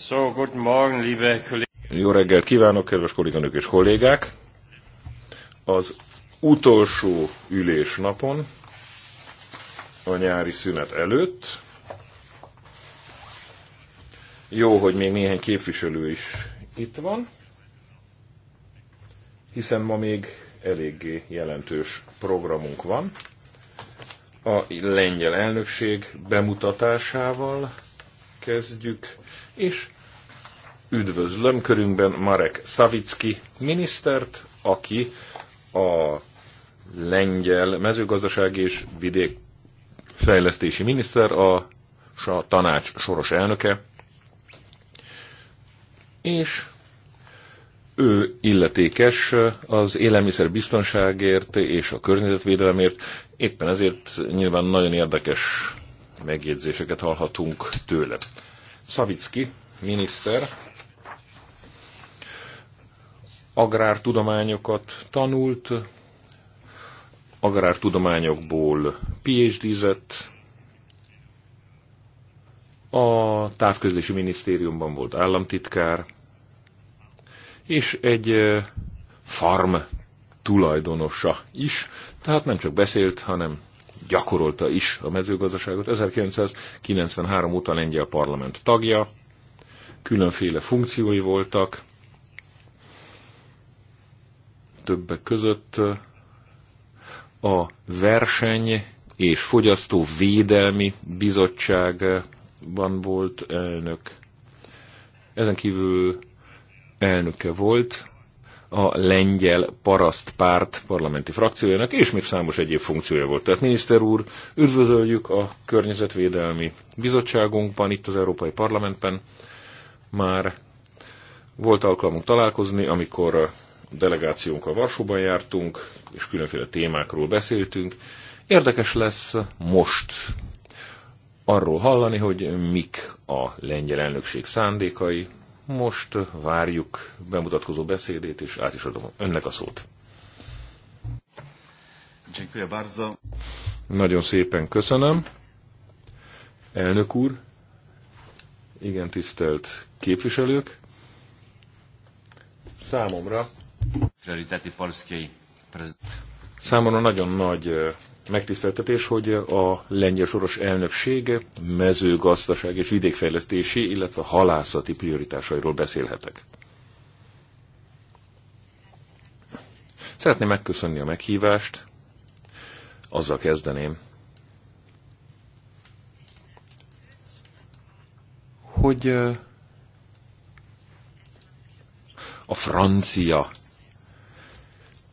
So, good morning, liebe Jó reggelt kívánok, kedves kolléganők és kollégák! Az utolsó ülésnapon, a nyári szünet előtt. Jó, hogy még néhány képviselő is itt van, hiszen ma még eléggé jelentős programunk van. A lengyel elnökség bemutatásával kezdjük és üdvözlöm körünkben Marek Szavicki minisztert, aki a lengyel mezőgazdasági és vidékfejlesztési miniszter, a a tanács soros elnöke, és ő illetékes az biztonságért és a környezetvédelemért, éppen ezért nyilván nagyon érdekes megjegyzéseket hallhatunk tőle. Szavicki miniszter agrártudományokat tanult, agrártudományokból PhD-zett, a távközlési minisztériumban volt államtitkár, és egy farm tulajdonosa is, tehát nem csak beszélt, hanem gyakorolta is a mezőgazdaságot. 1993 óta lengyel parlament tagja, különféle funkciói voltak, többek között a verseny és fogyasztó védelmi bizottságban volt elnök. Ezen kívül elnöke volt a lengyel parasztpárt parlamenti frakciójának, és még számos egyéb funkciója volt. Tehát miniszter úr, üdvözöljük a Környezetvédelmi Bizottságunkban, itt az Európai Parlamentben. Már volt alkalmunk találkozni, amikor a delegációnkkal Varsóban jártunk, és különféle témákról beszéltünk. Érdekes lesz most arról hallani, hogy mik a lengyel elnökség szándékai, most várjuk bemutatkozó beszédét, és át is adom önnek a szót. Nagyon szépen köszönöm. Elnök úr, igen tisztelt képviselők, számomra Számomra nagyon nagy megtiszteltetés, hogy a lengyel soros elnökség mezőgazdaság és vidékfejlesztési, illetve halászati prioritásairól beszélhetek. Szeretném megköszönni a meghívást, azzal kezdeném, hogy a francia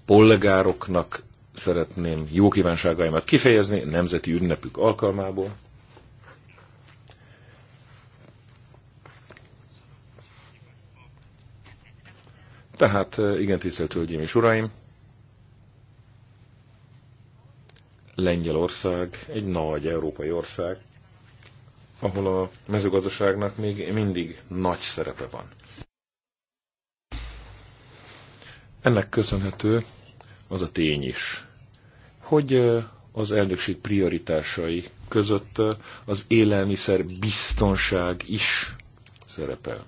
polgároknak szeretném jó kívánságaimat kifejezni nemzeti ünnepük alkalmából. Tehát eh, igen, tisztelt Hölgyeim és Uraim, Lengyelország egy nagy európai ország, ahol a mezőgazdaságnak még mindig nagy szerepe van. Ennek köszönhető az a tény is, hogy az elnökség prioritásai között az élelmiszer biztonság is szerepel.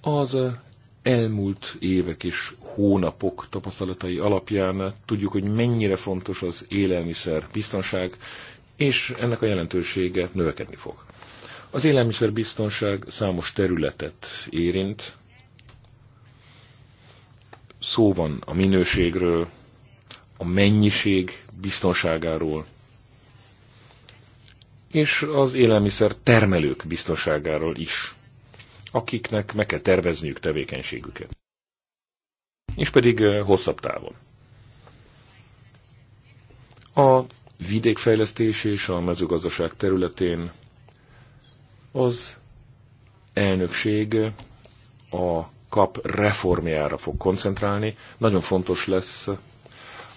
Az elmúlt évek és hónapok tapasztalatai alapján tudjuk, hogy mennyire fontos az élelmiszer biztonság, és ennek a jelentősége növekedni fog. Az élelmiszerbiztonság számos területet érint, szó van a minőségről, a mennyiség biztonságáról, és az élelmiszer termelők biztonságáról is, akiknek meg kell tervezniük tevékenységüket. És pedig hosszabb távon. A vidékfejlesztés és a mezőgazdaság területén az elnökség a kap reformjára fog koncentrálni. Nagyon fontos lesz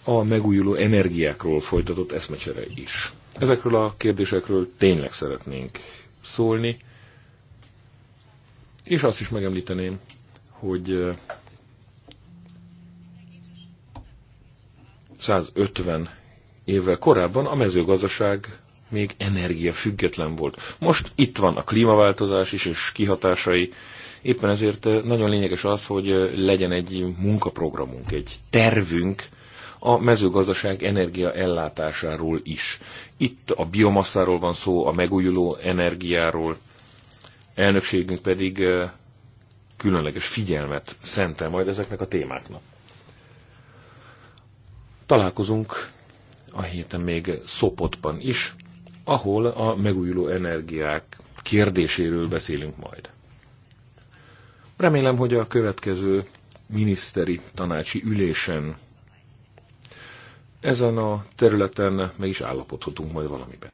a megújuló energiákról folytatott eszmecsere is. Ezekről a kérdésekről tényleg szeretnénk szólni, és azt is megemlíteném, hogy 150 évvel korábban a mezőgazdaság még energiafüggetlen volt. Most itt van a klímaváltozás is, és kihatásai, Éppen ezért nagyon lényeges az, hogy legyen egy munkaprogramunk, egy tervünk a mezőgazdaság energia ellátásáról is. Itt a biomaszáról van szó, a megújuló energiáról, elnökségünk pedig különleges figyelmet szentel majd ezeknek a témáknak. Találkozunk a héten még Szopotban is, ahol a megújuló energiák kérdéséről beszélünk majd. Remélem, hogy a következő miniszteri tanácsi ülésen ezen a területen meg is állapodhatunk majd valamiben.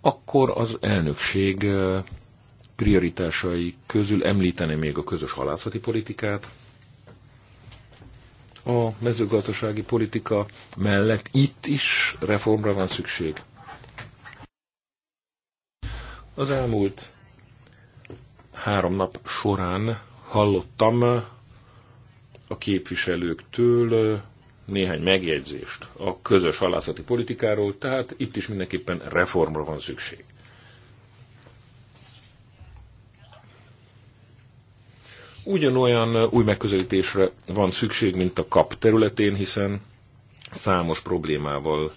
Akkor az elnökség eh, prioritásai közül említeni még a közös halászati politikát, a mezőgazdasági politika mellett itt is reformra van szükség. Az elmúlt három nap során hallottam a képviselőktől néhány megjegyzést a közös halászati politikáról, tehát itt is mindenképpen reformra van szükség. Ugyanolyan új megközelítésre van szükség, mint a kap területén, hiszen számos problémával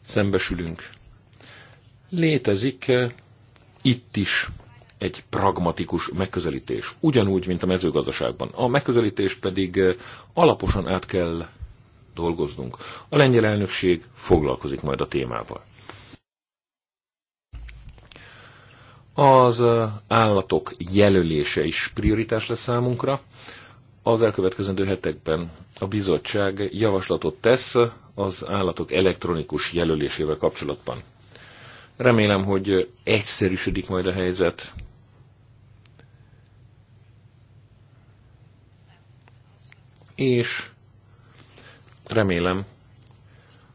szembesülünk. Létezik itt is egy pragmatikus megközelítés, ugyanúgy, mint a mezőgazdaságban. A megközelítés pedig eh, alaposan át kell dolgoznunk. A lengyel elnökség foglalkozik majd a témával. Az eh, állatok jelölése is prioritás lesz számunkra. Az elkövetkezendő hetekben a bizottság javaslatot tesz az állatok elektronikus jelölésével kapcsolatban. Remélem, hogy egyszerűsödik majd a helyzet. És remélem,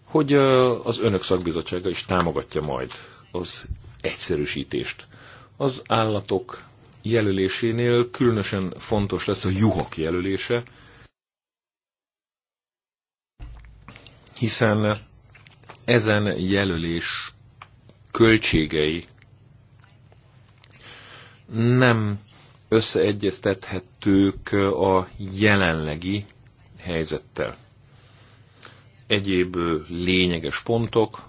hogy az önök szakbizottsága is támogatja majd az egyszerűsítést. Az állatok jelölésénél különösen fontos lesz a juhok jelölése, hiszen ezen jelölés költségei nem összeegyeztethetők a jelenlegi helyzettel. Egyéb lényeges pontok,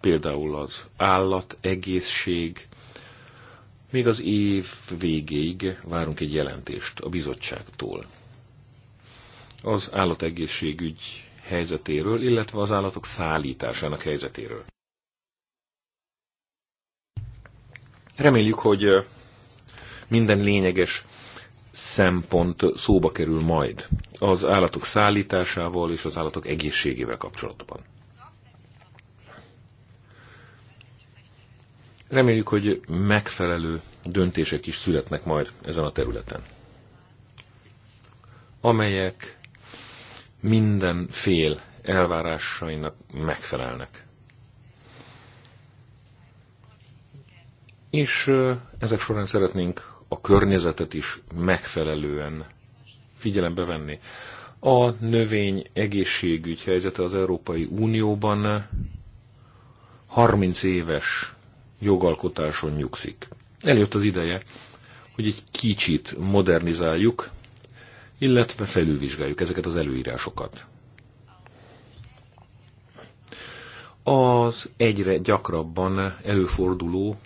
például az állat, egészség, még az év végéig várunk egy jelentést a bizottságtól. Az állategészségügy helyzetéről, illetve az állatok szállításának helyzetéről. Reméljük, hogy minden lényeges szempont szóba kerül majd az állatok szállításával és az állatok egészségével kapcsolatban. Reméljük, hogy megfelelő döntések is születnek majd ezen a területen, amelyek minden fél elvárásainak megfelelnek. És ezek során szeretnénk a környezetet is megfelelően figyelembe venni. A növény egészségügy helyzete az Európai Unióban 30 éves jogalkotáson nyugszik. Eljött az ideje, hogy egy kicsit modernizáljuk, illetve felülvizsgáljuk ezeket az előírásokat. Az egyre gyakrabban előforduló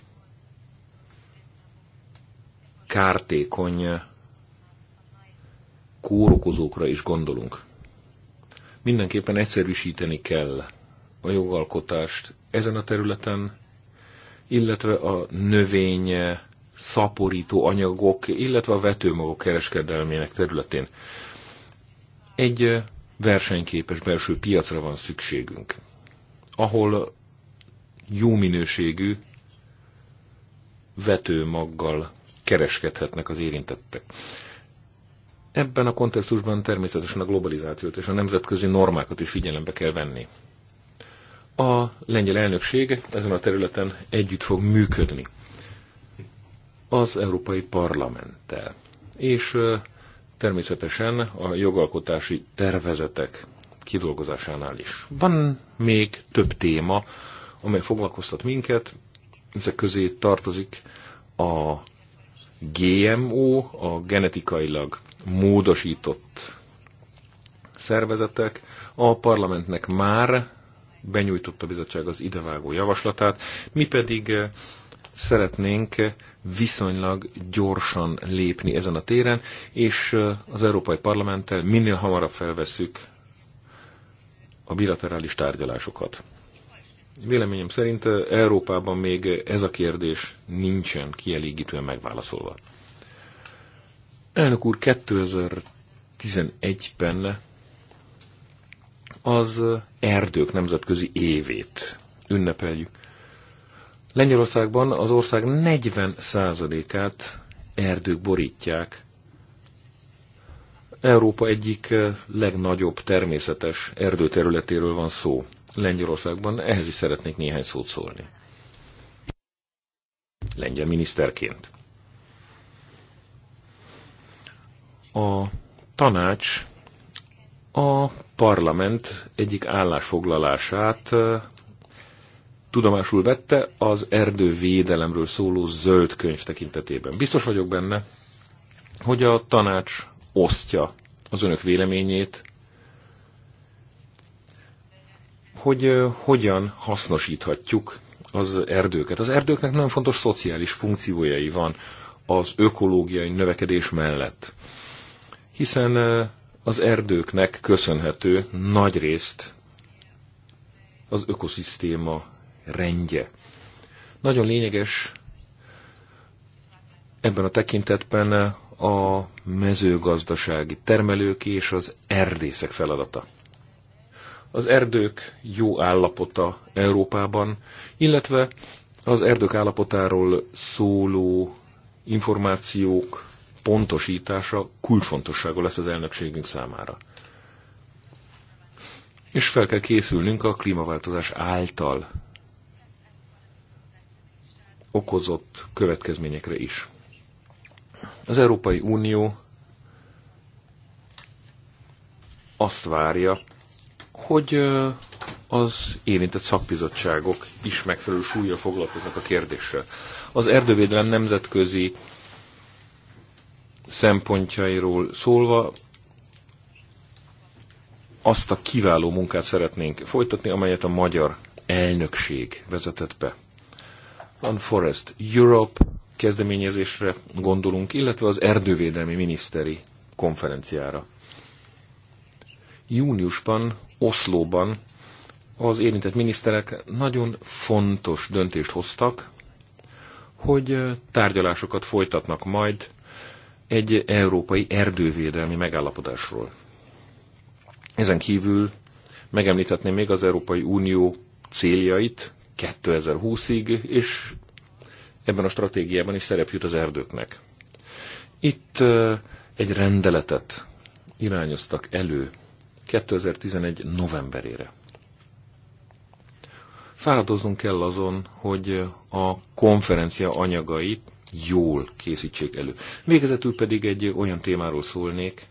kártékony kórokozókra is gondolunk. Mindenképpen egyszerűsíteni kell a jogalkotást ezen a területen, illetve a növény szaporító anyagok, illetve a vetőmagok kereskedelmének területén. Egy versenyképes belső piacra van szükségünk, ahol jó minőségű vetőmaggal kereskedhetnek az érintettek. Ebben a kontextusban természetesen a globalizációt és a nemzetközi normákat is figyelembe kell venni. A lengyel elnökség ezen a területen együtt fog működni az Európai Parlamenttel. És természetesen a jogalkotási tervezetek kidolgozásánál is. Van még több téma, amely foglalkoztat minket, ezek közé tartozik a GMO, a genetikailag módosított szervezetek. A parlamentnek már benyújtott a bizottság az idevágó javaslatát, mi pedig eh, szeretnénk eh, viszonylag gyorsan lépni ezen a téren, és eh, az Európai Parlamenttel minél hamarabb felveszük a bilaterális tárgyalásokat. Véleményem szerint Európában még ez a kérdés nincsen kielégítően megválaszolva. Elnök úr 2011-ben az erdők nemzetközi évét ünnepeljük. Lengyelországban az ország 40%-át erdők borítják. Európa egyik legnagyobb természetes erdőterületéről van szó. Lengyelországban, ehhez is szeretnék néhány szót szólni. Lengyel miniszterként. A tanács a parlament egyik állásfoglalását tudomásul vette az erdővédelemről szóló zöld könyv tekintetében. Biztos vagyok benne, hogy a tanács osztja az önök véleményét hogy hogyan hasznosíthatjuk az erdőket. Az erdőknek nagyon fontos szociális funkciójai van az ökológiai növekedés mellett, hiszen az erdőknek köszönhető nagy részt az ökoszisztéma rendje. Nagyon lényeges ebben a tekintetben a mezőgazdasági termelők és az erdészek feladata az erdők jó állapota Európában, illetve az erdők állapotáról szóló információk pontosítása kulcsfontosságú lesz az elnökségünk számára. És fel kell készülnünk a klímaváltozás által okozott következményekre is. Az Európai Unió azt várja, hogy az érintett szakbizottságok is megfelelő súlya foglalkoznak a kérdéssel. Az erdővédelem nemzetközi szempontjairól szólva azt a kiváló munkát szeretnénk folytatni, amelyet a magyar elnökség vezetett be. Van Forest Europe kezdeményezésre gondolunk, illetve az erdővédelmi miniszteri konferenciára. Júniusban, Oszlóban az érintett miniszterek nagyon fontos döntést hoztak, hogy tárgyalásokat folytatnak majd egy európai erdővédelmi megállapodásról. Ezen kívül megemlíthetném még az Európai Unió céljait 2020-ig, és ebben a stratégiában is szerep jut az erdőknek. Itt egy rendeletet irányoztak elő 2011. novemberére. Fáradozzunk kell azon, hogy a konferencia anyagait jól készítsék elő. Végezetül pedig egy olyan témáról szólnék,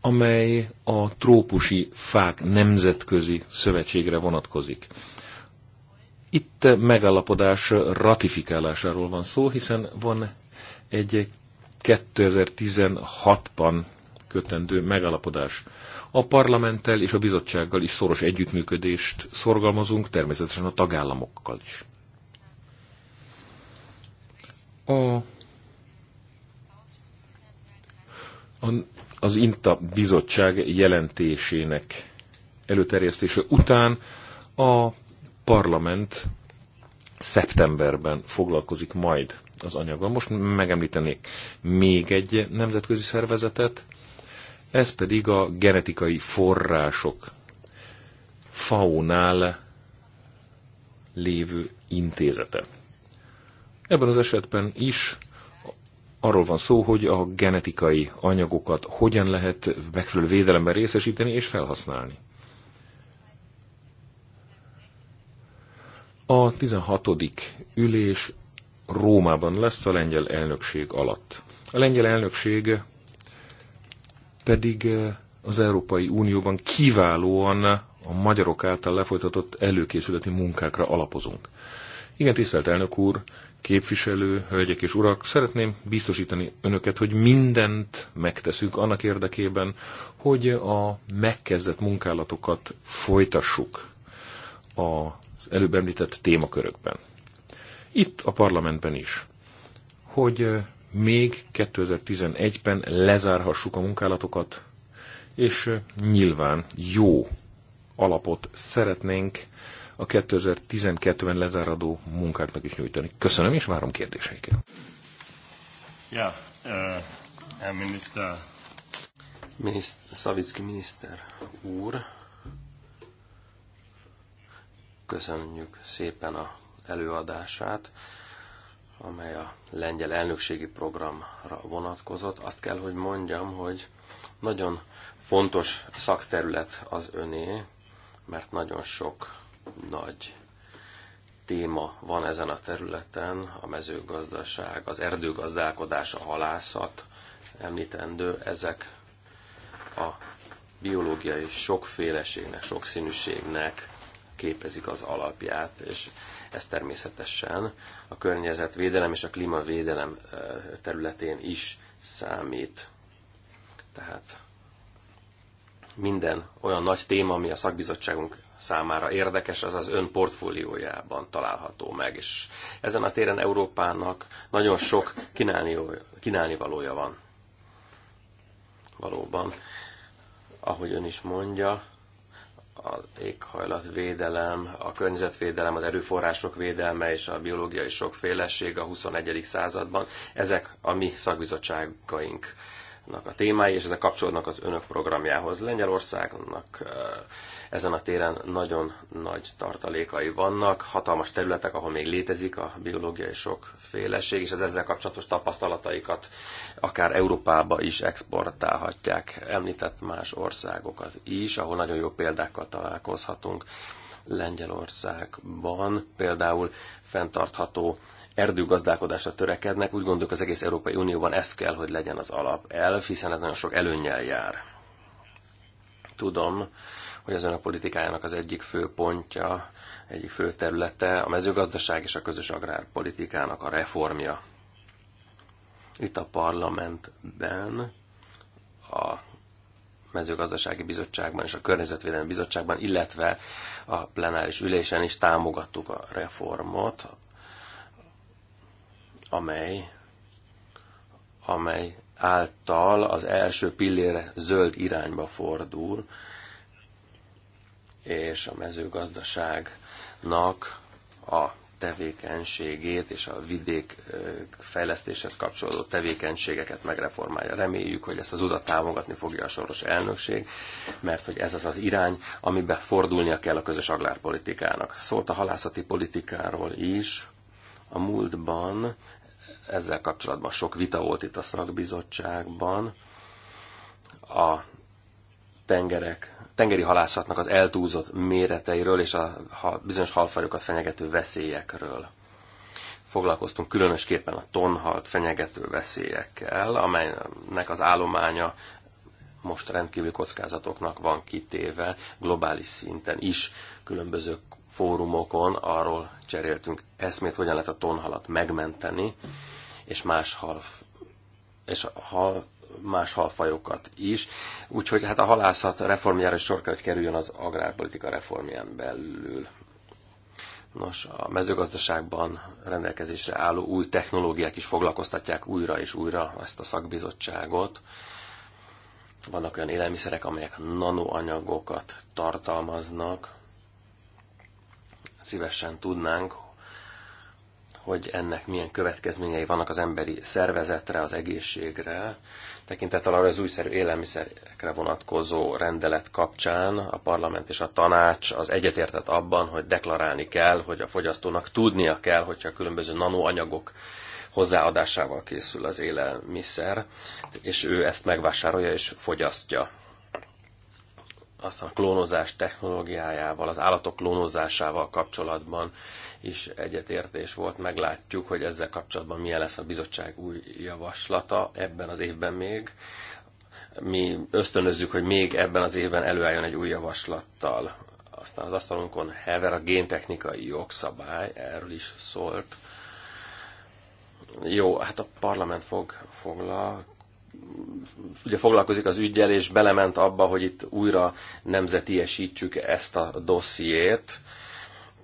amely a trópusi fák nemzetközi szövetségre vonatkozik. Itt megállapodás ratifikálásáról van szó, hiszen van egy 2016-ban kötendő megalapodás. A parlamenttel és a bizottsággal is szoros együttműködést szorgalmazunk, természetesen a tagállamokkal is. A, a, az INTA bizottság jelentésének előterjesztése után a parlament szeptemberben foglalkozik majd az anyagon. Most megemlítenék még egy nemzetközi szervezetet, ez pedig a genetikai források faunál lévő intézete. Ebben az esetben is arról van szó, hogy a genetikai anyagokat hogyan lehet megfelelő védelemben részesíteni és felhasználni. A 16. ülés Rómában lesz a lengyel elnökség alatt. A lengyel elnökség pedig eh, az Európai Unióban kiválóan a magyarok által lefolytatott előkészületi munkákra alapozunk. Igen, tisztelt elnök úr, képviselő, hölgyek és urak, szeretném biztosítani önöket, hogy mindent megteszünk annak érdekében, hogy a megkezdett munkálatokat folytassuk az előbb említett témakörökben itt a parlamentben is, hogy még 2011-ben lezárhassuk a munkálatokat, és nyilván jó alapot szeretnénk a 2012-ben lezáradó munkáknak is nyújtani. Köszönöm, és várom kérdéseiket. Ja, uh, miniszter. Miniszt, Szavicki miniszter úr, köszönjük szépen a előadását, amely a lengyel elnökségi programra vonatkozott. Azt kell, hogy mondjam, hogy nagyon fontos szakterület az öné, mert nagyon sok nagy téma van ezen a területen, a mezőgazdaság, az erdőgazdálkodás, a halászat említendő, ezek a biológiai sokféleségnek, sokszínűségnek képezik az alapját, és ez természetesen a környezetvédelem és a klímavédelem területén is számít. Tehát minden olyan nagy téma, ami a szakbizottságunk számára érdekes, az az ön portfóliójában található meg. És ezen a téren Európának nagyon sok kínálni, kínálni valója van. Valóban, ahogy ön is mondja, az éghajlatvédelem, a környezetvédelem, az erőforrások védelme és a biológiai sokféleség a 21. században. Ezek a mi szakbizottságainknak a témái, és ezek kapcsolódnak az önök programjához. Lengyelországnak ezen a téren nagyon nagy tartalékai vannak, hatalmas területek, ahol még létezik a biológiai sokféleség, és az ezzel kapcsolatos tapasztalataikat akár Európába is exportálhatják. Említett más országokat is, ahol nagyon jó példákkal találkozhatunk. Lengyelországban például fenntartható erdőgazdálkodásra törekednek, úgy gondoljuk az egész Európai Unióban ez kell, hogy legyen az alapelv, hiszen ez nagyon sok előnyel jár. Tudom, hogy az önök politikájának az egyik fő pontja, egyik fő területe a mezőgazdaság és a közös agrárpolitikának a reformja. Itt a parlamentben, a mezőgazdasági bizottságban és a környezetvédelmi bizottságban, illetve a plenáris ülésen is támogattuk a reformot, amely, amely által az első pillére zöld irányba fordul, és a mezőgazdaságnak a tevékenységét és a vidék fejlesztéshez kapcsolódó tevékenységeket megreformálja. Reméljük, hogy ezt az utat támogatni fogja a soros elnökség, mert hogy ez az az irány, amiben fordulnia kell a közös agrárpolitikának. Szólt a halászati politikáról is. A múltban ezzel kapcsolatban sok vita volt itt a szakbizottságban. A tengerek, tengeri halászatnak az eltúzott méreteiről és a, bizonyos halfajokat fenyegető veszélyekről. Foglalkoztunk különösképpen a tonhalt fenyegető veszélyekkel, amelynek az állománya most rendkívüli kockázatoknak van kitéve globális szinten is különböző fórumokon arról cseréltünk eszmét, hogyan lehet a tonhalat megmenteni, és más hal, és a hal más halfajokat is. Úgyhogy hát a halászat reformjára is sor kell, hogy kerüljön az agrárpolitika reformján belül. Nos, a mezőgazdaságban rendelkezésre álló új technológiák is foglalkoztatják újra és újra ezt a szakbizottságot. Vannak olyan élelmiszerek, amelyek nanoanyagokat tartalmaznak. Szívesen tudnánk, hogy ennek milyen következményei vannak az emberi szervezetre, az egészségre tekintettel arra az újszerű élelmiszerekre vonatkozó rendelet kapcsán a parlament és a tanács az egyetértett abban, hogy deklarálni kell, hogy a fogyasztónak tudnia kell, hogyha a különböző nanoanyagok hozzáadásával készül az élelmiszer, és ő ezt megvásárolja és fogyasztja aztán a klónozás technológiájával, az állatok klónozásával kapcsolatban is egyetértés volt. Meglátjuk, hogy ezzel kapcsolatban milyen lesz a bizottság új javaslata ebben az évben még. Mi ösztönözzük, hogy még ebben az évben előálljon egy új javaslattal. Aztán az asztalunkon hever a géntechnikai jogszabály, erről is szólt. Jó, hát a parlament fog foglalkozni ugye foglalkozik az ügyel, és belement abba, hogy itt újra nemzetiesítsük ezt a dossziét,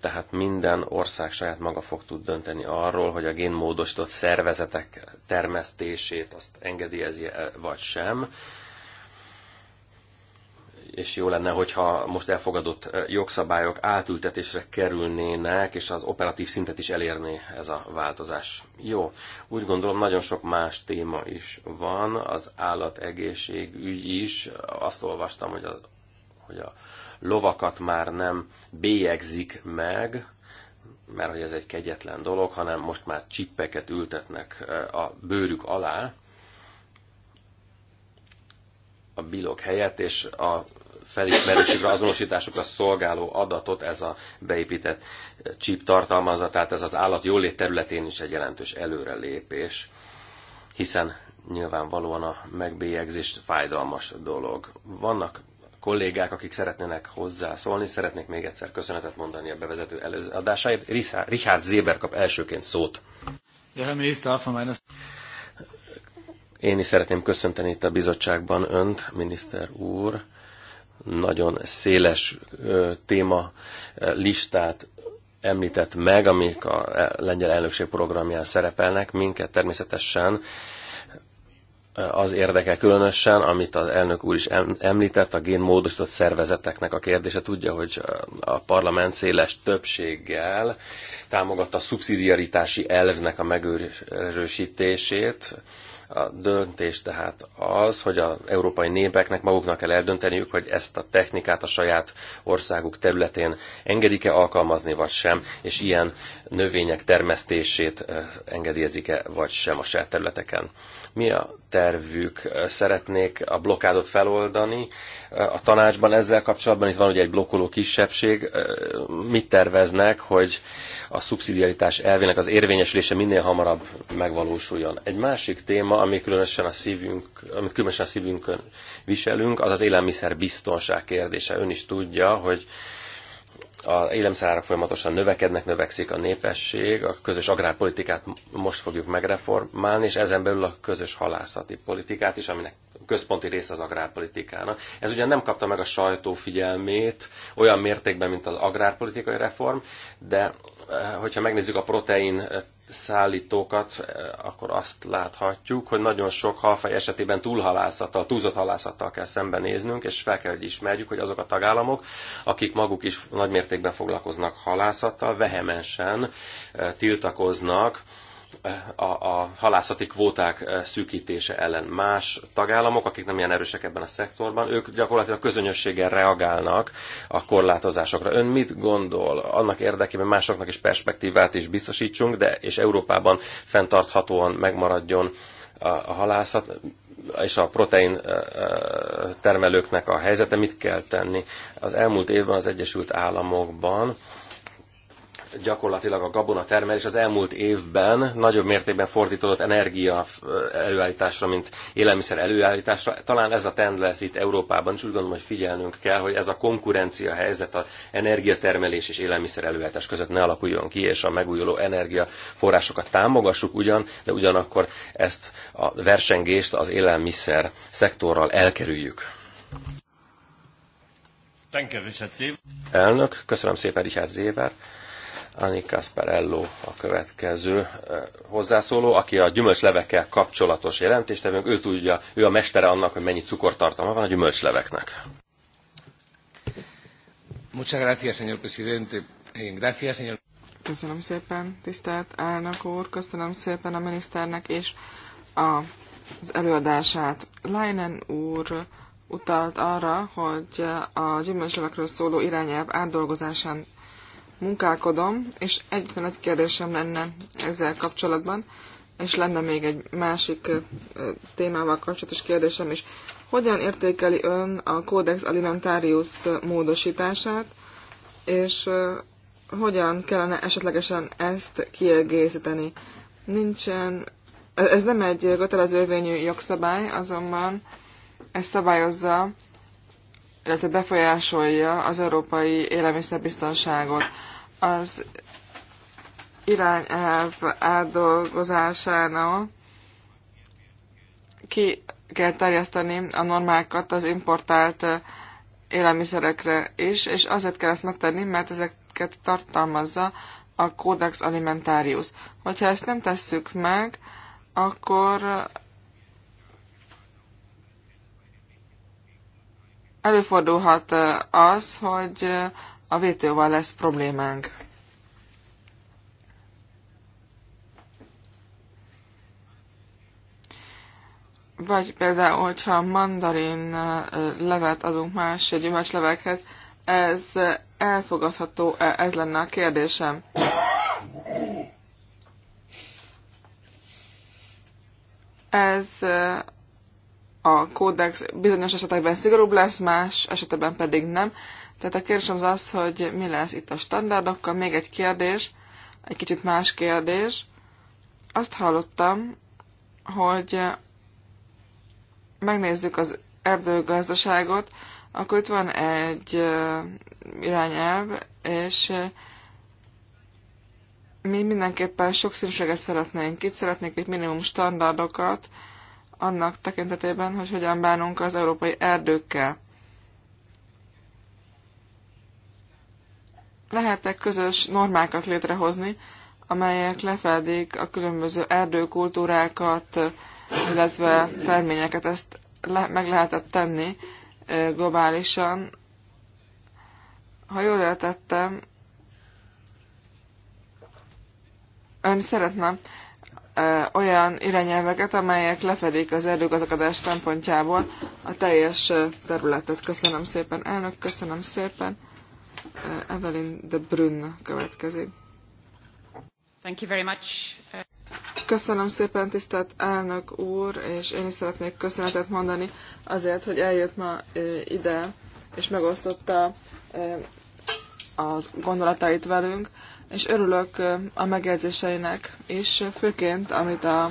tehát minden ország saját maga fog tud dönteni arról, hogy a génmódosított szervezetek termesztését azt engedélyezi vagy sem és jó lenne, hogyha most elfogadott eh, jogszabályok átültetésre kerülnének, és az operatív szintet is elérné ez a változás. Jó, úgy gondolom nagyon sok más téma is van, az állategészségügy is, azt olvastam, hogy a, hogy a lovakat már nem bélyegzik meg, mert hogy ez egy kegyetlen dolog, hanem most már csippeket ültetnek eh, a bőrük alá, a bilok helyett, és a felismerésükre, azonosításukra szolgáló adatot ez a beépített chip tartalmazza, tehát ez az állat jólét területén is egy jelentős előrelépés, hiszen nyilvánvalóan a megbélyegzés fájdalmas dolog. Vannak kollégák, akik szeretnének hozzászólni, szeretnék még egyszer köszönetet mondani a bevezető előadásáért. Richard Zéber kap elsőként szót. Én is szeretném köszönteni itt a bizottságban önt, miniszter úr nagyon széles téma listát említett meg, amik a e, lengyel elnökség programján szerepelnek. Minket természetesen az érdekel különösen, amit az elnök úr is említett, a génmódosított szervezeteknek a kérdése. Tudja, hogy a parlament széles többséggel támogatta a szubszidiaritási elvnek a megőrösítését, a döntés tehát az, hogy az európai népeknek maguknak kell eldönteniük, hogy ezt a technikát a saját országuk területén engedik-e alkalmazni, vagy sem, és ilyen növények termesztését eh, engedélyezik-e, vagy sem a saját területeken. Mi a tervük, szeretnék a blokádot feloldani. A tanácsban ezzel kapcsolatban itt van ugye egy blokkoló kisebbség. Mit terveznek, hogy a szubszidiaritás elvének az érvényesülése minél hamarabb megvalósuljon? Egy másik téma, ami különösen a szívünk, amit különösen a szívünkön viselünk, az az élelmiszer biztonság kérdése. Ön is tudja, hogy az élemszárak folyamatosan növekednek, növekszik a népesség, a közös agrárpolitikát most fogjuk megreformálni, és ezen belül a közös halászati politikát is, aminek központi része az agrárpolitikának. Ez ugyan nem kapta meg a sajtó figyelmét olyan mértékben, mint az agrárpolitikai reform, de eh, hogyha megnézzük a protein eh, szállítókat, eh, akkor azt láthatjuk, hogy nagyon sok halfaj esetében túlhalászattal, túlzott halászattal kell szembenéznünk, és fel kell, hogy ismerjük, hogy azok a tagállamok, akik maguk is nagymértékben foglalkoznak halászattal, vehemensen tiltakoznak a, a halászati kvóták eh, szűkítése ellen. Más tagállamok, akik nem ilyen erősek ebben a szektorban, ők gyakorlatilag közönösséggel reagálnak a korlátozásokra. Ön mit gondol? Annak érdekében másoknak is perspektívát is biztosítsunk, de és Európában fenntarthatóan megmaradjon a, a halászat és a protein eh, eh, termelőknek a helyzete, mit kell tenni. Az elmúlt évben az Egyesült Államokban gyakorlatilag a gabona termelés az elmúlt évben nagyobb mértékben fordítódott energia előállításra, mint élelmiszer előállításra. Talán ez a trend lesz itt Európában, és úgy gondolom, hogy figyelnünk kell, hogy ez a konkurencia helyzet a energiatermelés és élelmiszer előállítás között ne alakuljon ki, és a megújuló energiaforrásokat támogassuk ugyan, de ugyanakkor ezt a versengést az élelmiszer szektorral elkerüljük. Elnök, köszönöm szépen Richard Zéver. Anni Kasparello a következő eh, hozzászóló, aki a gyümölcslevekkel kapcsolatos jelentéstevőnk. Ő tudja, ő a mestere annak, hogy mennyi cukortartalma van a gyümölcsleveknek. Muchas gracias, señor presidente. Eh, gracias, señor... Köszönöm szépen, tisztelt elnök úr, köszönöm szépen a miniszternek és a, az előadását. Leinen úr utalt arra, hogy a gyümölcslevekről szóló irányelv átdolgozásán munkálkodom, és egyetlen egy kérdésem lenne ezzel kapcsolatban, és lenne még egy másik témával kapcsolatos kérdésem is. Hogyan értékeli ön a Codex Alimentarius módosítását, és hogyan kellene esetlegesen ezt kiegészíteni? Nincsen, ez nem egy kötelező érvényű jogszabály, azonban ez szabályozza illetve befolyásolja az európai élelmiszerbiztonságot. Az irányelv átdolgozásánál ki kell terjeszteni a normákat az importált élelmiszerekre is, és azért kell ezt megtenni, mert ezeket tartalmazza a Codex Alimentarius. Hogyha ezt nem tesszük meg, akkor előfordulhat az, hogy a vétőval lesz problémánk. Vagy például, hogyha mandarin levet adunk más gyümölcslevekhez, ez elfogadható -e? Ez lenne a kérdésem. Ez a kódex bizonyos esetekben szigorúbb lesz, más esetekben pedig nem. Tehát a kérdésem az az, hogy mi lesz itt a standardokkal. Még egy kérdés, egy kicsit más kérdés. Azt hallottam, hogy megnézzük az erdőgazdaságot, akkor itt van egy irányelv, és mi mindenképpen sok színséget szeretnénk. Itt szeretnénk egy minimum standardokat, annak tekintetében, hogy hogyan bánunk az európai erdőkkel. lehetek közös normákat létrehozni, amelyek lefedik a különböző erdőkultúrákat, illetve terményeket. Ezt le, meg lehetett tenni globálisan. Ha jól értettem, ön szeretne olyan irányelveket, amelyek lefedik az erdőgazdálkodás szempontjából a teljes területet. Köszönöm szépen, elnök, köszönöm szépen. Evelyn de Brünn következik. Thank you very much. Köszönöm szépen, tisztelt elnök úr, és én is szeretnék köszönetet mondani azért, hogy eljött ma ide, és megosztotta az gondolatait velünk és örülök a megjegyzéseinek, és főként, amit a,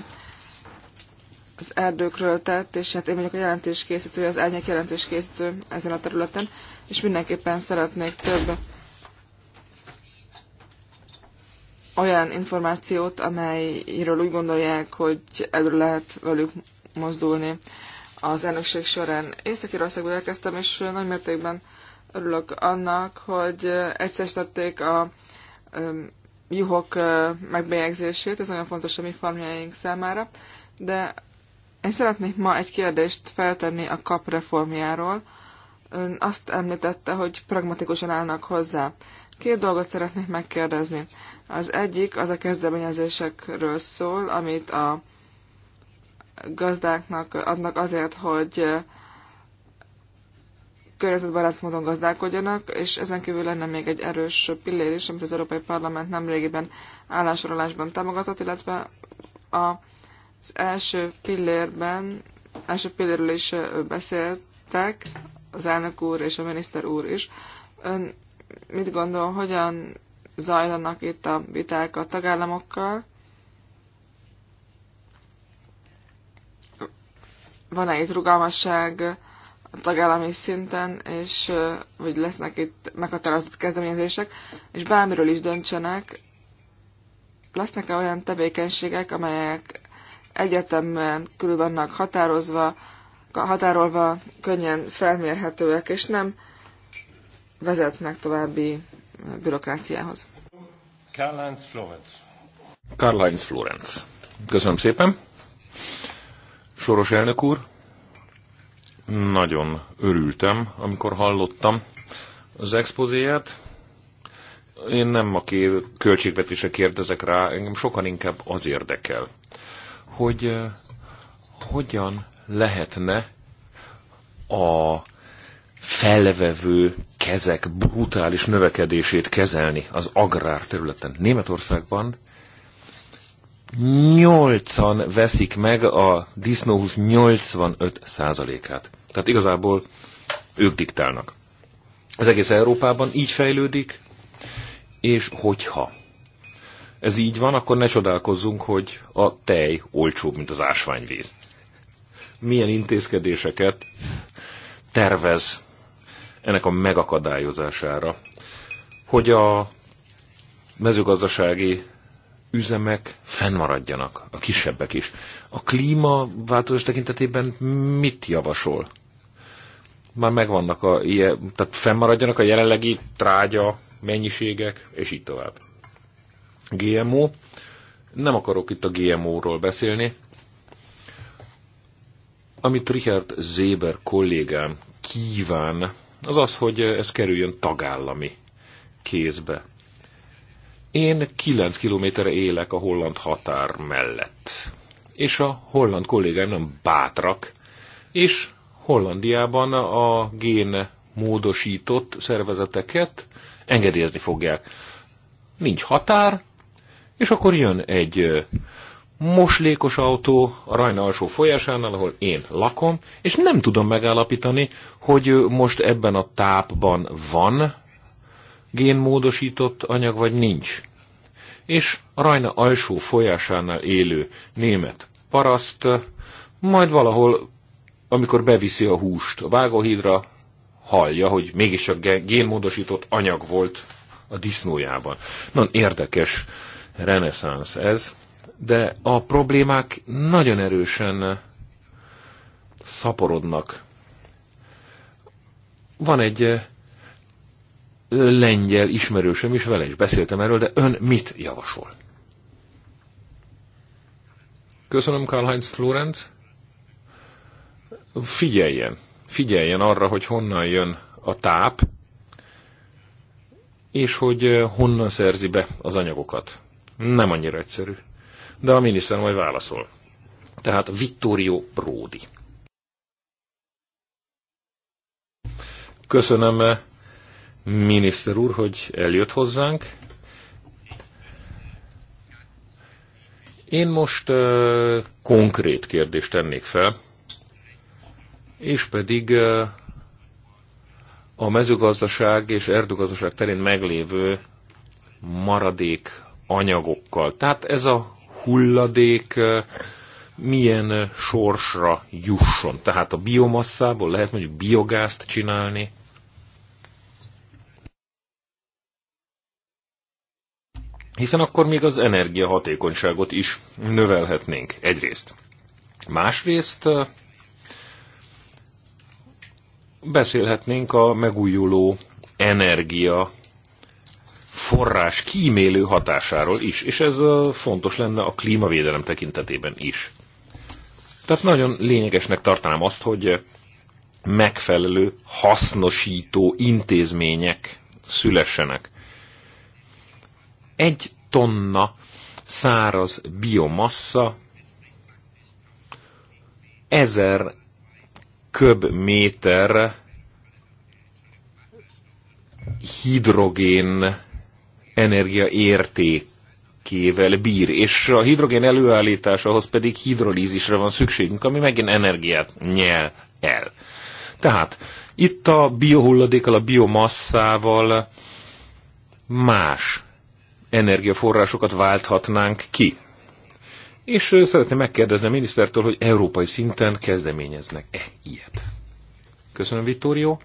az erdőkről tett, és hát én vagyok a jelentéskészítő, az elnyek jelentéskészítő ezen a területen, és mindenképpen szeretnék több olyan információt, amelyről úgy gondolják, hogy előre lehet velük mozdulni az elnökség során. Észak-Irországból elkezdtem, és nagy mértékben örülök annak, hogy egyszerűsítették a juhok megbélyegzését, ez nagyon fontos a mi farmjaink számára, de én szeretnék ma egy kérdést feltenni a kap reformjáról. Ön azt említette, hogy pragmatikusan állnak hozzá. Két dolgot szeretnék megkérdezni. Az egyik az a kezdeményezésekről szól, amit a gazdáknak adnak azért, hogy környezetbarát módon gazdálkodjanak, és ezen kívül lenne még egy erős pillér is, amit az Európai Parlament nemrégiben állásorolásban támogatott, illetve az első pillérben, első pillérről is beszéltek, az elnök úr és a miniszter úr is. Ön mit gondol, hogyan zajlanak itt a viták a tagállamokkal? Van-e itt rugalmasság a tagállami szinten, és hogy lesznek itt meghatározott kezdeményezések, és bármiről is döntsenek, lesznek-e olyan tevékenységek, amelyek egyetemben külön vannak határozva, határolva, könnyen felmérhetőek, és nem vezetnek további bürokráciához. Karl-Heinz Florenz. Karl-Heinz Florenz. Köszönöm szépen. Soros elnök úr, nagyon örültem, amikor hallottam az expozéját. Én nem a költségvetése kérdezek rá, engem sokan inkább az érdekel, hogy eh, hogyan lehetne a felvevő kezek brutális növekedését kezelni az agrárterületen. Németországban nyolcan veszik meg a disznóhús 85 százalékát. Tehát igazából ők diktálnak. Az egész Európában így fejlődik, és hogyha ez így van, akkor ne csodálkozzunk, hogy a tej olcsóbb, mint az ásványvíz. Milyen intézkedéseket tervez ennek a megakadályozására, hogy a mezőgazdasági üzemek fennmaradjanak, a kisebbek is. A klímaváltozás tekintetében mit javasol? Már megvannak a ilyen, tehát fennmaradjanak a jelenlegi trágya mennyiségek, és így tovább. GMO. Nem akarok itt a GMO-ról beszélni. Amit Richard Zéber kollégám kíván, az az, hogy ez kerüljön tagállami kézbe. Én 9 kilométerre élek a holland határ mellett. És a holland kollégáim nem bátrak, és Hollandiában a gén módosított szervezeteket engedélyezni fogják. Nincs határ, és akkor jön egy moslékos autó a Rajna alsó folyásánál, ahol én lakom, és nem tudom megállapítani, hogy most ebben a tápban van génmódosított anyag vagy nincs. És a Rajna alsó folyásánál élő német paraszt majd valahol, amikor beviszi a húst a vágóhídra, hallja, hogy mégiscsak génmódosított anyag volt a disznójában. Nagyon érdekes reneszánsz ez, de a problémák nagyon erősen szaporodnak. Van egy eh, lengyel ismerősöm is, vele is beszéltem erről, de ön mit javasol? Köszönöm, Karl-Heinz Florenz. Figyeljen, figyeljen arra, hogy honnan jön a táp, és hogy eh, honnan szerzi be az anyagokat. Nem annyira egyszerű. De a miniszter majd válaszol. Tehát Vittorio Pródi. Köszönöm eh, miniszter úr, hogy eljött hozzánk. Én most uh, konkrét kérdést tennék fel, és pedig uh, a mezőgazdaság és erdőgazdaság terén meglévő maradék anyagokkal. Tehát ez a hulladék uh, milyen sorsra jusson. Tehát a biomasszából lehet mondjuk biogázt csinálni, hiszen akkor még az energiahatékonyságot is növelhetnénk egyrészt. Másrészt beszélhetnénk a megújuló energia forrás kímélő hatásáról is, és ez fontos lenne a klímavédelem tekintetében is. Tehát nagyon lényegesnek tartanám azt, hogy megfelelő hasznosító intézmények szülessenek. Egy tonna száraz biomassa ezer köbméter hidrogén energia értékével bír, és a hidrogén előállításához pedig hidrolízisre van szükségünk, ami megint energiát nyel el. Tehát itt a biohulladékkal, a biomasszával más energiaforrásokat válthatnánk ki. És szeretném megkérdezni a minisztertől, hogy európai szinten kezdeményeznek-e ilyet. Köszönöm, Vittorio.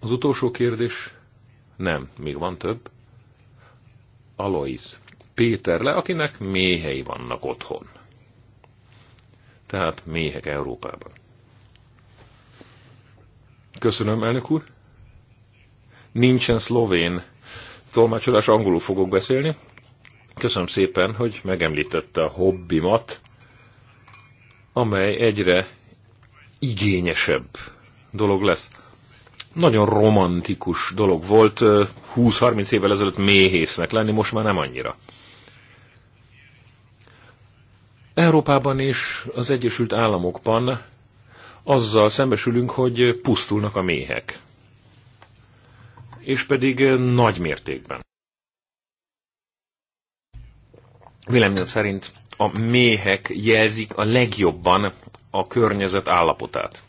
Az utolsó kérdés? Nem, még van több. Alois le, akinek méhei vannak otthon. Tehát méhek Európában. Köszönöm, elnök úr. Nincsen szlovén tolmácsolás, angolul fogok beszélni. Köszönöm szépen, hogy megemlítette a hobbimat, amely egyre igényesebb dolog lesz. Nagyon romantikus dolog volt 20-30 évvel ezelőtt méhésznek lenni, most már nem annyira. Európában és az Egyesült Államokban azzal szembesülünk, hogy pusztulnak a méhek és pedig eh, nagy mértékben. Véleményem szerint a méhek jelzik a legjobban a környezet állapotát.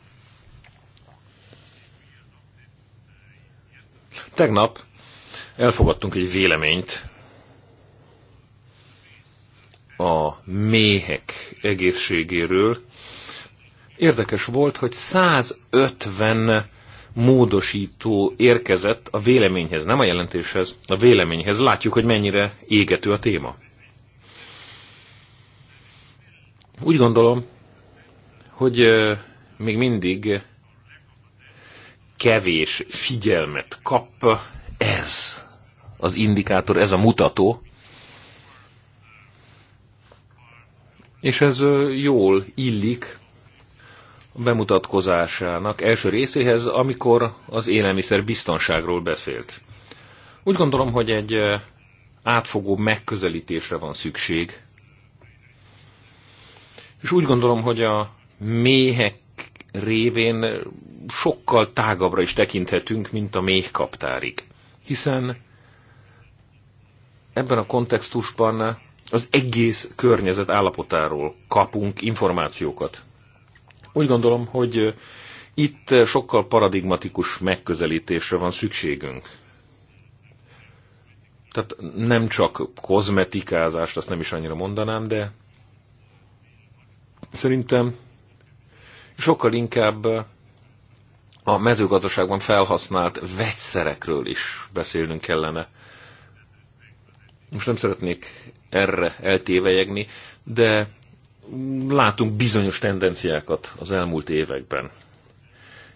Tegnap elfogadtunk egy véleményt a méhek egészségéről. Érdekes volt, hogy 150 módosító érkezett a véleményhez, nem a jelentéshez, a véleményhez. Látjuk, hogy mennyire égető a téma. Úgy gondolom, hogy még mindig kevés figyelmet kap ez az indikátor, ez a mutató, és ez jól illik bemutatkozásának első részéhez, amikor az élelmiszer biztonságról beszélt. Úgy gondolom, hogy egy átfogó megközelítésre van szükség. És úgy gondolom, hogy a méhek révén sokkal tágabbra is tekinthetünk, mint a méh kaptárig. Hiszen ebben a kontextusban az egész környezet állapotáról kapunk információkat. Úgy gondolom, hogy itt sokkal paradigmatikus megközelítésre van szükségünk. Tehát nem csak kozmetikázást, azt nem is annyira mondanám, de szerintem sokkal inkább a mezőgazdaságban felhasznált vegyszerekről is beszélnünk kellene. Most nem szeretnék erre eltévejegni, de látunk bizonyos tendenciákat az elmúlt években.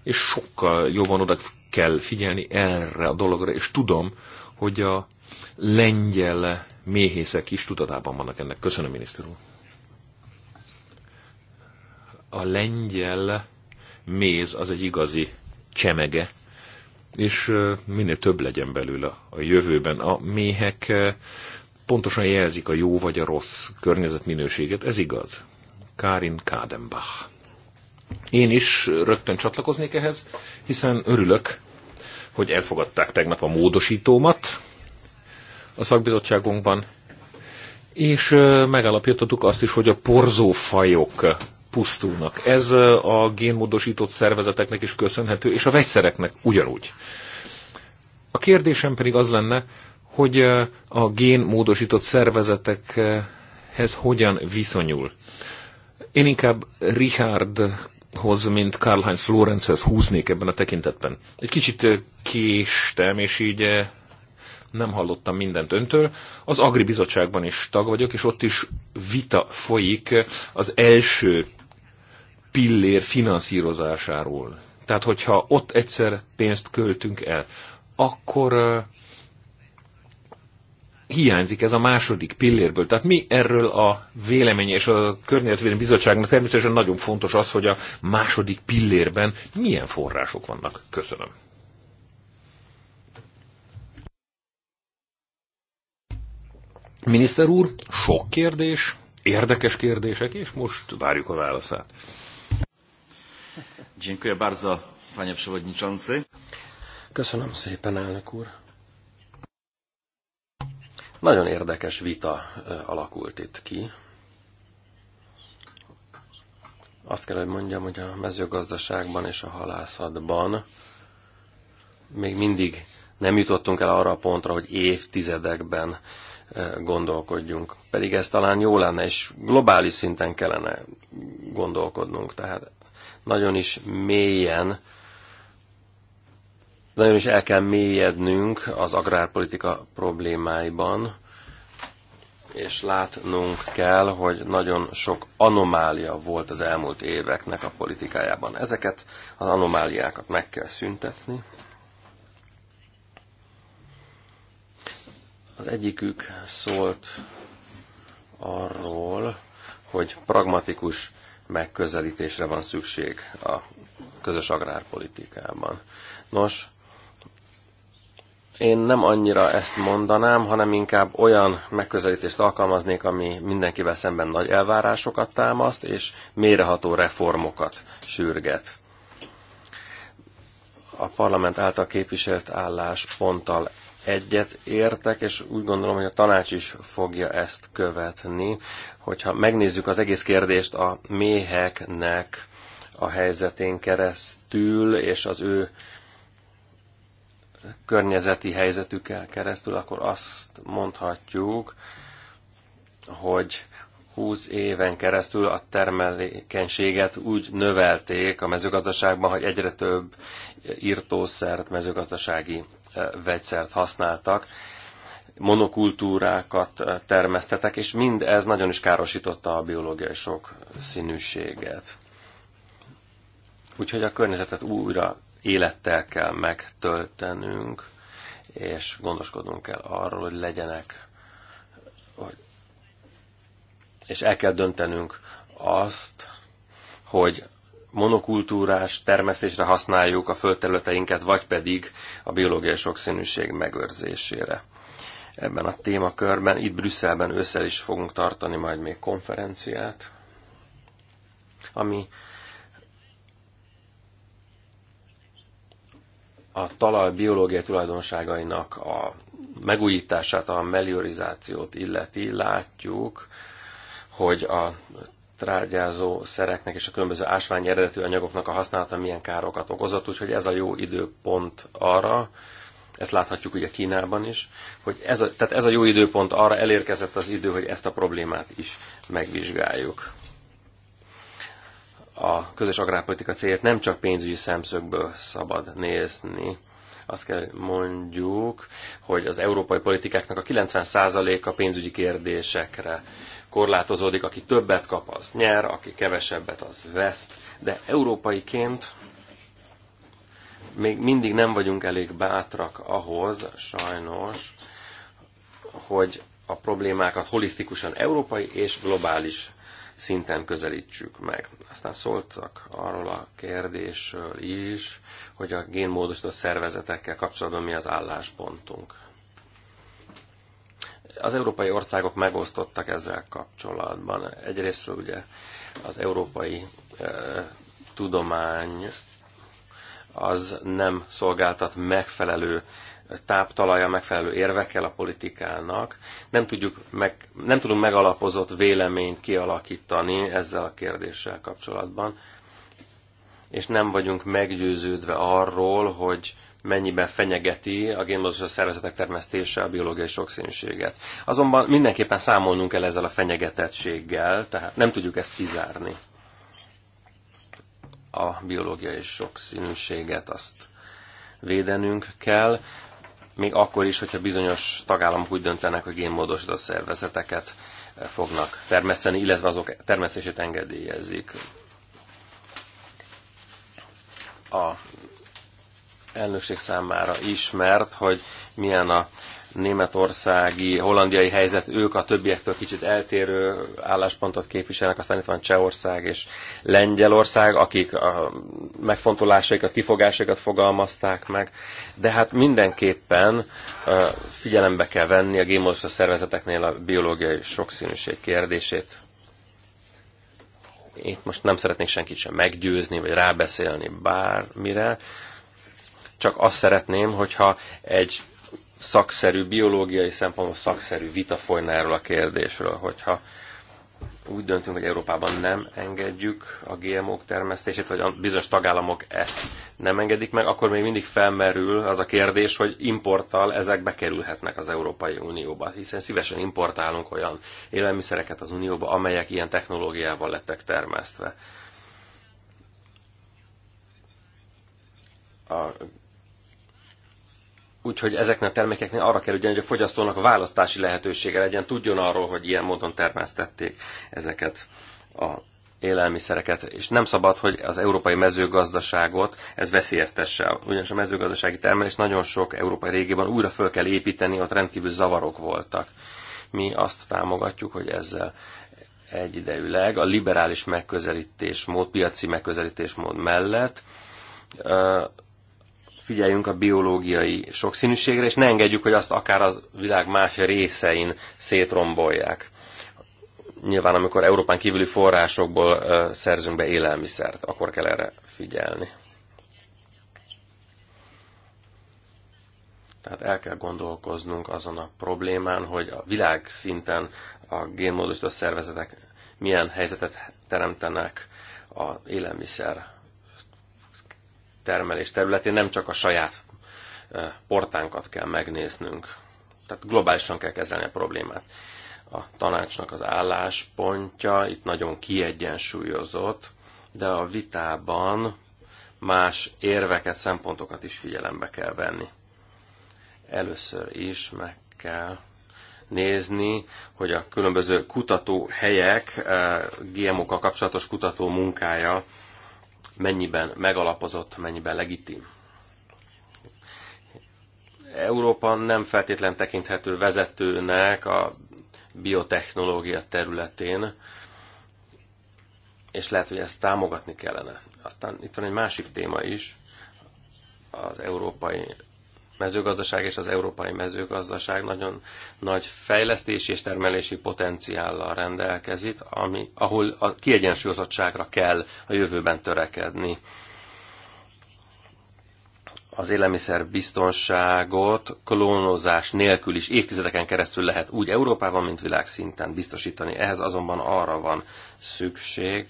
És sokkal jobban oda kell figyelni erre a dologra, és tudom, hogy a lengyel méhészek is tudatában vannak ennek. Köszönöm, miniszter úr. A lengyel méz az egy igazi csemege, és minél több legyen belőle a jövőben. A méhek pontosan jelzik a jó vagy a rossz környezetminőséget, ez igaz. Karin Kadenbach. Én is rögtön csatlakoznék ehhez, hiszen örülök, hogy elfogadták tegnap a módosítómat a szakbizottságunkban, és megállapítottuk azt is, hogy a porzófajok pusztulnak. Ez a génmódosított szervezeteknek is köszönhető, és a vegyszereknek ugyanúgy. A kérdésem pedig az lenne, hogy a gén módosított szervezetekhez hogyan viszonyul. Én inkább Richardhoz, mint Karl-Heinz Florenzhez húznék ebben a tekintetben. Egy kicsit késtem, és így nem hallottam mindent öntől. Az Agri Bizottságban is tag vagyok, és ott is vita folyik az első pillér finanszírozásáról. Tehát, hogyha ott egyszer pénzt költünk el, akkor hiányzik ez a második pillérből. Tehát mi erről a vélemény és a Környezetvédelmi Bizottságnak természetesen nagyon fontos az, hogy a második pillérben milyen források vannak. Köszönöm. Miniszter úr, sok kérdés, érdekes kérdések, és most várjuk a válaszát. Köszönöm szépen, elnök úr. Nagyon érdekes vita alakult itt ki. Azt kell, hogy mondjam, hogy a mezőgazdaságban és a halászatban még mindig nem jutottunk el arra a pontra, hogy évtizedekben gondolkodjunk. Pedig ez talán jó lenne, és globális szinten kellene gondolkodnunk. Tehát nagyon is mélyen nagyon is el kell mélyednünk az agrárpolitika problémáiban, és látnunk kell, hogy nagyon sok anomália volt az elmúlt éveknek a politikájában. Ezeket az anomáliákat meg kell szüntetni. Az egyikük szólt arról, hogy pragmatikus megközelítésre van szükség a közös agrárpolitikában. Nos, én nem annyira ezt mondanám, hanem inkább olyan megközelítést alkalmaznék, ami mindenkivel szemben nagy elvárásokat támaszt, és méreható reformokat sürget. A parlament által képviselt állásponttal egyet értek, és úgy gondolom, hogy a tanács is fogja ezt követni. Hogyha megnézzük az egész kérdést a méheknek a helyzetén keresztül, és az ő környezeti helyzetükkel keresztül, akkor azt mondhatjuk, hogy 20 éven keresztül a termelékenységet úgy növelték a mezőgazdaságban, hogy egyre több írtószert, mezőgazdasági e, vegyszert használtak, monokultúrákat e, termesztetek, és mindez nagyon is károsította a biológiai sok színűséget. Úgyhogy a környezetet újra élettel kell megtöltenünk, és gondoskodnunk kell arról, hogy legyenek, hogy, és el kell döntenünk azt, hogy monokultúrás termesztésre használjuk a földterületeinket, vagy pedig a biológiai sokszínűség megőrzésére. Ebben a témakörben, itt Brüsszelben ősszel is fogunk tartani majd még konferenciát, ami a talaj biológiai tulajdonságainak a megújítását, a meliorizációt illeti, látjuk, hogy a trágyázó szereknek és a különböző ásványi eredetű anyagoknak a használata milyen károkat okozott, úgyhogy ez a jó időpont arra, ezt láthatjuk ugye Kínában is, hogy ez a, tehát ez a jó időpont arra elérkezett az idő, hogy ezt a problémát is megvizsgáljuk a közös agrárpolitika célját nem csak pénzügyi szemszögből szabad nézni. Azt kell mondjuk, hogy az európai politikáknak a 90%-a pénzügyi kérdésekre korlátozódik. Aki többet kap, az nyer, aki kevesebbet, az veszt. De európaiként még mindig nem vagyunk elég bátrak ahhoz, sajnos, hogy a problémákat holisztikusan európai és globális szinten közelítsük meg. Aztán szóltak arról a kérdésről is, hogy a génmódosított szervezetekkel kapcsolatban mi az álláspontunk. Az európai országok megosztottak ezzel kapcsolatban. Egyrészt ugye az európai e, tudomány az nem szolgáltat megfelelő táptalaja megfelelő érvekkel a politikának. Nem, tudjuk meg, nem tudunk megalapozott véleményt kialakítani ezzel a kérdéssel kapcsolatban, és nem vagyunk meggyőződve arról, hogy mennyiben fenyegeti a génmódosított szervezetek termesztése a biológiai sokszínűséget. Azonban mindenképpen számolnunk kell ezzel a fenyegetettséggel, tehát nem tudjuk ezt kizárni. A biológiai sokszínűséget azt védenünk kell, még akkor is, hogyha bizonyos tagállamok úgy döntenek, hogy génmódosított szervezeteket eh, fognak termeszteni, illetve azok termesztését engedélyezik. A elnökség számára ismert, hogy milyen a németországi, hollandiai helyzet, ők a többiektől kicsit eltérő álláspontot képviselnek, aztán itt van Csehország és Lengyelország, akik a megfontolásaikat, kifogásaikat fogalmazták meg, de hát mindenképpen figyelembe kell venni a gémozista szervezeteknél a biológiai sokszínűség kérdését. én most nem szeretnék senkit sem meggyőzni, vagy rábeszélni bármire, csak azt szeretném, hogyha egy szakszerű, biológiai szempontból szakszerű vita folyna erről a kérdésről, hogyha úgy döntünk, hogy Európában nem engedjük a GMO-k termesztését, vagy a bizonyos tagállamok ezt nem engedik meg, akkor még mindig felmerül az a kérdés, hogy importtal ezek bekerülhetnek az Európai Unióba, hiszen szívesen importálunk olyan élelmiszereket az Unióba, amelyek ilyen technológiával lettek termesztve. A Úgyhogy ezeknek a termékeknél arra kell hogy a fogyasztónak a választási lehetősége legyen, tudjon arról, hogy ilyen módon termesztették ezeket a élelmiszereket, és nem szabad, hogy az európai mezőgazdaságot ez veszélyeztesse. Ugyanis a mezőgazdasági termelés nagyon sok európai régióban újra föl kell építeni, ott rendkívül zavarok voltak. Mi azt támogatjuk, hogy ezzel egyidejűleg a liberális megközelítésmód, piaci megközelítésmód mellett figyeljünk a biológiai sokszínűségre, és ne engedjük, hogy azt akár a világ más részein szétrombolják. Nyilván, amikor Európán kívüli forrásokból szerzünk be élelmiszert, akkor kell erre figyelni. Tehát el kell gondolkoznunk azon a problémán, hogy a világ szinten a génmódosított szervezetek milyen helyzetet teremtenek a élelmiszer termelés területén nem csak a saját portánkat kell megnéznünk. Tehát globálisan kell kezelni a problémát. A tanácsnak az álláspontja itt nagyon kiegyensúlyozott, de a vitában más érveket, szempontokat is figyelembe kell venni. Először is meg kell nézni, hogy a különböző kutató helyek, GMO-kkal kapcsolatos kutató munkája mennyiben megalapozott, mennyiben legitim. Európa nem feltétlen tekinthető vezetőnek a biotechnológia területén, és lehet, hogy ezt támogatni kellene. Aztán itt van egy másik téma is, az európai mezőgazdaság és az európai mezőgazdaság nagyon nagy fejlesztési és termelési potenciállal rendelkezik, ami, ahol a kiegyensúlyozottságra kell a jövőben törekedni. Az élelmiszer biztonságot klónozás nélkül is évtizedeken keresztül lehet úgy Európában, mint világszinten biztosítani. Ehhez azonban arra van szükség,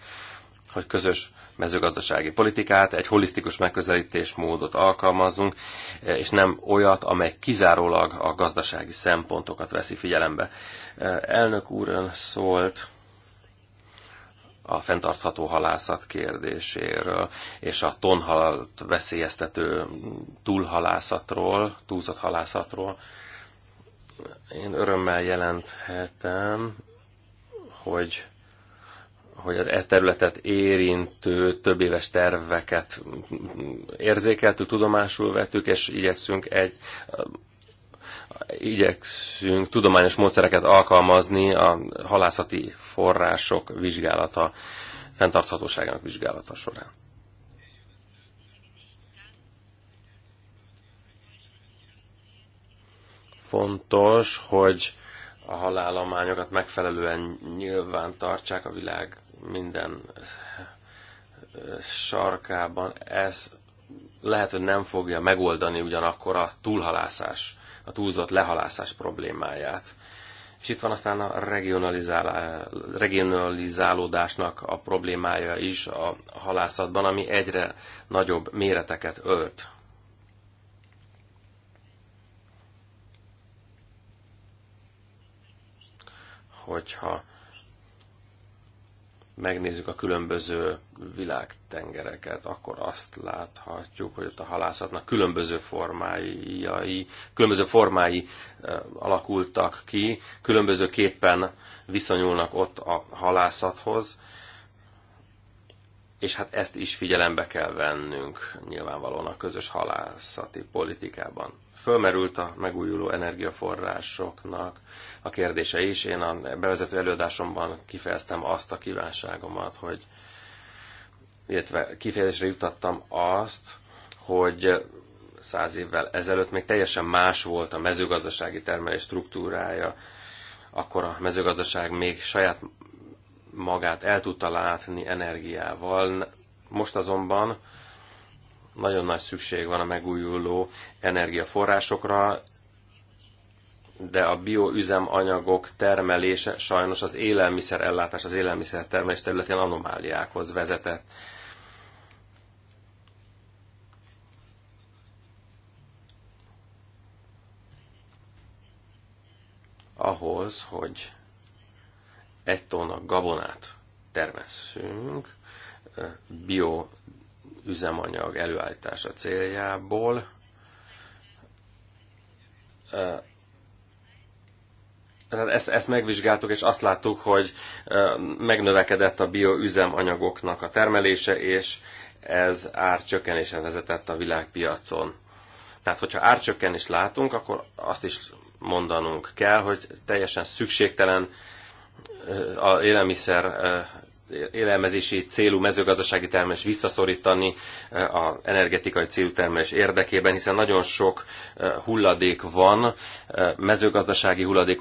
hogy közös mezőgazdasági politikát, egy holisztikus megközelítésmódot alkalmazunk, eh, és nem olyat, amely kizárólag a gazdasági szempontokat veszi figyelembe. Eh, elnök úr ön szólt a fenntartható halászat kérdéséről, és a tonhalat veszélyeztető túlhalászatról, túlzott halászatról. Én örömmel jelenthetem, hogy hogy e területet érintő több éves terveket érzékeltük, tudomásul vettük, és igyekszünk egy igyekszünk tudományos módszereket alkalmazni a halászati források vizsgálata, fenntarthatóságának vizsgálata során. Fontos, hogy a halálományokat megfelelően nyilván tartsák a világ minden sarkában. Ez lehet, hogy nem fogja megoldani ugyanakkor a túlhalászás, a túlzott lehalászás problémáját. És itt van aztán a regionalizálódásnak a problémája is a halászatban, ami egyre nagyobb méreteket ölt. Hogyha megnézzük a különböző világtengereket, akkor azt láthatjuk, hogy ott a halászatnak különböző formái, különböző formái alakultak ki, különböző képpen viszonyulnak ott a halászathoz, és hát ezt is figyelembe kell vennünk nyilvánvalóan a közös halászati politikában fölmerült a megújuló energiaforrásoknak a kérdése is. Én a bevezető előadásomban kifejeztem azt a kívánságomat, hogy illetve kifejezésre jutattam azt, hogy száz évvel ezelőtt még teljesen más volt a mezőgazdasági termelés struktúrája, akkor a mezőgazdaság még saját magát el tudta látni energiával. Most azonban nagyon nagy szükség van a megújuló energiaforrásokra, de a bioüzemanyagok termelése sajnos az élelmiszerellátás, az termelés területén anomáliákhoz vezetett. Ahhoz, hogy egy tonna gabonát termesszünk, bio üzemanyag előállítása céljából ezt, ezt megvizsgáltuk, és azt láttuk, hogy megnövekedett a bioüzemanyagoknak a termelése, és ez árcsökkenése vezetett a világpiacon. Tehát, hogyha árcsökkenést látunk, akkor azt is mondanunk kell, hogy teljesen szükségtelen a élelmiszer élelmezési célú mezőgazdasági termelés visszaszorítani eh, a energetikai célú termelés érdekében, hiszen nagyon sok eh, hulladék van, eh, mezőgazdasági hulladék,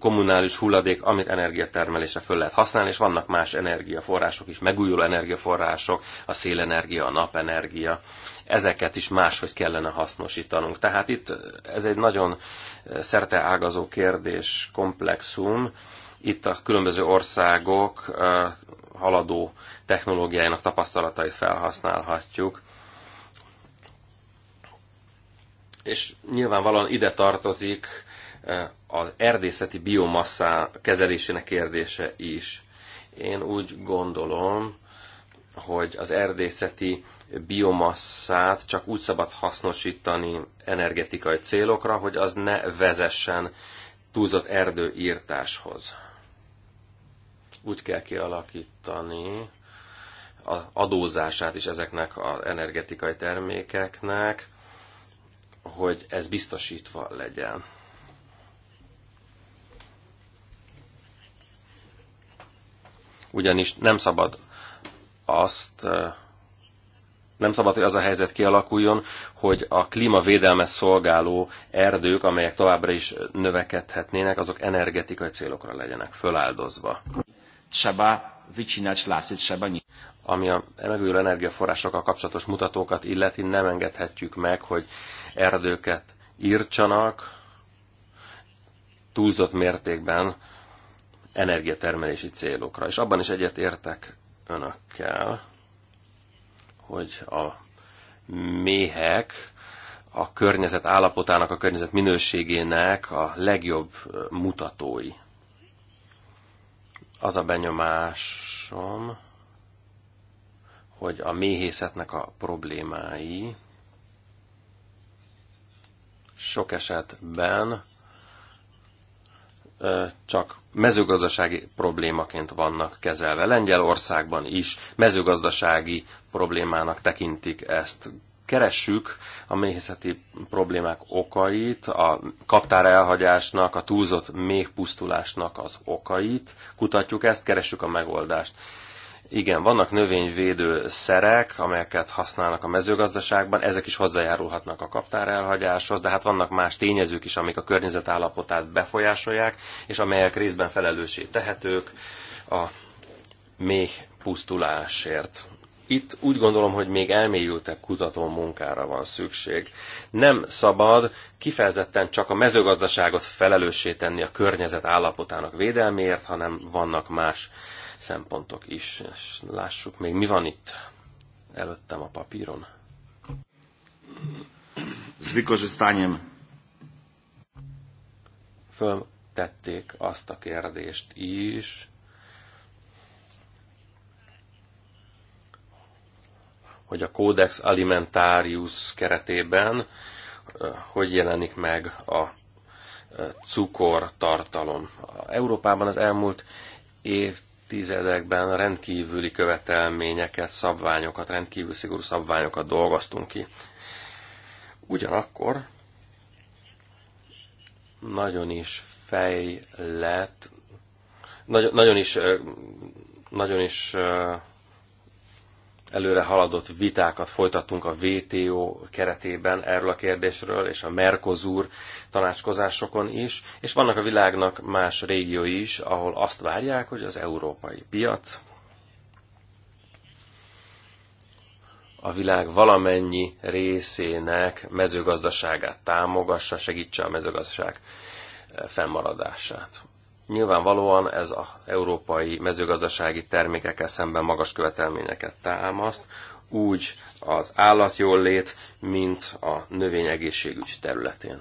kommunális hulladék, amit energiatermelésre föl lehet használni, és vannak más energiaforrások is, megújuló energiaforrások, a szélenergia, a napenergia, ezeket is máshogy kellene hasznosítanunk. Tehát itt ez egy nagyon szerte ágazó kérdés, komplexum, itt a különböző országok haladó technológiájának tapasztalatait felhasználhatjuk. És nyilvánvalóan ide tartozik az erdészeti biomasszá kezelésének kérdése is. Én úgy gondolom, hogy az erdészeti biomasszát csak úgy szabad hasznosítani energetikai célokra, hogy az ne vezessen túlzott erdőírtáshoz úgy kell kialakítani az adózását is ezeknek az energetikai termékeknek, hogy ez biztosítva legyen. Ugyanis nem szabad azt nem szabad, hogy az a helyzet kialakuljon, hogy a klímavédelmet szolgáló erdők, amelyek továbbra is növekedhetnének, azok energetikai célokra legyenek föláldozva trzeba wycinać lasy, trzeba nie. Ami a megújuló energiaforrásokkal kapcsolatos mutatókat illeti, nem engedhetjük meg, hogy erdőket írtsanak túlzott mértékben energiatermelési célokra. És abban is egyet értek önökkel, hogy a méhek a környezet állapotának, a környezet minőségének a legjobb mutatói. Az a benyomásom, hogy a méhészetnek a problémái sok esetben csak mezőgazdasági problémaként vannak kezelve. Lengyelországban is mezőgazdasági problémának tekintik ezt keressük a méhészeti problémák okait, a kaptár elhagyásnak, a túlzott méhpusztulásnak az okait, kutatjuk ezt, keressük a megoldást. Igen, vannak növényvédő szerek, amelyeket használnak a mezőgazdaságban, ezek is hozzájárulhatnak a kaptár elhagyáshoz, de hát vannak más tényezők is, amik a környezet állapotát befolyásolják, és amelyek részben felelőssé tehetők a méh pusztulásért. Itt úgy gondolom, hogy még elmélyültebb kutató munkára van szükség. Nem szabad kifejezetten csak a mezőgazdaságot felelőssé tenni a környezet állapotának védelméért, hanem vannak más szempontok is. És lássuk még, mi van itt előttem a papíron. Z föl Föltették azt a kérdést is, hogy a Codex Alimentarius keretében hogy jelenik meg a cukortartalom. Európában az elmúlt évtizedekben rendkívüli követelményeket, szabványokat, rendkívül szigorú szabványokat dolgoztunk ki. Ugyanakkor nagyon is fejlett, nagyon, nagyon is nagyon is előre haladott vitákat folytattunk a WTO keretében erről a kérdésről, és a Mercosur tanácskozásokon is, és vannak a világnak más régiói is, ahol azt várják, hogy az európai piac a világ valamennyi részének mezőgazdaságát támogassa, segítse a mezőgazdaság fennmaradását. Nyilvánvalóan ez a európai mezőgazdasági termékekkel szemben magas követelményeket támaszt, úgy az állatjólét, mint a növényegészségügy területén.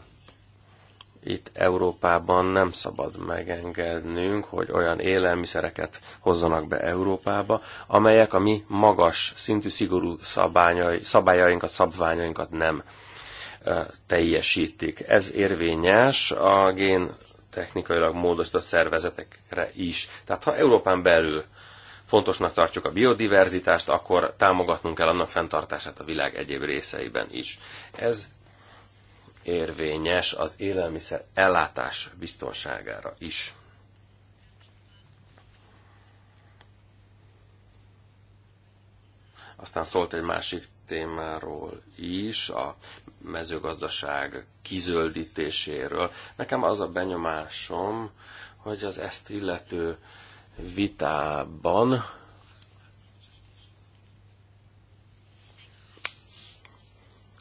Itt Európában nem szabad megengednünk, hogy olyan élelmiszereket hozzanak be Európába, amelyek a mi magas szintű szigorú szabályai, szabályainkat, szabványainkat nem teljesítik. Ez érvényes a gén technikailag módosított szervezetekre is. Tehát ha Európán belül fontosnak tartjuk a biodiverzitást, akkor támogatnunk kell annak fenntartását a világ egyéb részeiben is. Ez érvényes az élelmiszer ellátás biztonságára is. Aztán szólt egy másik témáról is, a mezőgazdaság kizöldítéséről. Nekem az a benyomásom, hogy az ezt illető vitában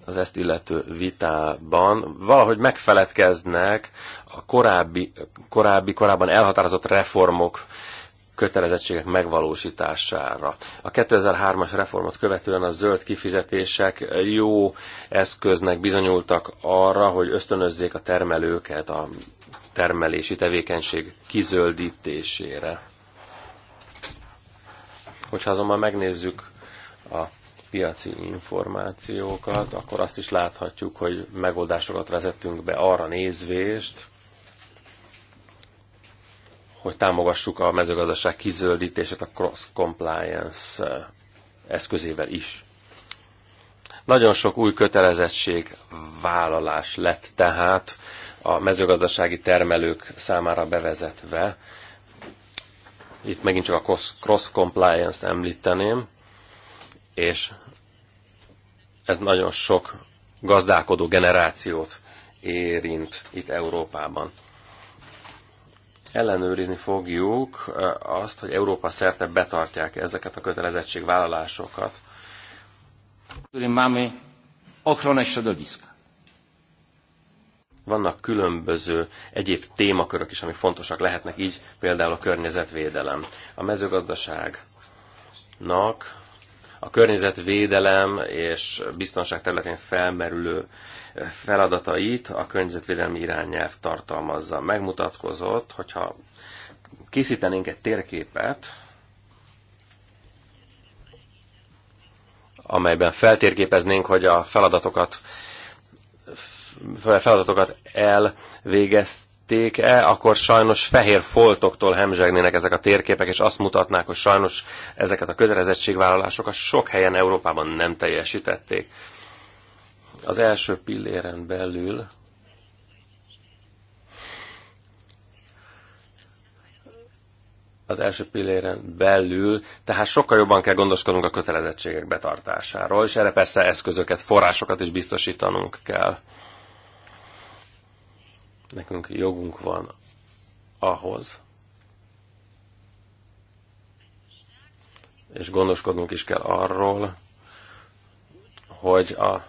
az ezt illető vitában valahogy megfeledkeznek a korábbi, korábbi korábban elhatározott reformok kötelezettségek megvalósítására. A 2003-as reformot követően a zöld kifizetések jó eszköznek bizonyultak arra, hogy ösztönözzék a termelőket a termelési tevékenység kizöldítésére. Hogyha azonban megnézzük a piaci információkat, akkor azt is láthatjuk, hogy megoldásokat vezettünk be arra nézvést, hogy támogassuk a mezőgazdaság kizöldítését a cross-compliance eh, eszközével is. Nagyon sok új kötelezettség vállalás lett tehát a mezőgazdasági termelők számára bevezetve. Itt megint csak a cross-compliance-t említeném, és ez nagyon sok gazdálkodó generációt érint itt Európában ellenőrizni fogjuk azt, hogy Európa szerte betartják ezeket a kötelezettségvállalásokat. Vannak különböző egyéb témakörök is, amik fontosak lehetnek, így például a környezetvédelem. A mezőgazdaságnak a környezetvédelem és biztonság területén felmerülő feladatait a környezetvédelmi irányelv tartalmazza. Megmutatkozott, hogyha készítenénk egy térképet, amelyben feltérképeznénk, hogy a feladatokat, feladatokat elvégezt, e akkor sajnos fehér foltoktól hemzsegnének ezek a térképek, és azt mutatnák, hogy sajnos ezeket a kötelezettségvállalásokat sok helyen Európában nem teljesítették az első pilléren belül az első pilléren belül, tehát sokkal jobban kell gondoskodnunk a kötelezettségek betartásáról, és erre persze eszközöket, forrásokat is biztosítanunk kell. Nekünk jogunk van ahhoz, és gondoskodnunk is kell arról, hogy a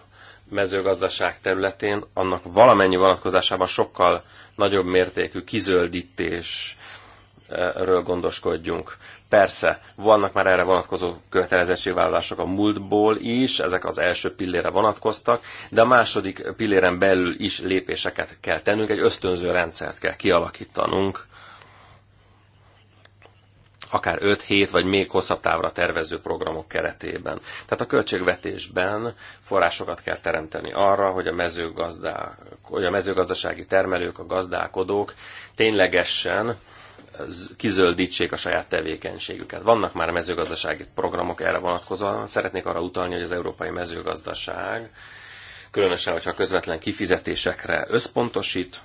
mezőgazdaság területén annak valamennyi vonatkozásában sokkal nagyobb mértékű kizöldítésről gondoskodjunk. Persze, vannak már erre vonatkozó kötelezettségvállalások a múltból is, ezek az első pillére vonatkoztak, de a második pilléren belül is lépéseket kell tennünk, egy ösztönző rendszert kell kialakítanunk akár 5-7 vagy még hosszabb távra tervező programok keretében. Tehát a költségvetésben forrásokat kell teremteni arra, hogy a, mezőgazdá, hogy a mezőgazdasági termelők, a gazdálkodók ténylegesen kizöldítsék a saját tevékenységüket. Vannak már mezőgazdasági programok erre vonatkozóan. Szeretnék arra utalni, hogy az európai mezőgazdaság, különösen, hogyha közvetlen kifizetésekre összpontosít,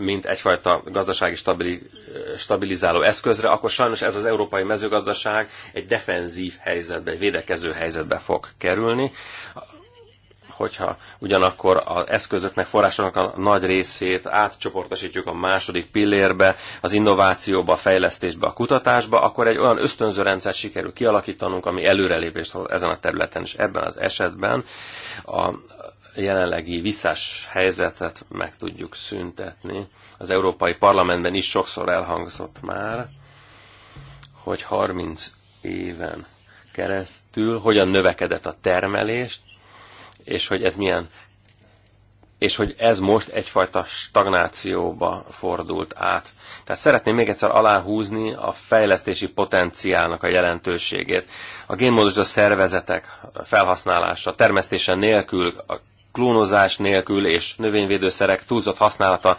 mint egyfajta gazdasági stabilizáló eszközre, akkor sajnos ez az európai mezőgazdaság egy defenzív helyzetbe, egy védekező helyzetbe fog kerülni hogyha ugyanakkor az eszközöknek, forrásoknak a nagy részét átcsoportosítjuk a második pillérbe, az innovációba, a fejlesztésbe, a kutatásba, akkor egy olyan ösztönző rendszert sikerül kialakítanunk, ami előrelépést hoz ezen a területen, és ebben az esetben a, jelenlegi visszás helyzetet meg tudjuk szüntetni. Az Európai Parlamentben is sokszor elhangzott már, hogy 30 éven keresztül hogyan növekedett a termelést, és hogy ez milyen és hogy ez most egyfajta stagnációba fordult át. Tehát szeretném még egyszer aláhúzni a fejlesztési potenciálnak a jelentőségét. A génmódosított szervezetek felhasználása termesztése nélkül a klónozás nélkül és növényvédőszerek túlzott használata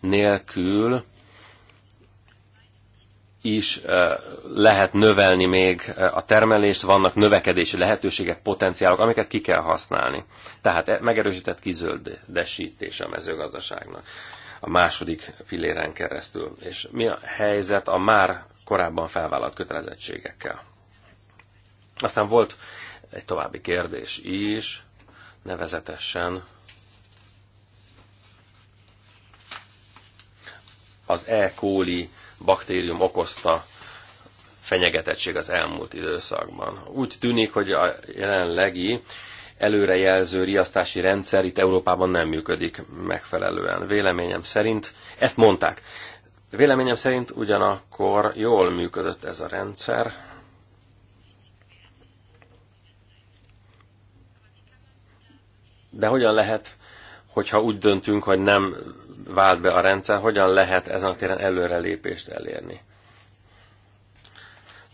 nélkül is lehet növelni még a termelést, vannak növekedési lehetőségek, potenciálok, amiket ki kell használni. Tehát e, megerősített kizöldesítés a mezőgazdaságnak a második pilléren keresztül. És mi a helyzet a már korábban felvállalt kötelezettségekkel? Aztán volt egy további kérdés is, nevezetesen az E. coli baktérium okozta fenyegetettség az elmúlt időszakban. Úgy tűnik, hogy a jelenlegi előrejelző riasztási rendszer itt Európában nem működik megfelelően. Véleményem szerint, ezt mondták, véleményem szerint ugyanakkor jól működött ez a rendszer, De hogyan lehet, hogyha úgy döntünk, hogy nem vált be a rendszer, hogyan lehet ezen a téren előrelépést elérni?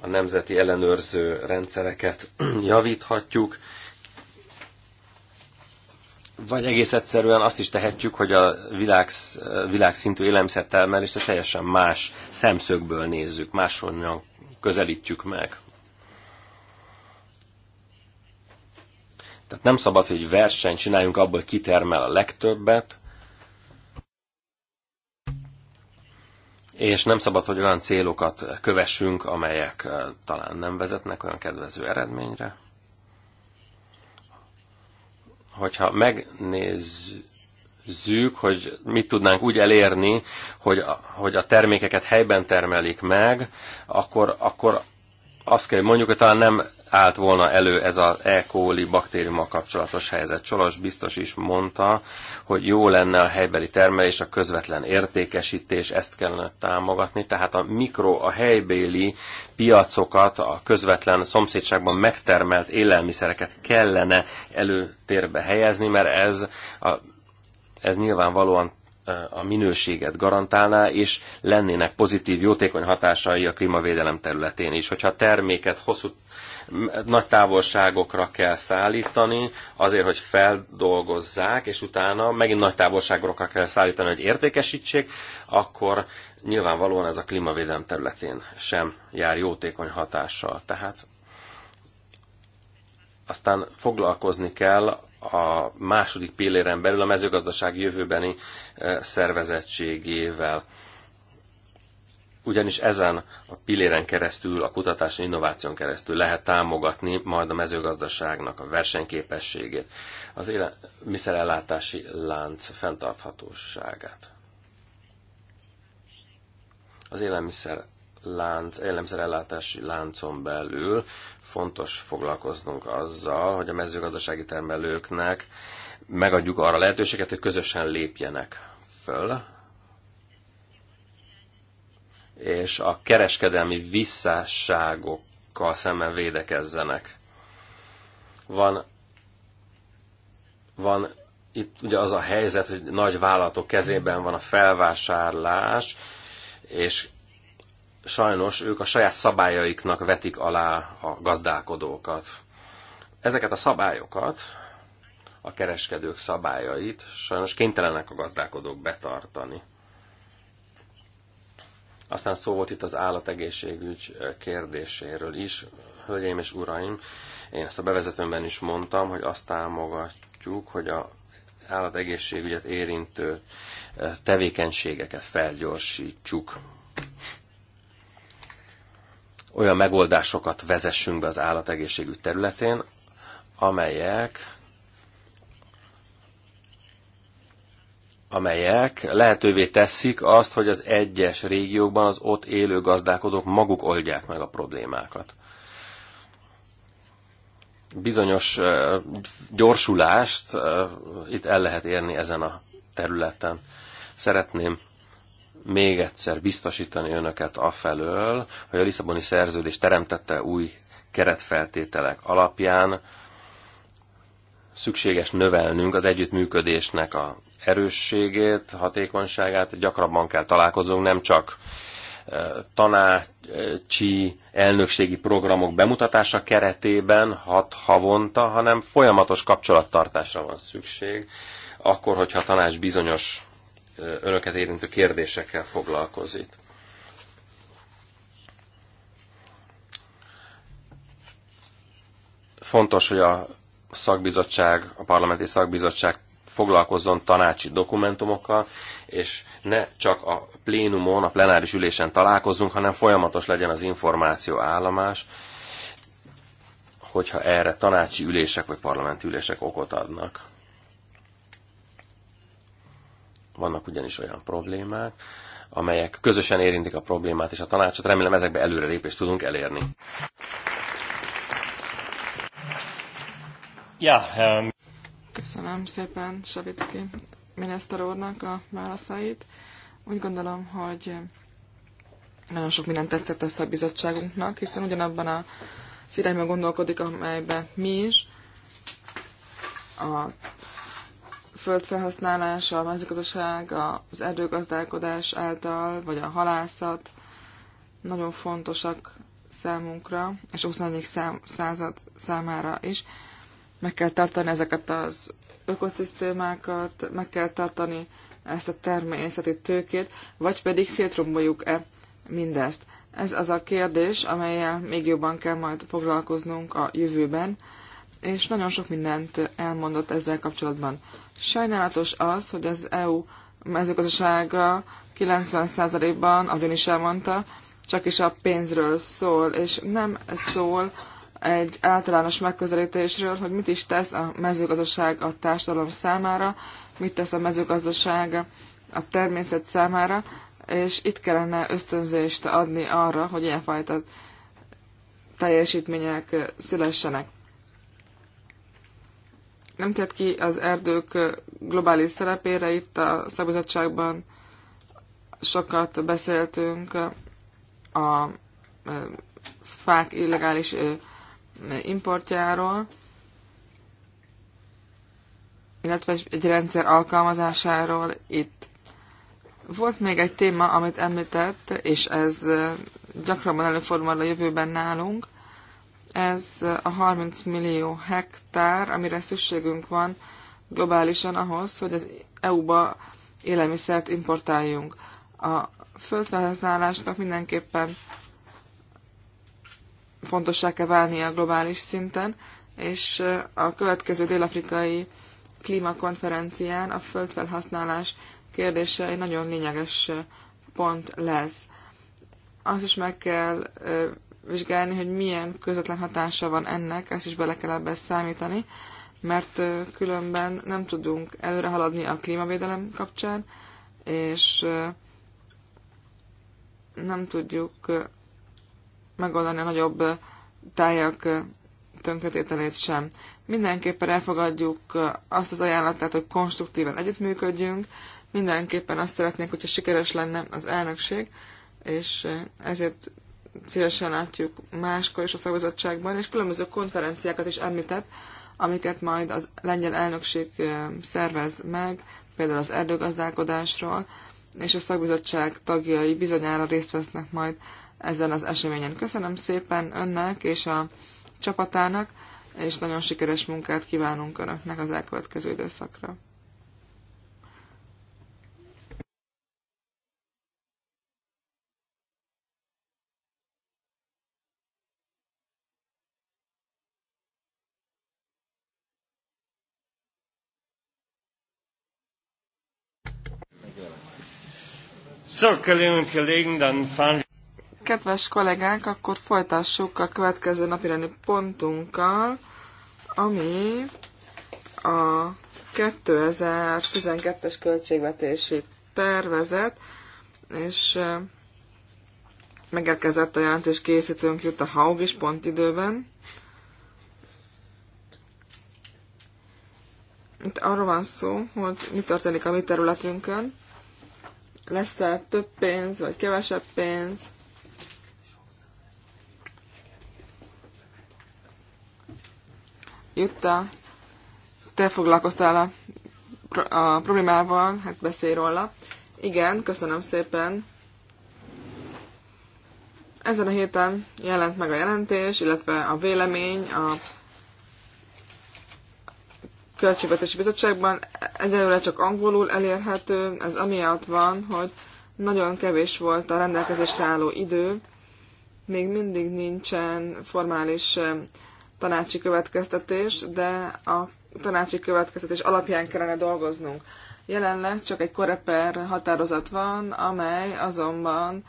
A nemzeti ellenőrző rendszereket javíthatjuk, vagy egész egyszerűen azt is tehetjük, hogy a világ, világszintű élelmiszertermelést teljesen más szemszögből nézzük, máshonnan közelítjük meg. Tehát nem szabad, hogy versenyt csináljunk abból, hogy kitermel a legtöbbet, és nem szabad, hogy olyan célokat kövessünk, amelyek eh, talán nem vezetnek olyan kedvező eredményre. Hogyha megnézzük, hogy mit tudnánk úgy elérni, hogy a, hogy a termékeket helyben termelik meg, akkor, akkor azt kell mondjuk, hogy talán nem állt volna elő ez az E. coli baktériummal kapcsolatos helyzet. Csolos biztos is mondta, hogy jó lenne a helybeli termelés, a közvetlen értékesítés, ezt kellene támogatni, tehát a mikro, a helybéli piacokat, a közvetlen szomszédságban megtermelt élelmiszereket kellene előtérbe helyezni, mert ez a ez nyilvánvalóan a minőséget garantálná, és lennének pozitív, jótékony hatásai a klímavédelem területén is. Hogyha terméket hosszú, nagy távolságokra kell szállítani, azért, hogy feldolgozzák, és utána megint nagy távolságokra kell szállítani, hogy értékesítsék, akkor nyilvánvalóan ez a klímavédelem területén sem jár jótékony hatással. Tehát aztán foglalkozni kell a második pilléren belül a mezőgazdaság jövőbeni eh, szervezettségével. Ugyanis ezen a pilléren keresztül, a és innováción keresztül lehet támogatni majd a mezőgazdaságnak a versenyképességét, az élelmiszerellátási lánc fenntarthatóságát. Az élelmiszer lánc, élelmiszerellátási láncon belül fontos foglalkoznunk azzal, hogy a mezőgazdasági termelőknek megadjuk arra lehetőséget, hogy közösen lépjenek föl, és a kereskedelmi visszásságokkal szemben védekezzenek. Van, van itt ugye az a helyzet, hogy nagy vállalatok kezében van a felvásárlás, és sajnos ők a saját szabályaiknak vetik alá a gazdálkodókat. Ezeket a szabályokat, a kereskedők szabályait sajnos kénytelenek a gazdálkodók betartani. Aztán szó volt itt az állategészségügy kérdéséről is. Hölgyeim és uraim, én ezt a bevezetőmben is mondtam, hogy azt támogatjuk, hogy a állategészségügyet érintő eh, tevékenységeket felgyorsítsuk olyan megoldásokat vezessünk be az állategészségügy területén, amelyek amelyek lehetővé teszik azt, hogy az egyes régiókban az ott élő gazdálkodók maguk oldják meg a problémákat. Bizonyos gyorsulást itt el lehet érni ezen a területen. Szeretném még egyszer biztosítani önöket afelől, hogy a Lisszaboni szerződés teremtette új keretfeltételek alapján szükséges növelnünk az együttműködésnek a erősségét, hatékonyságát, gyakrabban kell találkozunk, nem csak e, tanácsi elnökségi programok bemutatása keretében hat havonta, hanem folyamatos kapcsolattartásra van szükség, akkor, hogyha a tanács bizonyos önöket érintő kérdésekkel foglalkozik. Fontos, hogy a szakbizottság, a parlamenti szakbizottság foglalkozzon tanácsi dokumentumokkal, és ne csak a plénumon, a plenáris ülésen találkozzunk, hanem folyamatos legyen az információ állomás, hogyha erre tanácsi ülések vagy parlamenti ülések okot adnak. Vannak ugyanis olyan problémák, amelyek közösen érintik a problémát és a tanácsot. Remélem ezekbe előrelépést tudunk elérni. Ja, um... Köszönöm szépen Savicki miniszter úrnak a válaszait. Úgy gondolom, hogy nagyon sok mindent tetszett a szakbizottságunknak, hiszen ugyanabban a szirányban gondolkodik, amelyben mi is. A földfelhasználás, a mezőgazdaság, az erdőgazdálkodás által, vagy a halászat nagyon fontosak számunkra, és a 21. Szám, század számára is. Meg kell tartani ezeket az ökoszisztémákat, meg kell tartani ezt a természeti tőkét, vagy pedig szétromboljuk-e mindezt. Ez az a kérdés, amelyel még jobban kell majd foglalkoznunk a jövőben, és nagyon sok mindent elmondott ezzel kapcsolatban. Sajnálatos az, hogy az EU mezőgazdasága 90%-ban, ön is elmondta, csak is a pénzről szól, és nem szól egy általános megközelítésről, hogy mit is tesz a mezőgazdaság a társadalom számára, mit tesz a mezőgazdaság a természet számára, és itt kellene ösztönzést adni arra, hogy ilyenfajta teljesítmények szülessenek nem tett ki az erdők globális szerepére. Itt a szabadságban sokat beszéltünk a fák illegális importjáról, illetve egy rendszer alkalmazásáról itt. Volt még egy téma, amit említett, és ez gyakran előfordul a jövőben nálunk, ez a 30 millió hektár, amire szükségünk van globálisan ahhoz, hogy az EU-ba élelmiszert importáljunk. A földfelhasználásnak mindenképpen fontossá kell válnia globális szinten, és a következő dél-afrikai klímakonferencián a földfelhasználás kérdése egy nagyon lényeges pont lesz. Azt is meg kell vizsgálni, hogy milyen közvetlen hatása van ennek, ezt is bele kell ebbe számítani, mert különben nem tudunk előre haladni a klímavédelem kapcsán, és nem tudjuk megoldani a nagyobb tájak tönkretételét sem. Mindenképpen elfogadjuk azt az ajánlatát, hogy konstruktíven együttműködjünk, mindenképpen azt szeretnénk, hogyha sikeres lenne az elnökség, és ezért szívesen látjuk máskor is a szakbizottságban, és különböző konferenciákat is említett, amiket majd az lengyel elnökség szervez meg, például az erdőgazdálkodásról, és a szakbizottság tagjai bizonyára részt vesznek majd ezen az eseményen. Köszönöm szépen önnek és a csapatának, és nagyon sikeres munkát kívánunk önöknek az elkövetkező időszakra. Kedves kollégák, akkor folytassuk a következő napirendi pontunkkal, ami a 2012-es költségvetési tervezet, és megérkezett a jelentés készítőnk jut a Haug is pont időben. Itt arról van szó, hogy mi történik a mi területünkön lesz-e több pénz, vagy kevesebb pénz. Jutta, te foglalkoztál a, a problémával, hát beszélj róla. Igen, köszönöm szépen. Ezen a héten jelent meg a jelentés, illetve a vélemény a Költségvetési Bizottságban egyelőre csak angolul elérhető, ez amiatt van, hogy nagyon kevés volt a rendelkezésre álló idő, még mindig nincsen formális tanácsi következtetés, de a tanácsi következtetés alapján kellene dolgoznunk. Jelenleg csak egy koreper határozat van, amely azonban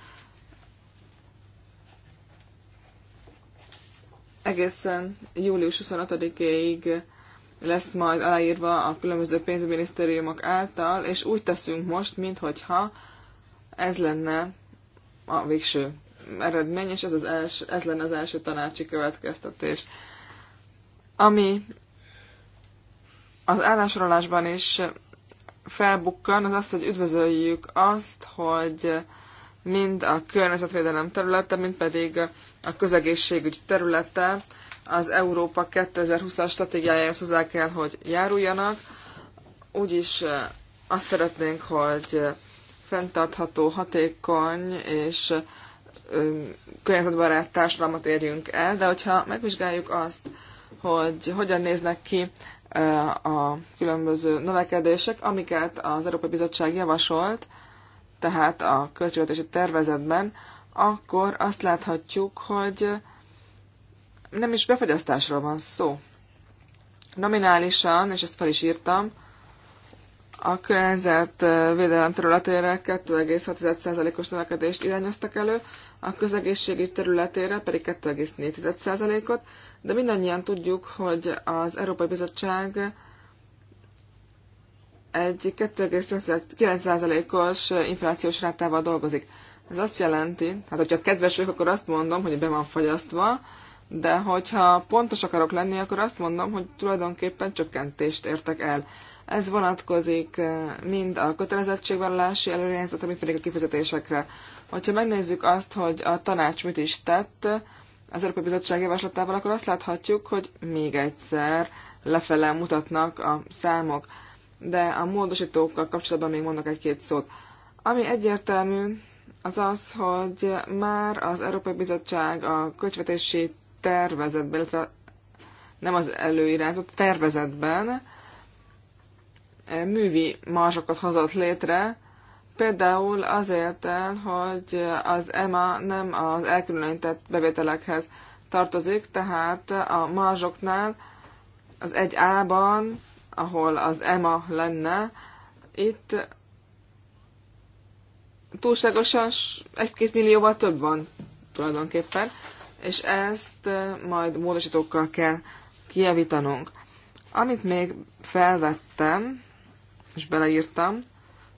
egészen július 25 éig lesz majd aláírva a különböző pénzminisztériumok által, és úgy teszünk most, minthogyha ez lenne a végső eredmény, és ez, az els, ez lenne az első tanácsi következtetés. Ami az állásorolásban is felbukkan, az az, hogy üdvözöljük azt, hogy mind a környezetvédelem területe, mind pedig a közegészségügy területe az Európa 2020-as stratégiájához hozzá kell, hogy járuljanak. Úgyis azt szeretnénk, hogy fenntartható, hatékony és környezetbarát társadalmat érjünk el, de hogyha megvizsgáljuk azt, hogy hogyan néznek ki a különböző növekedések, amiket az Európai Bizottság javasolt, tehát a költségvetési tervezetben, akkor azt láthatjuk, hogy nem is befogyasztásról van szó. Nominálisan, és ezt fel is írtam, a környezet védelem területére 2,6%-os növekedést irányoztak elő, a közegészségügy területére pedig 2,4%-ot, de mindannyian tudjuk, hogy az Európai Bizottság egy 2,9%-os inflációs rátával dolgozik. Ez azt jelenti, hát hogyha kedves vagyok, akkor azt mondom, hogy be van fagyasztva, de hogyha pontos akarok lenni, akkor azt mondom, hogy tulajdonképpen csökkentést értek el. Ez vonatkozik eh, mind a kötelezettségvállalási előirányzatra, mind pedig a kifizetésekre. Hogyha megnézzük azt, hogy a tanács mit is tett az Európai Bizottság javaslatával, akkor azt láthatjuk, hogy még egyszer lefele mutatnak a számok. De a módosítókkal kapcsolatban még mondok egy-két szót. Ami egyértelmű, az az, hogy már az Európai Bizottság a költségvetési tervezetben, illetve nem az előirázott tervezetben művi marzsokat hozott létre, például azért el, hogy az EMA nem az elkülönített bevételekhez tartozik, tehát a marzsoknál az 1A-ban, ahol az EMA lenne, itt túlságosan egy-két millióval több van tulajdonképpen és ezt majd módosítókkal kell kijavítanunk. Amit még felvettem, és beleírtam,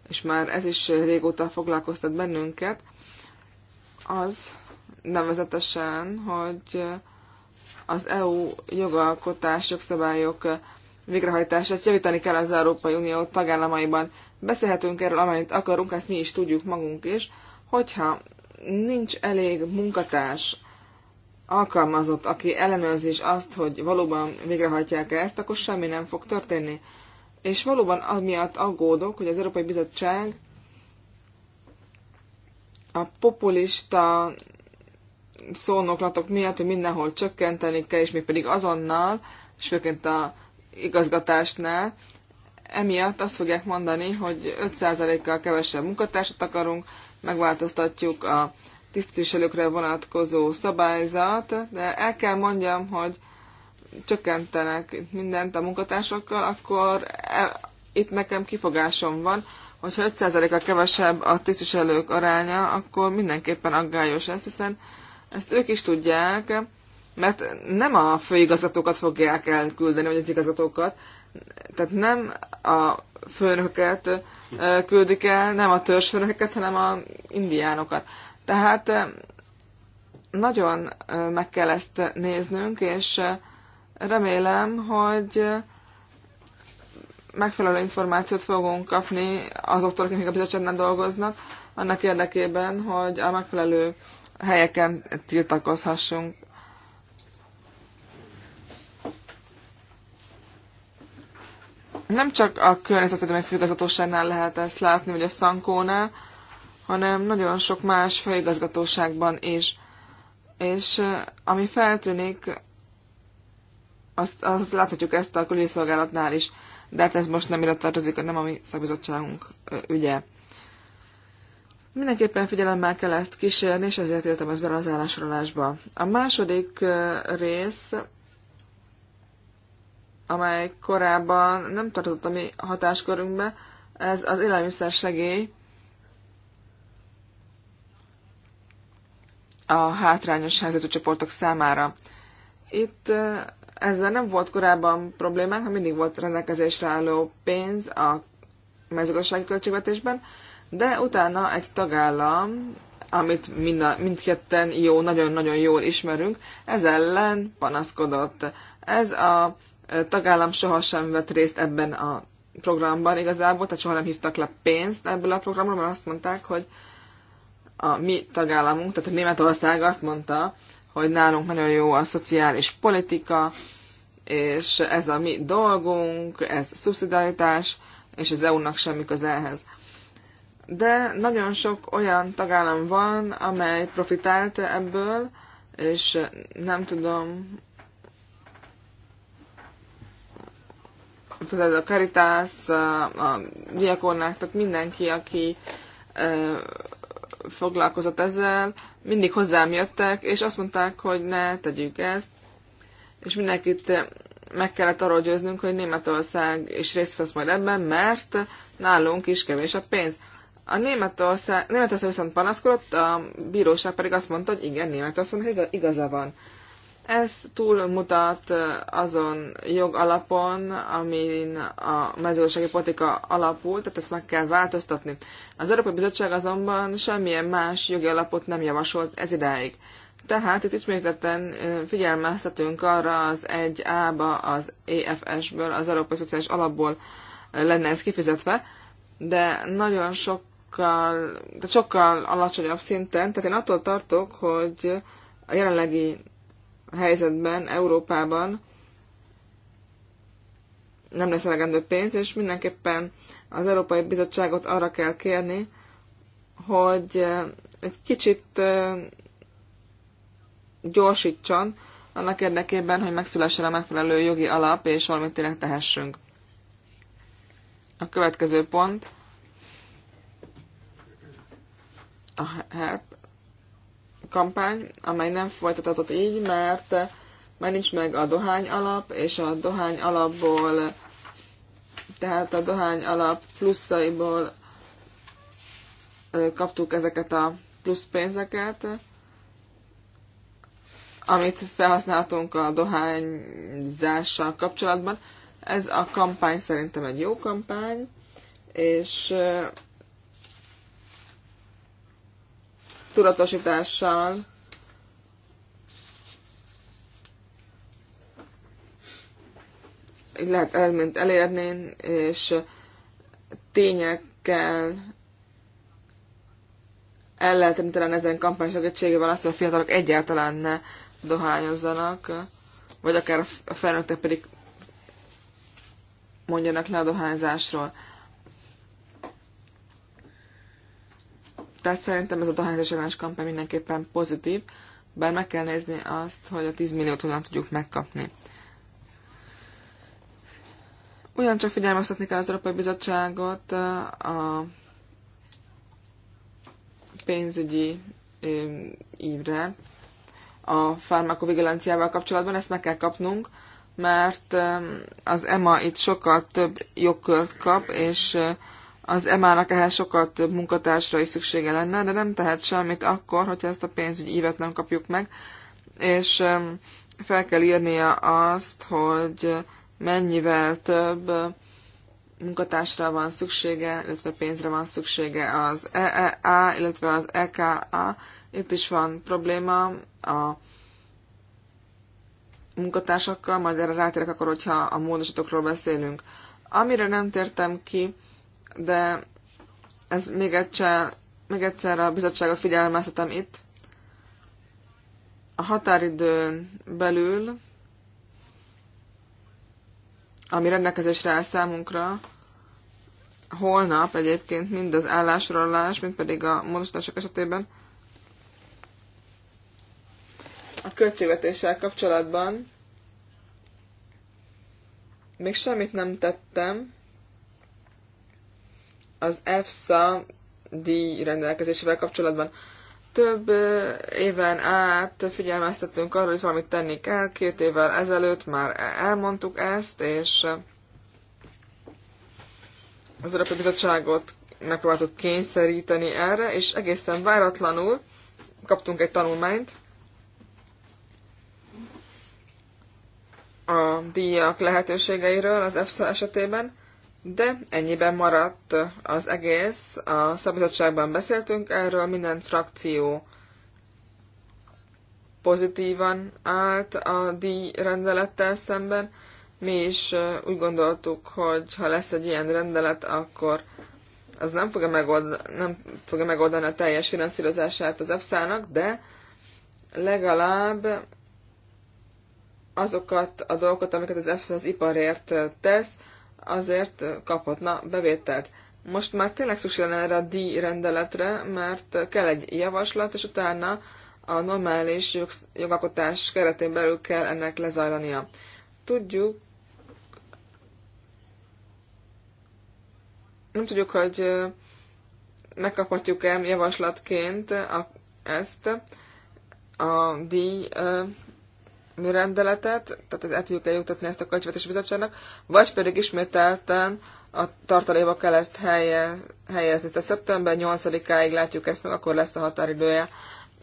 és már ez is régóta foglalkoztat bennünket, az nevezetesen, hogy az EU jogalkotás, jogszabályok végrehajtását javítani kell az Európai Unió tagállamaiban. Beszélhetünk erről, amennyit akarunk, ezt mi is tudjuk magunk is, hogyha nincs elég munkatárs alkalmazott, aki ellenőrzés azt, hogy valóban végrehajtják -e ezt, akkor semmi nem fog történni. És valóban amiatt aggódok, hogy az Európai Bizottság a populista szónoklatok miatt, hogy mindenhol csökkenteni kell, és mi pedig azonnal, és főként a igazgatásnál, emiatt azt fogják mondani, hogy 5%-kal kevesebb munkatársat akarunk, megváltoztatjuk a tisztviselőkre vonatkozó szabályzat, de el kell mondjam, hogy csökkentenek mindent a munkatársakkal, akkor e, itt nekem kifogásom van, hogyha 5%-a kevesebb a tisztviselők aránya, akkor mindenképpen aggályos ez, hiszen ezt ők is tudják, mert nem a főigazgatókat fogják elküldeni, vagy az igazgatókat, tehát nem a főnököket küldik el, nem a törzsfőnöket, hanem a indiánokat. Tehát eh, nagyon eh, meg kell ezt néznünk, és eh, remélem, hogy megfelelő információt fogunk kapni azoktól, akik a bizottságnál dolgoznak, annak érdekében, hogy a megfelelő helyeken tiltakozhassunk. Nem csak a környezetvédelmi függazatosságnál lehet ezt látni, vagy a szankónál, hanem nagyon sok más főigazgatóságban is. És ami feltűnik, azt, azt láthatjuk ezt a külügyszolgálatnál is, de hát ez most nem ide tartozik, nem a mi szakbizottságunk ügye. Mindenképpen figyelemmel kell ezt kísérni, és ezért éltem ezt bele az állásolásba. A második rész, amely korábban nem tartozott a mi hatáskörünkbe, ez az élelmiszer segély, a hátrányos helyzetű csoportok számára. Itt ezzel nem volt korábban problémánk, ha mindig volt rendelkezésre álló pénz a mezőgazdasági költségvetésben, de utána egy tagállam, amit mind a, mindketten jó, nagyon-nagyon jól ismerünk, ez ellen panaszkodott. Ez a tagállam sohasem vett részt ebben a programban igazából, tehát soha nem hívtak le pénzt ebből a programról, mert azt mondták, hogy a mi tagállamunk, tehát a Németország azt mondta, hogy nálunk nagyon jó a szociális politika, és ez a mi dolgunk, ez szubszidaritás, és az EU-nak semmi közelhez. ehhez. De nagyon sok olyan tagállam van, amely profitált ebből, és nem tudom, tudod, a Caritas, a, a Diakornák, tehát mindenki, aki foglalkozott ezzel, mindig hozzám jöttek, és azt mondták, hogy ne tegyük ezt, és mindenkit meg kellett arról győznünk, hogy Németország is részt vesz majd ebben, mert nálunk is kevés a pénz. A Németország, Németország viszont panaszkodott, a bíróság pedig azt mondta, hogy igen, Németországnak igaza van. Ez túlmutat azon jogalapon, amin a mezőgazdasági politika alapul, tehát ezt meg kell változtatni. Az Európai Bizottság azonban semmilyen más jogi alapot nem javasolt ez idáig. Tehát itt ismételten figyelmeztetünk arra az 1A-ba, az EFS-ből, az Európai Szociális Alapból lenne ez kifizetve, de nagyon sokkal, de sokkal alacsonyabb szinten, tehát én attól tartok, hogy a jelenlegi helyzetben Európában nem lesz elegendő pénz, és mindenképpen az Európai Bizottságot arra kell kérni, hogy egy kicsit gyorsítson annak érdekében, hogy megszülessen a megfelelő jogi alap, és valamit tényleg tehessünk. A következő pont a help kampány, amely nem folytatott így, mert már nincs meg a dohány alap, és a dohány alapból, tehát a dohány alap pluszaiból kaptuk ezeket a plusz pénzeket, amit felhasználtunk a dohányzással kapcsolatban. Ez a kampány szerintem egy jó kampány, és tudatosítással. lehet eredményt elérni, és tényekkel el lehet talán ezen kampány segítségével azt, hogy a fiatalok egyáltalán ne dohányozzanak, vagy akár a felnőttek pedig mondjanak le a dohányzásról. Tehát szerintem ez a dohányzás ellenes kampány mindenképpen pozitív, bár meg kell nézni azt, hogy a 10 milliót honnan tudjuk megkapni. Ugyancsak figyelmeztetni kell az Európai Bizottságot a pénzügyi ívre a farmakovigilanciával kapcsolatban, ezt meg kell kapnunk, mert az EMA itt sokkal több jogkört kap, és az EMA-nak ehhez sokat több munkatársra is szüksége lenne, de nem tehet semmit akkor, hogyha ezt a pénzügyi ívet nem kapjuk meg, és fel kell írnia azt, hogy mennyivel több munkatársra van szüksége, illetve pénzre van szüksége az EEA, illetve az EKA. Itt is van probléma a munkatársakkal, majd erre rátérek akkor, hogyha a módosítókról beszélünk. Amire nem tértem ki, de ez még egyszer, még egyszer a bizottságot figyelmeztetem itt. A határidőn belül, ami rendelkezésre áll számunkra, holnap egyébként mind az állásrólás, mind pedig a módosítások esetében a költségvetéssel kapcsolatban még semmit nem tettem, az EFSA díj rendelkezésével kapcsolatban. Több éven át figyelmeztetünk arról, hogy valamit tenni kell. Két évvel ezelőtt már elmondtuk ezt, és az Európai Bizottságot megpróbáltuk kényszeríteni erre, és egészen váratlanul kaptunk egy tanulmányt, a díjak lehetőségeiről az EFSA esetében, de ennyiben maradt az egész. A szabadságban beszéltünk erről, minden frakció pozitívan állt a díjrendelettel szemben. Mi is úgy gondoltuk, hogy ha lesz egy ilyen rendelet, akkor az nem fogja, megoldani, nem fogja megoldani a teljes finanszírozását az EFSA-nak, de legalább azokat a dolgokat, amiket az EFSA az iparért tesz, azért kaphatna bevételt. Most már tényleg szükség lenne erre a díj rendeletre, mert kell egy javaslat, és utána a normális jogalkotás keretén belül kell ennek lezajlania. Tudjuk, nem tudjuk, hogy megkaphatjuk-e javaslatként a, ezt a díj rendeletet, tehát ez el kell eljutatni ezt a költségvetési bizottságnak, vagy pedig ismételten a tartaléba kell ezt helye, helyezni. Tehát szeptember 8-áig látjuk ezt meg, akkor lesz a határidője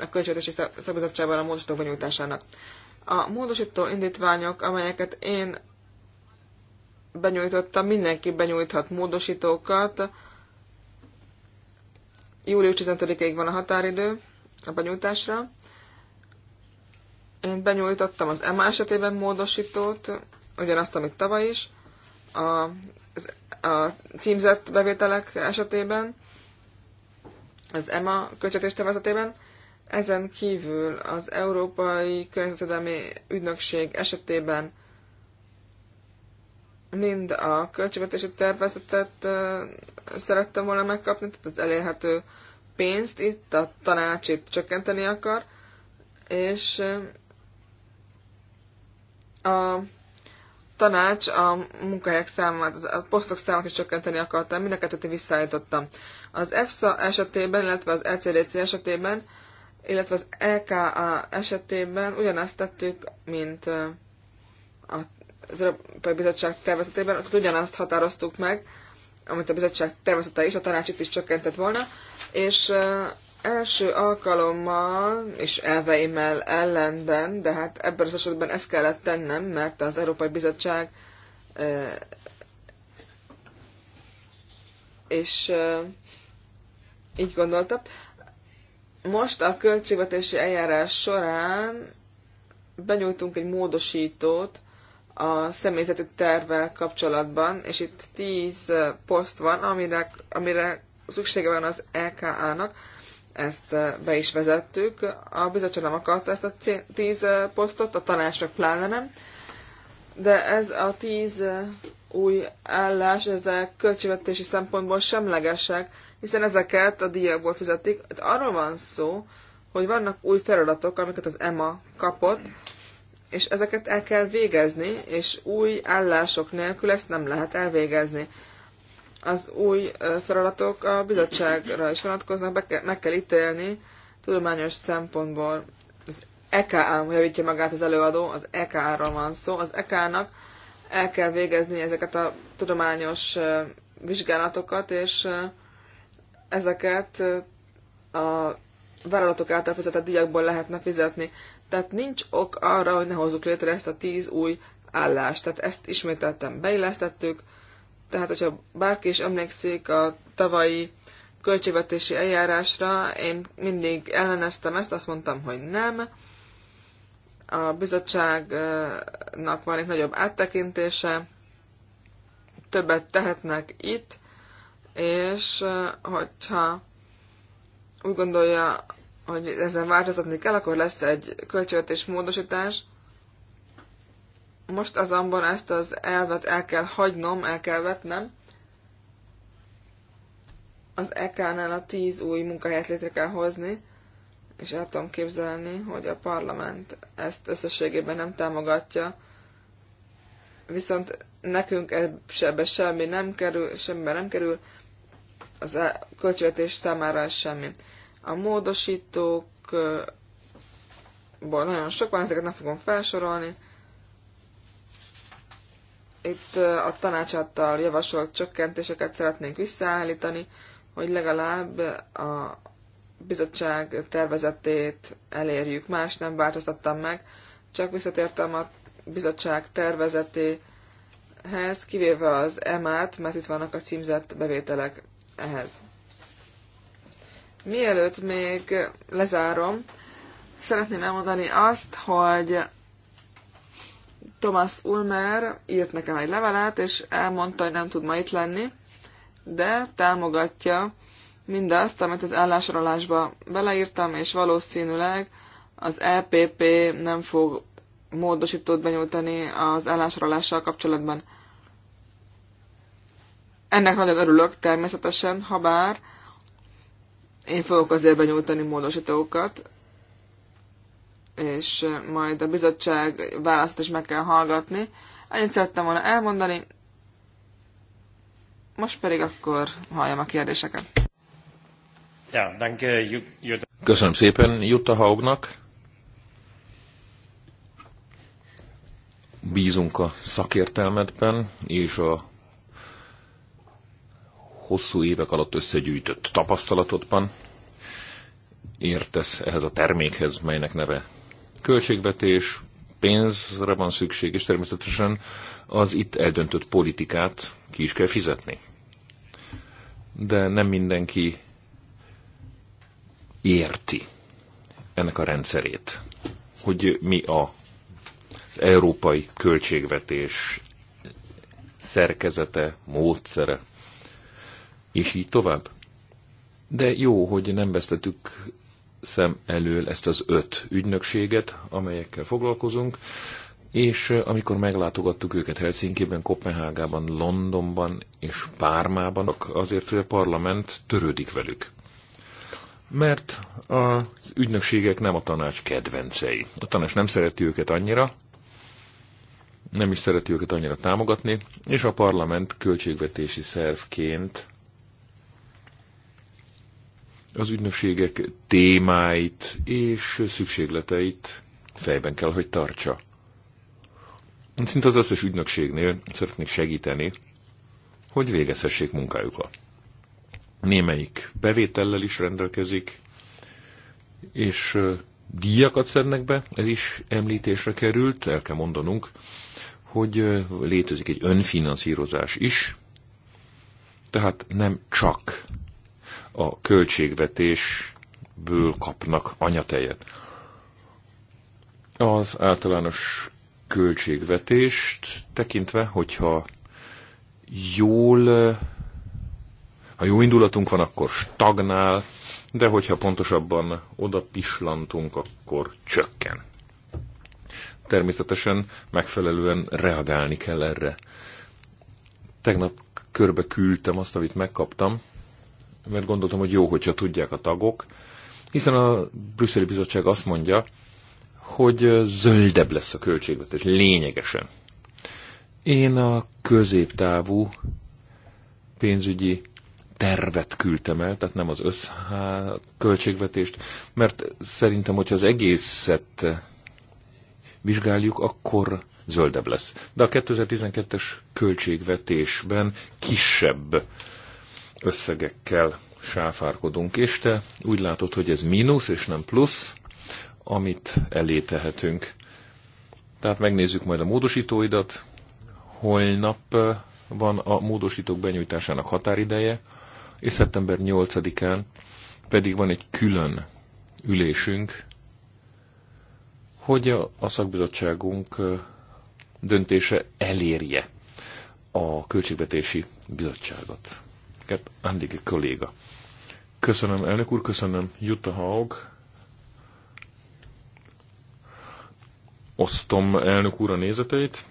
a költségvetési szabizottságban a módosítók benyújtásának. A módosító indítványok, amelyeket én benyújtottam, mindenki benyújthat módosítókat. Július 15-ig van a határidő a benyújtásra. Én benyújtottam az EMA esetében módosítót, ugyanazt, amit tavaly is, a, a címzett bevételek esetében, az EMA költségvetés tervezetében, ezen kívül az Európai Környezetvédelmi Ügynökség esetében mind a költségvetési tervezetet szerettem volna megkapni, tehát az elérhető pénzt itt a tanácsit csökkenteni akar, és a tanács a munkahelyek számát, a posztok számát is csökkenteni akarta, mind a kettőt visszaállítottam. Az EFSA esetében, illetve az ECDC esetében, illetve az EKA esetében ugyanazt tettük, mint az Európai Bizottság tervezetében, tehát ugyanazt határoztuk meg, amit a bizottság tervezete is, a tanács itt is csökkentett volna, és első alkalommal, és elveimmel ellenben, de hát ebben az esetben ezt kellett tennem, mert az Európai Bizottság és így gondolta. Most a költségvetési eljárás során benyújtunk egy módosítót a személyzeti tervvel kapcsolatban, és itt 10 poszt van, amire, amire szüksége van az LKA-nak, e ezt eh, be is vezettük. A bizottság nem akarta ezt a tíz eh, posztot, a tanács meg pláne nem, de ez a tíz eh, új állás, ezek költségvetési szempontból semlegesek, hiszen ezeket a díjakból fizetik. Arról van szó, hogy vannak új feladatok, amiket az EMA kapott, és ezeket el kell végezni, és új állások nélkül ezt nem lehet elvégezni az új feladatok a bizottságra is vonatkoznak, be kell, meg kell ítélni tudományos szempontból. Az EKA javítja magát az előadó, az eka ra van szó. Az EKA-nak el kell végezni ezeket a tudományos vizsgálatokat, és ezeket a vállalatok által fizetett díjakból lehetne fizetni. Tehát nincs ok arra, hogy ne hozzuk létre ezt a tíz új állást. Tehát ezt ismételtem, beillesztettük, tehát, hogyha bárki is emlékszik a tavalyi költségvetési eljárásra, én mindig elleneztem ezt, azt mondtam, hogy nem. A bizottságnak van egy nagyobb áttekintése, többet tehetnek itt, és hogyha úgy gondolja, hogy ezen változtatni kell, akkor lesz egy költségvetés módosítás, most azonban ezt az elvet el kell hagynom, el kell vetnem. Az EK-nál a tíz új munkahelyet létre kell hozni, és el tudom képzelni, hogy a parlament ezt összességében nem támogatja. Viszont nekünk ebbe semmi nem kerül, semmibe nem kerül, az a e- költségvetés számára semmi. A módosítókból nagyon sok van, ezeket nem fogom felsorolni. Itt a tanács által javasolt csökkentéseket szeretnénk visszaállítani, hogy legalább a bizottság tervezetét elérjük. Más nem változtattam meg, csak visszatértem a bizottság tervezetéhez, kivéve az EMA-t, mert itt vannak a címzett bevételek ehhez. Mielőtt még lezárom, szeretném elmondani azt, hogy Thomas Ulmer írt nekem egy levelet, és elmondta, hogy nem tud ma itt lenni, de támogatja mindazt, amit az állásolásba beleírtam, és valószínűleg az EPP nem fog módosítót benyújtani az állásralással kapcsolatban. Ennek nagyon örülök természetesen, ha bár én fogok azért benyújtani módosítókat, és majd a bizottság választ is meg kell hallgatni. Ennyit szerettem volna elmondani, most pedig akkor halljam a kérdéseket. Ja, Köszönöm szépen Jutta Haugnak. Bízunk a szakértelmedben és a hosszú évek alatt összegyűjtött tapasztalatodban értesz ehhez a termékhez, melynek neve Költségvetés, pénzre van szükség, és természetesen az itt eldöntött politikát ki is kell fizetni. De nem mindenki érti ennek a rendszerét, hogy mi a, az európai költségvetés szerkezete, módszere, és így tovább. De jó, hogy nem vesztettük szem elől ezt az öt ügynökséget, amelyekkel foglalkozunk, és amikor meglátogattuk őket Helsinki-ben, Kopenhágában, Londonban és Pármában, azért, hogy a parlament törődik velük. Mert az ügynökségek nem a tanács kedvencei. A tanács nem szereti őket annyira, nem is szereti őket annyira támogatni, és a parlament költségvetési szervként az ügynökségek témáit és szükségleteit fejben kell, hogy tartsa. Szinte az összes ügynökségnél szeretnék segíteni, hogy végezhessék munkájukat. Némelyik bevétellel is rendelkezik, és díjakat szednek be, ez is említésre került, el kell mondanunk, hogy létezik egy önfinanszírozás is, tehát nem csak a költségvetésből kapnak anyatejet. Az általános költségvetést tekintve, hogyha jól, ha jó indulatunk van, akkor stagnál, de hogyha pontosabban oda pislantunk, akkor csökken. Természetesen megfelelően reagálni kell erre. Tegnap körbe küldtem azt, amit megkaptam, mert gondoltam, hogy jó, hogyha tudják a tagok, hiszen a brüsszeli bizottság azt mondja, hogy zöldebb lesz a költségvetés, lényegesen. Én a középtávú pénzügyi tervet küldtem el, tehát nem az összhá költségvetést, mert szerintem, hogyha az egészet vizsgáljuk, akkor zöldebb lesz. De a 2012-es költségvetésben kisebb összegekkel sáfárkodunk, és te úgy látod, hogy ez mínusz és nem plusz, amit elé tehetünk. Tehát megnézzük majd a módosítóidat. Holnap eh, van a módosítók benyújtásának határideje, és szeptember 8-án pedig van egy külön ülésünk, hogy a szakbizottságunk eh, döntése elérje a költségvetési bizottságot. Kep Andigi kolléga. Köszönöm, elnök úr, köszönöm, Jutta Haug. Osztom elnök úr a nézeteit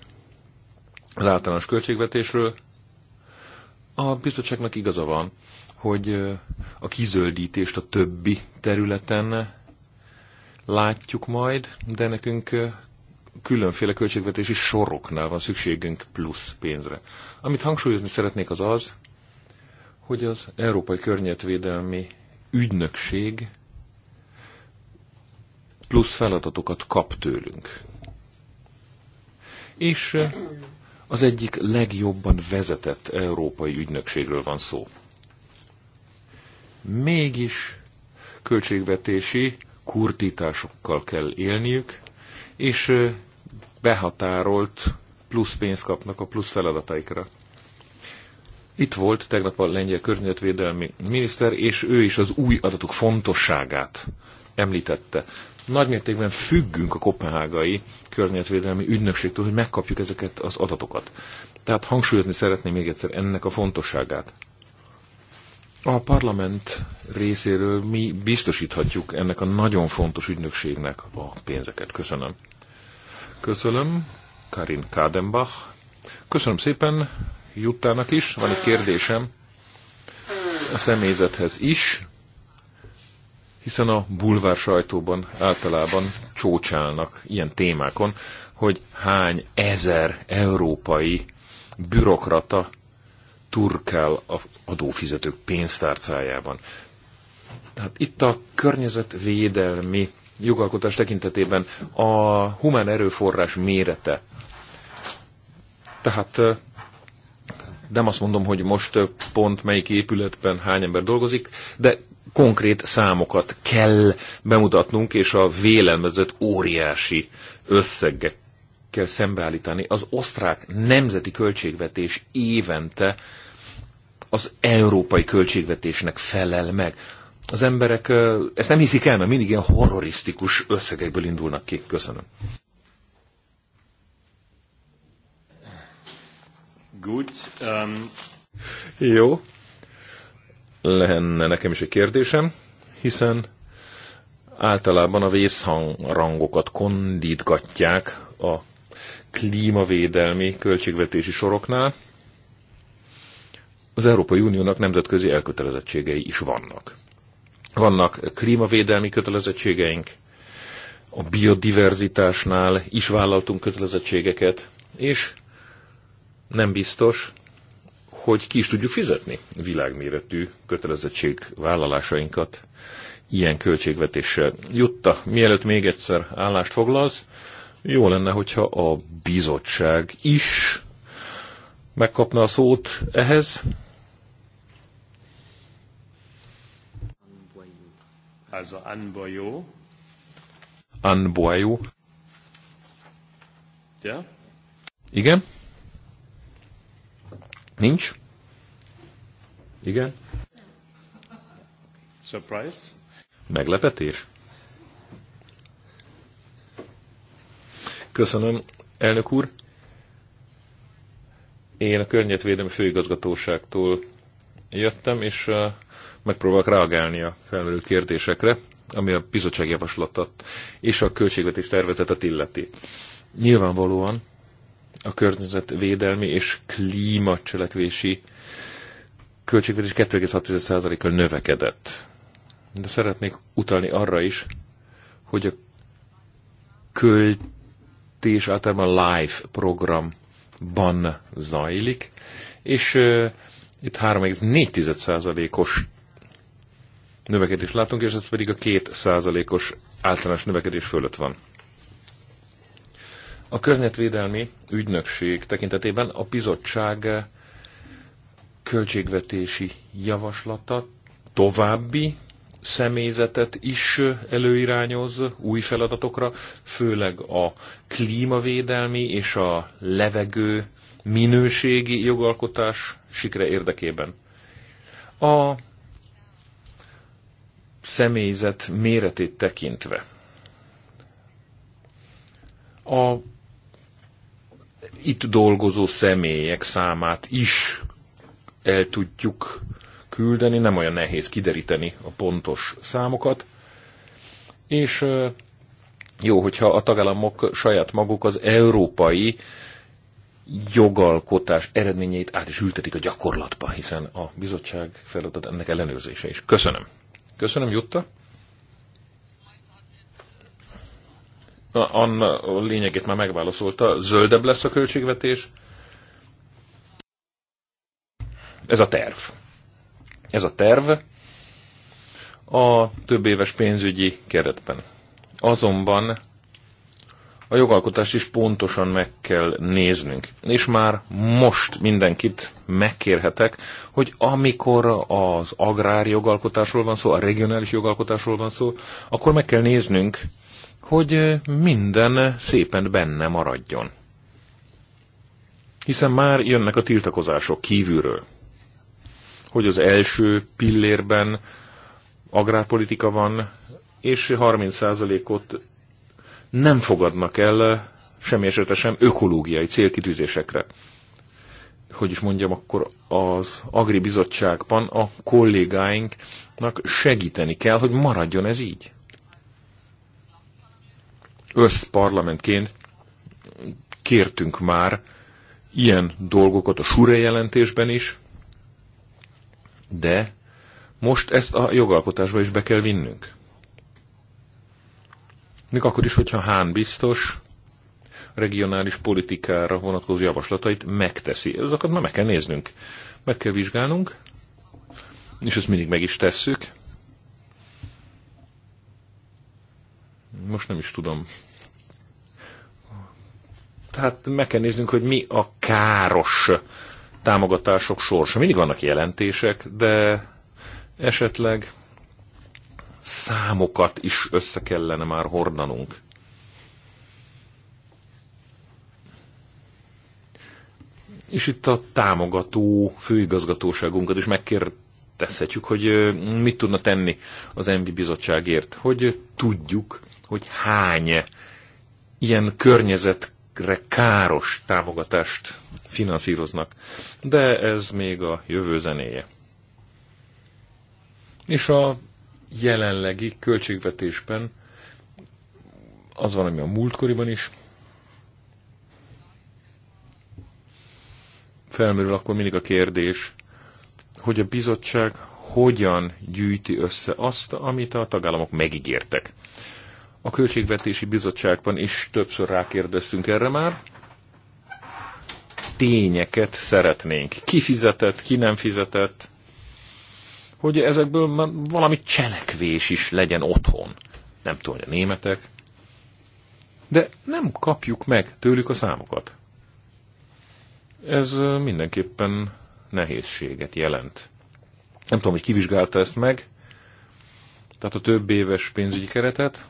az általános költségvetésről. A bizottságnak igaza van, hogy a kizöldítést a többi területen látjuk majd, de nekünk különféle költségvetési soroknál van szükségünk plusz pénzre. Amit hangsúlyozni szeretnék az az, hogy az Európai Környezetvédelmi Ügynökség plusz feladatokat kap tőlünk. És az egyik legjobban vezetett európai ügynökségről van szó. Mégis költségvetési kurtításokkal kell élniük, és behatárolt plusz pénzt kapnak a plusz feladataikra. Itt volt tegnap a lengyel környezetvédelmi miniszter, és ő is az új adatok fontosságát említette. Nagymértékben függünk a kopenhágai környezetvédelmi ügynökségtől, hogy megkapjuk ezeket az adatokat. Tehát hangsúlyozni szeretném még egyszer ennek a fontosságát. A parlament részéről mi biztosíthatjuk ennek a nagyon fontos ügynökségnek a pénzeket. Köszönöm. Köszönöm, Karin Kádenbach. Köszönöm szépen, Juttának is. Van egy kérdésem a személyzethez is, hiszen a bulvár sajtóban általában csócsálnak ilyen témákon, hogy hány ezer európai bürokrata turkál a adófizetők pénztárcájában. Tehát itt a környezetvédelmi jogalkotás tekintetében a humán erőforrás mérete. Tehát nem azt mondom, hogy most pont melyik épületben hány ember dolgozik, de konkrét számokat kell bemutatnunk, és a vélelmezett óriási kell szembeállítani. Az osztrák nemzeti költségvetés évente az európai költségvetésnek felel meg. Az emberek ezt nem hiszik el, mert mindig ilyen horrorisztikus összegekből indulnak ki. Köszönöm. Gut. Um... Jó. Lenne nekem is egy kérdésem, hiszen általában a vészhangrangokat kondítgatják a klímavédelmi költségvetési soroknál. Az Európai Uniónak nemzetközi elkötelezettségei is vannak. Vannak klímavédelmi kötelezettségeink, a biodiverzitásnál is vállaltunk kötelezettségeket, és nem biztos, hogy ki is tudjuk fizetni világméretű kötelezettség vállalásainkat ilyen költségvetéssel. Jutta, mielőtt még egyszer állást foglalsz, jó lenne, hogyha a bizottság is megkapna a szót ehhez. Also Anboyo. Anboyo. Ja? Igen? Nincs? Igen? Surprise? Meglepetés? Köszönöm, elnök úr. Én a Környezetvédelmi Főigazgatóságtól jöttem, és megpróbálok reagálni a felmerült kérdésekre, ami a bizottság javaslatot és a költségvetés tervezetet illeti. Nyilvánvalóan a környezetvédelmi és klímacselekvési költségvetés 2,6%-kal növekedett. De szeretnék utalni arra is, hogy a költés általában live programban zajlik, és uh, itt 3,4%-os növekedést látunk, és ez pedig a 2%-os általános növekedés fölött van. A környezetvédelmi ügynökség tekintetében a bizottság költségvetési javaslata további személyzetet is előirányoz új feladatokra, főleg a klímavédelmi és a levegő minőségi jogalkotás sikre érdekében. A személyzet méretét tekintve. A itt dolgozó személyek számát is el tudjuk küldeni, nem olyan nehéz kideríteni a pontos számokat, és jó, hogyha a tagállamok saját maguk az európai jogalkotás eredményeit át is ültetik a gyakorlatba, hiszen a bizottság feladat ennek ellenőrzése is. Köszönöm. Köszönöm, Jutta. Anna a lényegét már megválaszolta. Zöldebb lesz a költségvetés. Ez a terv. Ez a terv a több éves pénzügyi keretben. Azonban a jogalkotást is pontosan meg kell néznünk. És már most mindenkit megkérhetek, hogy amikor az agrár jogalkotásról van szó, a regionális jogalkotásról van szó, akkor meg kell néznünk, hogy minden szépen benne maradjon. Hiszen már jönnek a tiltakozások kívülről. Hogy az első pillérben agrárpolitika van, és 30%-ot nem fogadnak el semmi esetesen ökológiai célkitűzésekre. Hogy is mondjam, akkor az agribizottságban a kollégáinknak segíteni kell, hogy maradjon ez így összparlamentként kértünk már ilyen dolgokat a Sure jelentésben is, de most ezt a jogalkotásba is be kell vinnünk. Még akkor is, hogyha Hán biztos regionális politikára vonatkozó javaslatait megteszi. Ezeket már meg kell néznünk, meg kell vizsgálnunk, és ezt mindig meg is tesszük. Most nem is tudom hát meg kell néznünk, hogy mi a káros támogatások sorsa. Mindig vannak jelentések, de esetleg számokat is össze kellene már hordanunk. És itt a támogató főigazgatóságunkat is megkérdezhetjük, hogy mit tudna tenni az MV bizottságért, hogy tudjuk, hogy hány ilyen környezet káros támogatást finanszíroznak. De ez még a jövő zenéje. És a jelenlegi költségvetésben az van, ami a múltkoriban is felmerül akkor mindig a kérdés, hogy a bizottság hogyan gyűjti össze azt, amit a tagállamok megígértek. A Költségvetési Bizottságban is többször rákérdeztünk erre már. Tényeket szeretnénk. Ki fizetett, ki nem fizetett, hogy ezekből már valami cselekvés is legyen otthon. Nem tudom, hogy a németek. De nem kapjuk meg tőlük a számokat. Ez mindenképpen nehézséget jelent. Nem tudom, hogy kivizsgálta ezt meg, tehát a több éves pénzügyi keretet,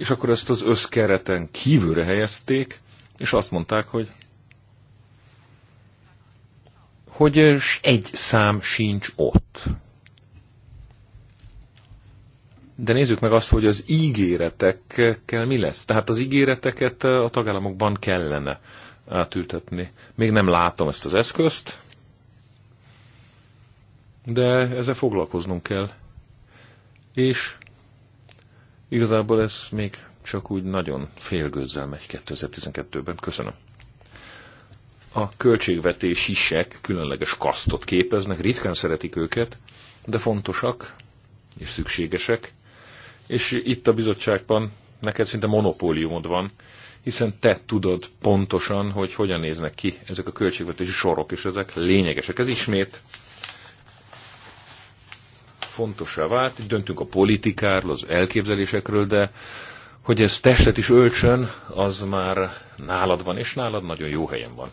és akkor ezt az összkereten kívülre helyezték, és azt mondták, hogy hogy egy szám sincs ott. De nézzük meg azt, hogy az ígéretekkel mi lesz. Tehát az ígéreteket eh, a tagállamokban kellene átültetni. Még nem látom ezt az eszközt, de ezzel foglalkoznunk kell. És Igazából ez még csak úgy nagyon félgőzzel megy 2012-ben. Köszönöm. A költségvetési sek különleges kasztot képeznek, ritkán szeretik őket, de fontosak és szükségesek. És itt a bizottságban neked szinte monopóliumod van, hiszen te tudod pontosan, hogy hogyan néznek ki ezek a költségvetési sorok, és ezek lényegesek. Ez ismét fontosá vált, döntünk a politikáról, az elképzelésekről, de hogy ez testet is öltsön, az már nálad van, és nálad nagyon jó helyen van.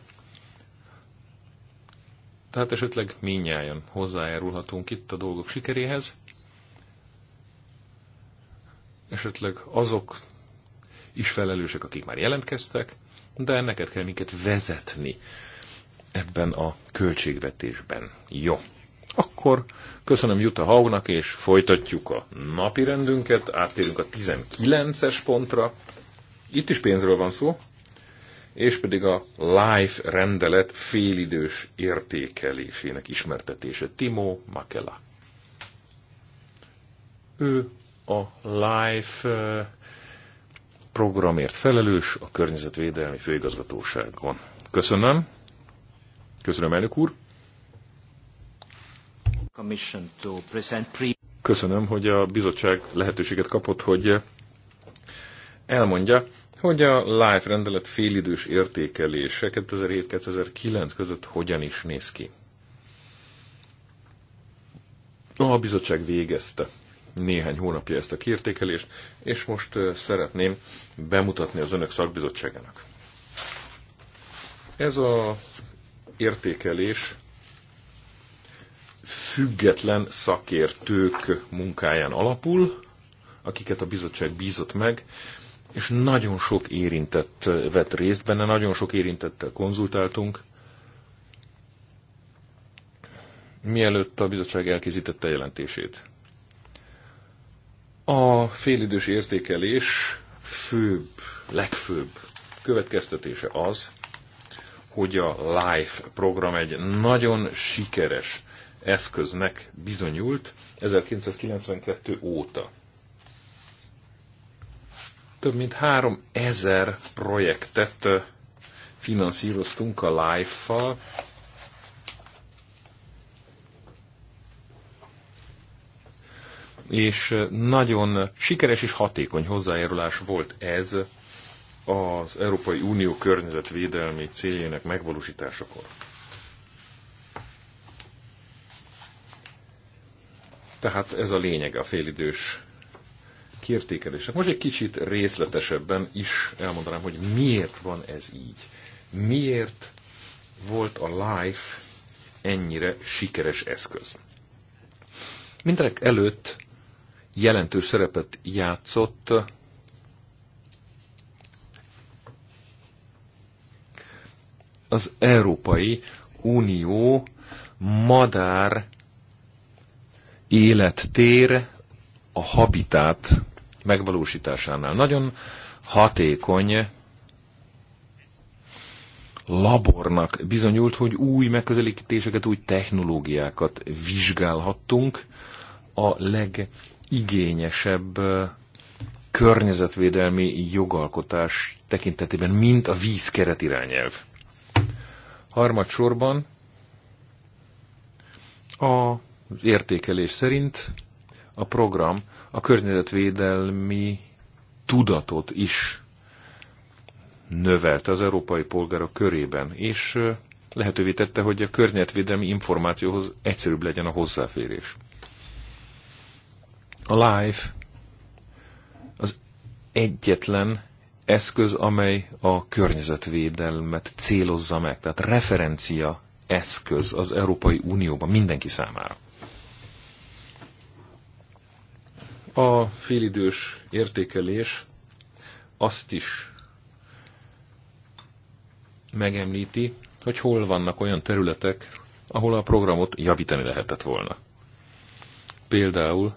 Tehát esetleg minnyáján hozzájárulhatunk itt a dolgok sikeréhez. Esetleg azok is felelősek, akik már jelentkeztek, de neked kell minket vezetni ebben a költségvetésben. Jó. Akkor köszönöm Jutta Haugnak, és folytatjuk a napi rendünket. Áttérünk a 19-es pontra. Itt is pénzről van szó, és pedig a live rendelet félidős értékelésének ismertetése. Timo Makela. Ő a live eh, programért felelős a Környezetvédelmi Főigazgatóságon. Köszönöm. Köszönöm, elnök úr. Köszönöm, hogy a bizottság lehetőséget kapott, hogy elmondja, hogy a LIFE rendelet félidős értékelése 2007-2009 között hogyan is néz ki. A bizottság végezte néhány hónapja ezt a kiértékelést, és most szeretném bemutatni az önök szakbizottságának. Ez a értékelés független szakértők munkáján alapul, akiket a bizottság bízott meg, és nagyon sok érintett vett részt benne, nagyon sok érintettel konzultáltunk. Mielőtt a bizottság elkészítette jelentését. A félidős értékelés főbb, legfőbb következtetése az, hogy a LIFE program egy nagyon sikeres eszköznek bizonyult 1992 óta. Több mint 3000 projektet finanszíroztunk a Life-fal, és nagyon sikeres és hatékony hozzájárulás volt ez az Európai Unió környezetvédelmi céljének megvalósításakor. Tehát ez a lényeg a félidős kiértékelésnek. Most egy kicsit részletesebben is elmondanám, hogy miért van ez így. Miért volt a Life ennyire sikeres eszköz. Mindenek előtt jelentős szerepet játszott az Európai Unió madár élettér a habitát megvalósításánál. Nagyon hatékony labornak bizonyult, hogy új megközelítéseket, új technológiákat vizsgálhattunk a legigényesebb környezetvédelmi jogalkotás tekintetében, mint a vízkeret irányelv. Harmadsorban a értékelés szerint a program a környezetvédelmi tudatot is növelte az európai polgárok körében, és lehetővé tette, hogy a környezetvédelmi információhoz egyszerűbb legyen a hozzáférés. A LIFE az egyetlen eszköz, amely a környezetvédelmet célozza meg, tehát referencia eszköz az Európai Unióban mindenki számára. A félidős értékelés azt is megemlíti, hogy hol vannak olyan területek, ahol a programot javítani lehetett volna. Például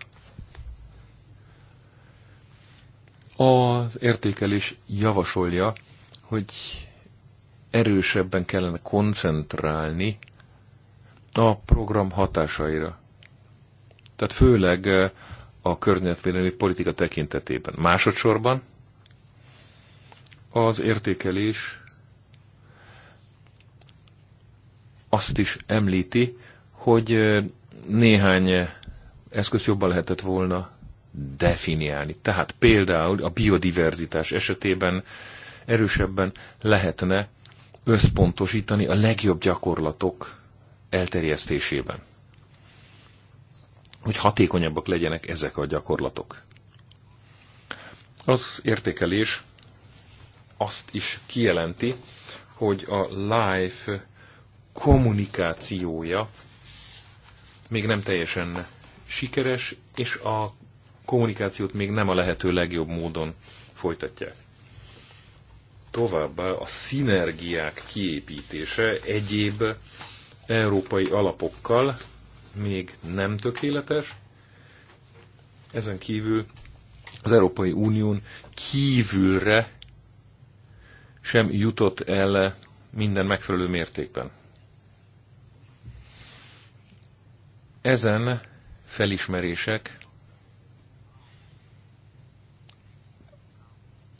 az értékelés javasolja, hogy erősebben kellene koncentrálni a program hatásaira. Tehát főleg eh, a környezetvédelmi politika tekintetében. Másodszorban az értékelés azt is említi, hogy néhány eszköz jobban lehetett volna definiálni. Tehát például a biodiverzitás esetében erősebben lehetne összpontosítani a legjobb gyakorlatok elterjesztésében hogy hatékonyabbak legyenek ezek a gyakorlatok. Az értékelés azt is kijelenti, hogy a live kommunikációja még nem teljesen sikeres, és a kommunikációt még nem a lehető legjobb módon folytatják. Továbbá a szinergiák kiépítése egyéb európai alapokkal még nem tökéletes. Ezen kívül az Európai Unión kívülre sem jutott el minden megfelelő mértékben. Ezen felismerések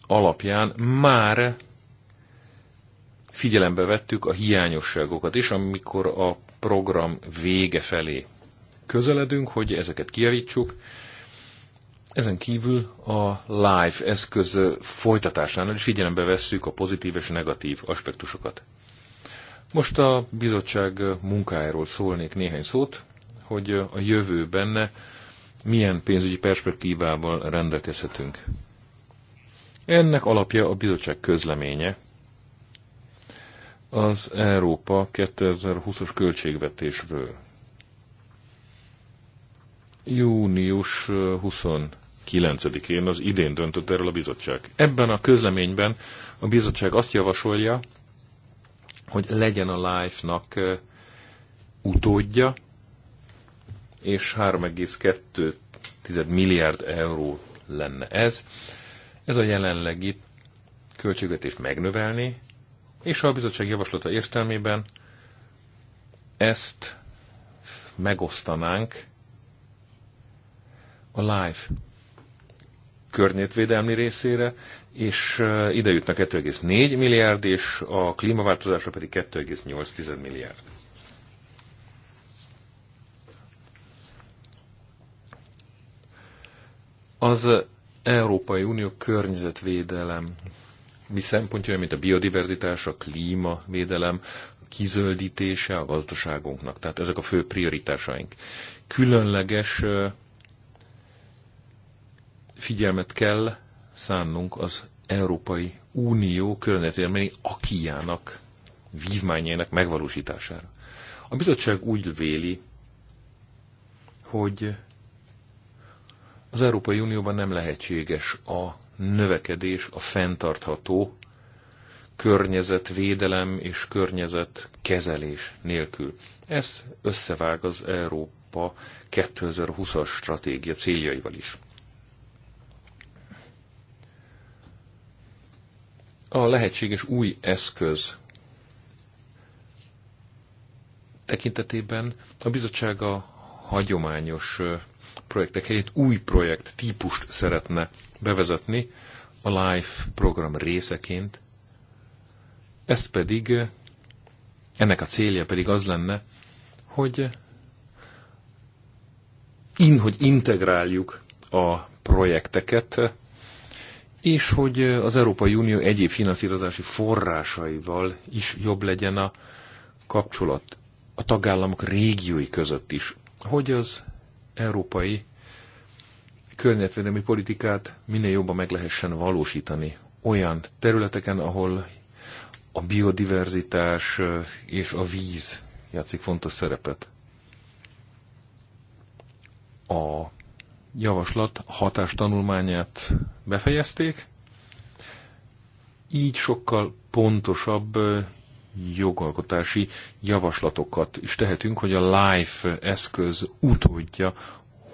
alapján már figyelembe vettük a hiányosságokat is, amikor a program vége felé közeledünk, hogy ezeket kijavítsuk. Ezen kívül a live eszköz folytatásánál is figyelembe vesszük a pozitív és negatív aspektusokat. Most a bizottság munkájáról szólnék néhány szót, hogy a jövőben milyen pénzügyi perspektívával rendelkezhetünk. Ennek alapja a bizottság közleménye, az Európa 2020-as költségvetésről. Június 29-én az idén döntött erről a bizottság. Ebben a közleményben a bizottság azt javasolja, hogy legyen a Life-nak utódja, és 3,2 milliárd euró lenne ez. Ez a jelenlegi költségvetést megnövelni, és a bizottság javaslata értelmében ezt megosztanánk a live környezetvédelmi részére, és ide jutnak 2,4 milliárd, és a klímaváltozásra pedig 2,8 milliárd. Az Európai Unió környezetvédelem mi szempontja, mint a biodiverzitás, a klímavédelem, a kizöldítése a gazdaságunknak. Tehát ezek a fő prioritásaink. Különleges figyelmet kell szánnunk az Európai Unió környezetvédelmi akiának, vívmányainak megvalósítására. A bizottság úgy véli, hogy az Európai Unióban nem lehetséges a növekedés a fenntartható környezetvédelem és környezetkezelés nélkül. Ez összevág az Európa 2020-as stratégia céljaival is. A lehetséges új eszköz tekintetében a bizottság a hagyományos projektek helyett új projekt típust szeretne bevezetni a LIFE program részeként. Ez pedig, ennek a célja pedig az lenne, hogy in, hogy integráljuk a projekteket, és hogy az Európai Unió egyéb finanszírozási forrásaival is jobb legyen a kapcsolat a tagállamok régiói között is, hogy az európai környezetvédelmi politikát minél jobban meg lehessen valósítani olyan területeken, ahol a biodiverzitás és a víz játszik fontos szerepet. A javaslat hatástanulmányát befejezték, így sokkal pontosabb jogalkotási javaslatokat is tehetünk, hogy a LIFE eszköz utódja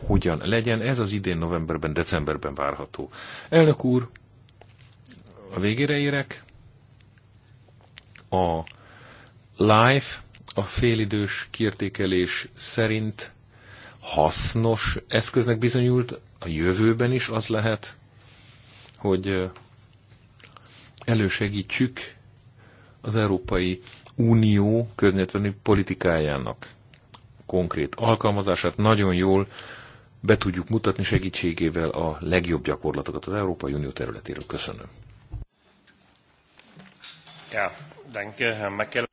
hogyan legyen. Ez az idén novemberben, decemberben várható. Elnök úr, a végére érek. A LIFE, a félidős kiértékelés szerint hasznos eszköznek bizonyult, a jövőben is az lehet, hogy elősegítsük az Európai Unió környezetvédelmi politikájának konkrét alkalmazását nagyon jól be tudjuk mutatni segítségével a legjobb gyakorlatokat az Európai Unió területéről. Köszönöm. Ja, danke, Mekele.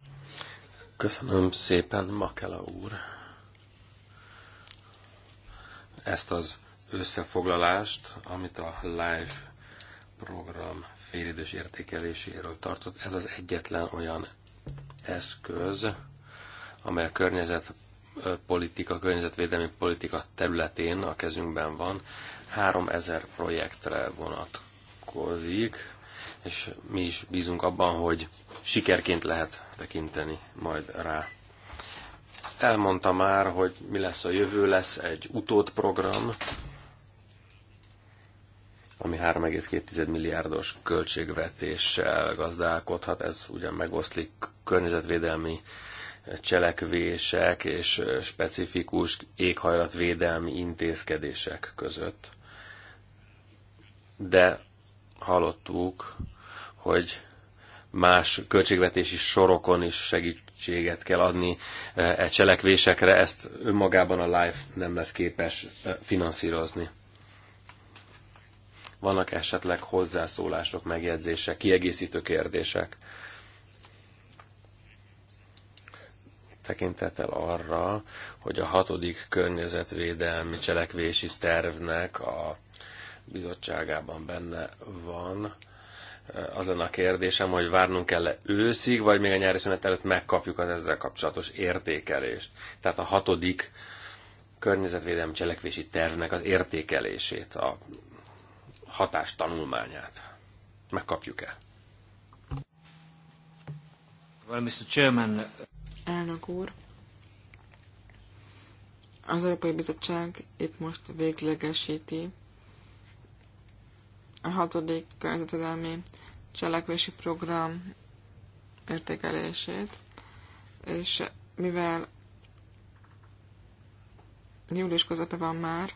Köszönöm szépen, Makela úr. Ezt az összefoglalást, amit a live program félidős értékeléséről tartott. Ez az egyetlen olyan eszköz, amely a környezetpolitika, környezetvédelmi politika területén a kezünkben van. 3000 projektre vonatkozik, és mi is bízunk abban, hogy sikerként lehet tekinteni majd rá. Elmondta már, hogy mi lesz a jövő, lesz egy utódprogram, ami 3,2 milliárdos költségvetéssel gazdálkodhat, ez ugyan megoszlik környezetvédelmi cselekvések és specifikus éghajlatvédelmi intézkedések között. De hallottuk, hogy más költségvetési sorokon is segítséget kell adni e cselekvésekre, ezt önmagában a LIFE nem lesz képes e, finanszírozni. Vannak esetleg hozzászólások, megjegyzések, kiegészítő kérdések. Tekintettel arra, hogy a hatodik környezetvédelmi cselekvési tervnek a bizottságában benne van, az lenne a kérdésem, hogy várnunk kell -e őszig, vagy még a nyári szünet előtt megkapjuk az ezzel kapcsolatos értékelést. Tehát a hatodik környezetvédelmi cselekvési tervnek az értékelését a hatástanulmányát. Megkapjuk-e? Well, Mr. Chairman... Elnök úr, az Európai Bizottság épp most véglegesíti a hatodik környezetvédelmi cselekvési program értékelését, és mivel július közepe van már,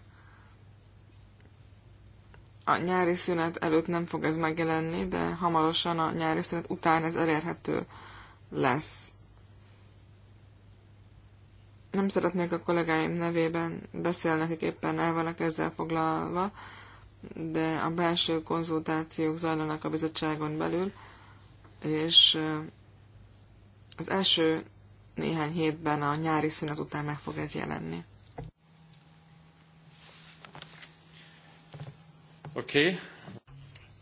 a nyári szünet előtt nem fog ez megjelenni, de hamarosan a nyári szünet után ez elérhető lesz. Nem szeretnék a kollégáim nevében beszélni, akik éppen el vannak ezzel foglalva, de a belső konzultációk zajlanak a bizottságon belül, és az első néhány hétben a nyári szünet után meg fog ez jelenni. Oké. Okay.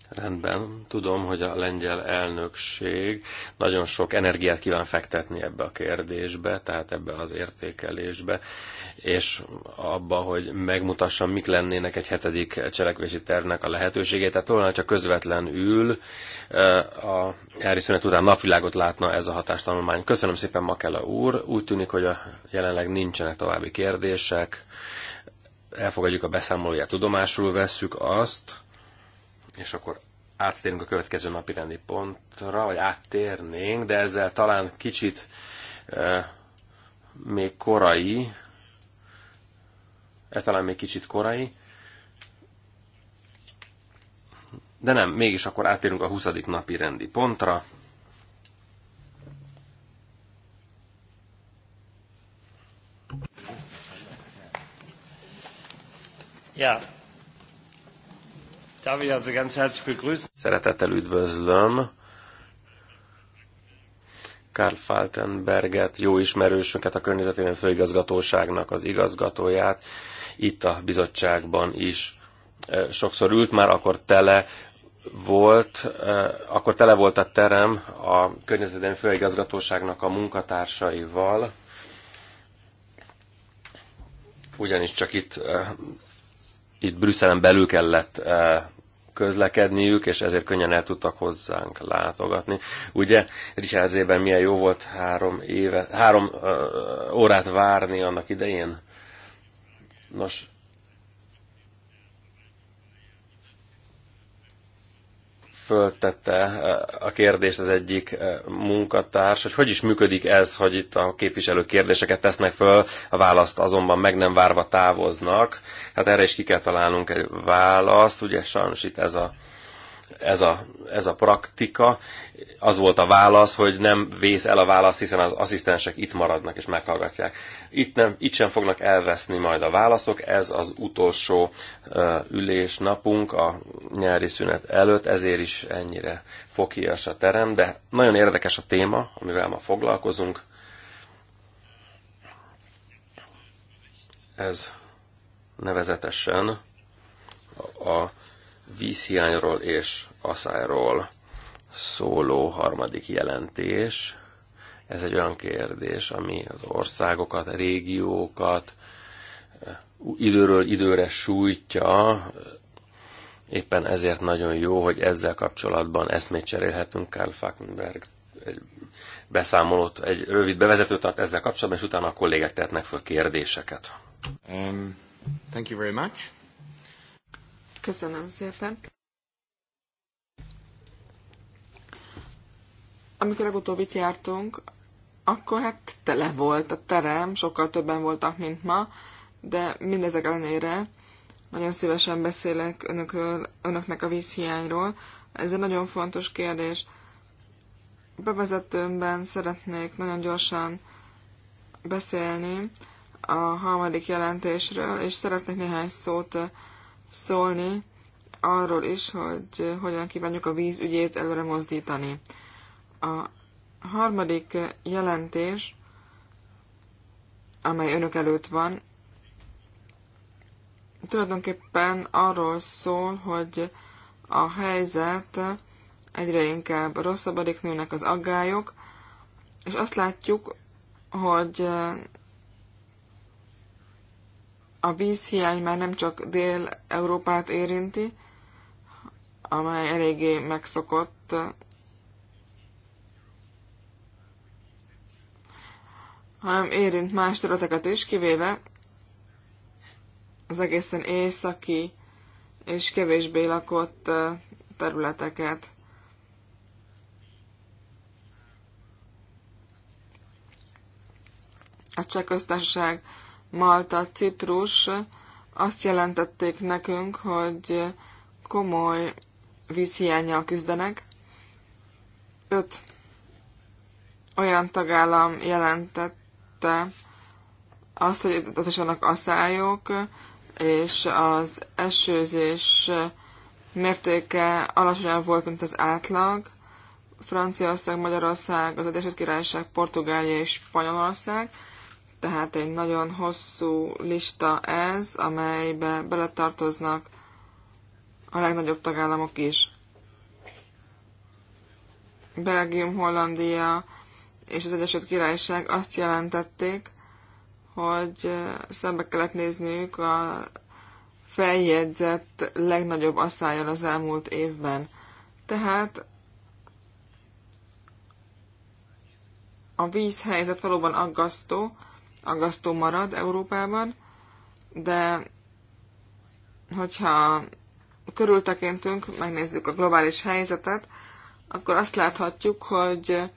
Rendben, tudom, hogy a lengyel elnökség nagyon sok energiát kíván fektetni ebbe a kérdésbe, tehát ebbe az értékelésbe, és abba, hogy megmutassam, mik lennének egy hetedik cselekvési tervnek a lehetőségét. Tehát volna, csak közvetlenül eh, a nyári szünet után napvilágot látna ez a hatástanulmány. Köszönöm szépen, Makela úr. Úgy tűnik, hogy a jelenleg nincsenek további kérdések elfogadjuk a beszámolóját, tudomásul vesszük azt, és akkor áttérünk a következő napi rendi pontra, vagy áttérnénk, de ezzel talán kicsit még korai, ez talán még kicsit korai, de nem, mégis akkor áttérünk a 20. napi rendi pontra. Ja. Darf ich also ganz herzlich begrüßen. Szeretettel üdvözlöm Karl Faltenberget, jó ismerősünket, a környezetében főigazgatóságnak az igazgatóját. Itt a bizottságban is sokszor ült, már akkor tele volt, akkor tele volt a terem a környezetében főigazgatóságnak a munkatársaival, ugyanis csak itt itt Brüsszelen belül kellett eh, közlekedniük, és ezért könnyen el tudtak hozzánk látogatni. Ugye Richard Zében milyen jó volt három, éve, három eh, órát várni annak idején? Nos, föltette eh, a kérdést az egyik eh, munkatárs, hogy hogy is működik ez, hogy itt a képviselők kérdéseket tesznek föl, a választ azonban meg nem várva távoznak. Hát erre is ki kell találnunk egy választ, ugye sajnos itt ez a ez a, ez a praktika. Az volt a válasz, hogy nem vész el a válasz, hiszen az asszisztensek itt maradnak és meghallgatják. Itt, nem, itt sem fognak elveszni majd a válaszok, ez az utolsó uh, ülésnapunk a nyári szünet előtt, ezért is ennyire fokias a terem, de nagyon érdekes a téma, amivel ma foglalkozunk. Ez nevezetesen a, a vízhiányról és aszályról szóló harmadik jelentés. Ez egy olyan kérdés, ami az országokat, régiókat időről időre sújtja, éppen ezért nagyon jó, hogy ezzel kapcsolatban eszmét cserélhetünk. Karl Falkenberg egy beszámolót, egy rövid bevezetőt tart ezzel kapcsolatban, és utána a kollégák tehetnek fel kérdéseket. Um, thank you very much. Köszönöm szépen. Amikor legutóbb itt jártunk, akkor hát tele volt a terem, sokkal többen voltak, mint ma, de mindezek ellenére nagyon szívesen beszélek önökről, önöknek a vízhiányról. Ez egy nagyon fontos kérdés. Bevezetőmben szeretnék nagyon gyorsan beszélni a harmadik jelentésről, és szeretnék néhány szót szólni arról is, hogy hogyan kívánjuk a víz ügyét előre mozdítani. A harmadik jelentés, amely önök előtt van, tulajdonképpen arról szól, hogy a helyzet egyre inkább rosszabbadik, nőnek az aggályok, és azt látjuk, hogy a vízhiány már nem csak Dél-Európát érinti, amely eléggé megszokott, hanem érint más területeket is, kivéve az egészen északi és kevésbé lakott területeket. A Csehköztársaság Malta, Ciprus azt jelentették nekünk, hogy komoly vízhiányjal küzdenek. Öt olyan tagállam jelentette azt, hogy ott is vannak aszályok, és az esőzés mértéke alacsonyabb volt, mint az átlag. Franciaország, Magyarország, az Egyesült Királyság, Portugália és Spanyolország tehát egy nagyon hosszú lista ez, amelybe beletartoznak a legnagyobb tagállamok is. Belgium, Hollandia és az Egyesült Királyság azt jelentették, hogy szembe kellett nézniük a feljegyzett legnagyobb asszályon az elmúlt évben. Tehát a vízhelyzet valóban aggasztó, aggasztó marad Európában, de hogyha körültekintünk, megnézzük a globális helyzetet, akkor azt láthatjuk, hogy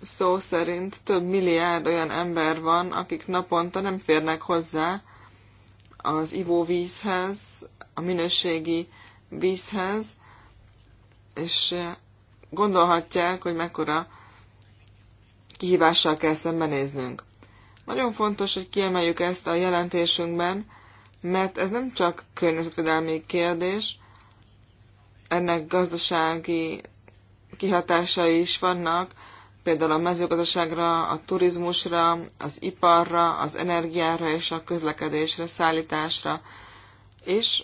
szó szerint több milliárd olyan ember van, akik naponta nem férnek hozzá az ivóvízhez, a minőségi vízhez, és gondolhatják, hogy mekkora kihívással kell szembenéznünk. Nagyon fontos, hogy kiemeljük ezt a jelentésünkben, mert ez nem csak környezetvédelmi kérdés, ennek gazdasági kihatásai is vannak, például a mezőgazdaságra, a turizmusra, az iparra, az energiára és a közlekedésre, szállításra és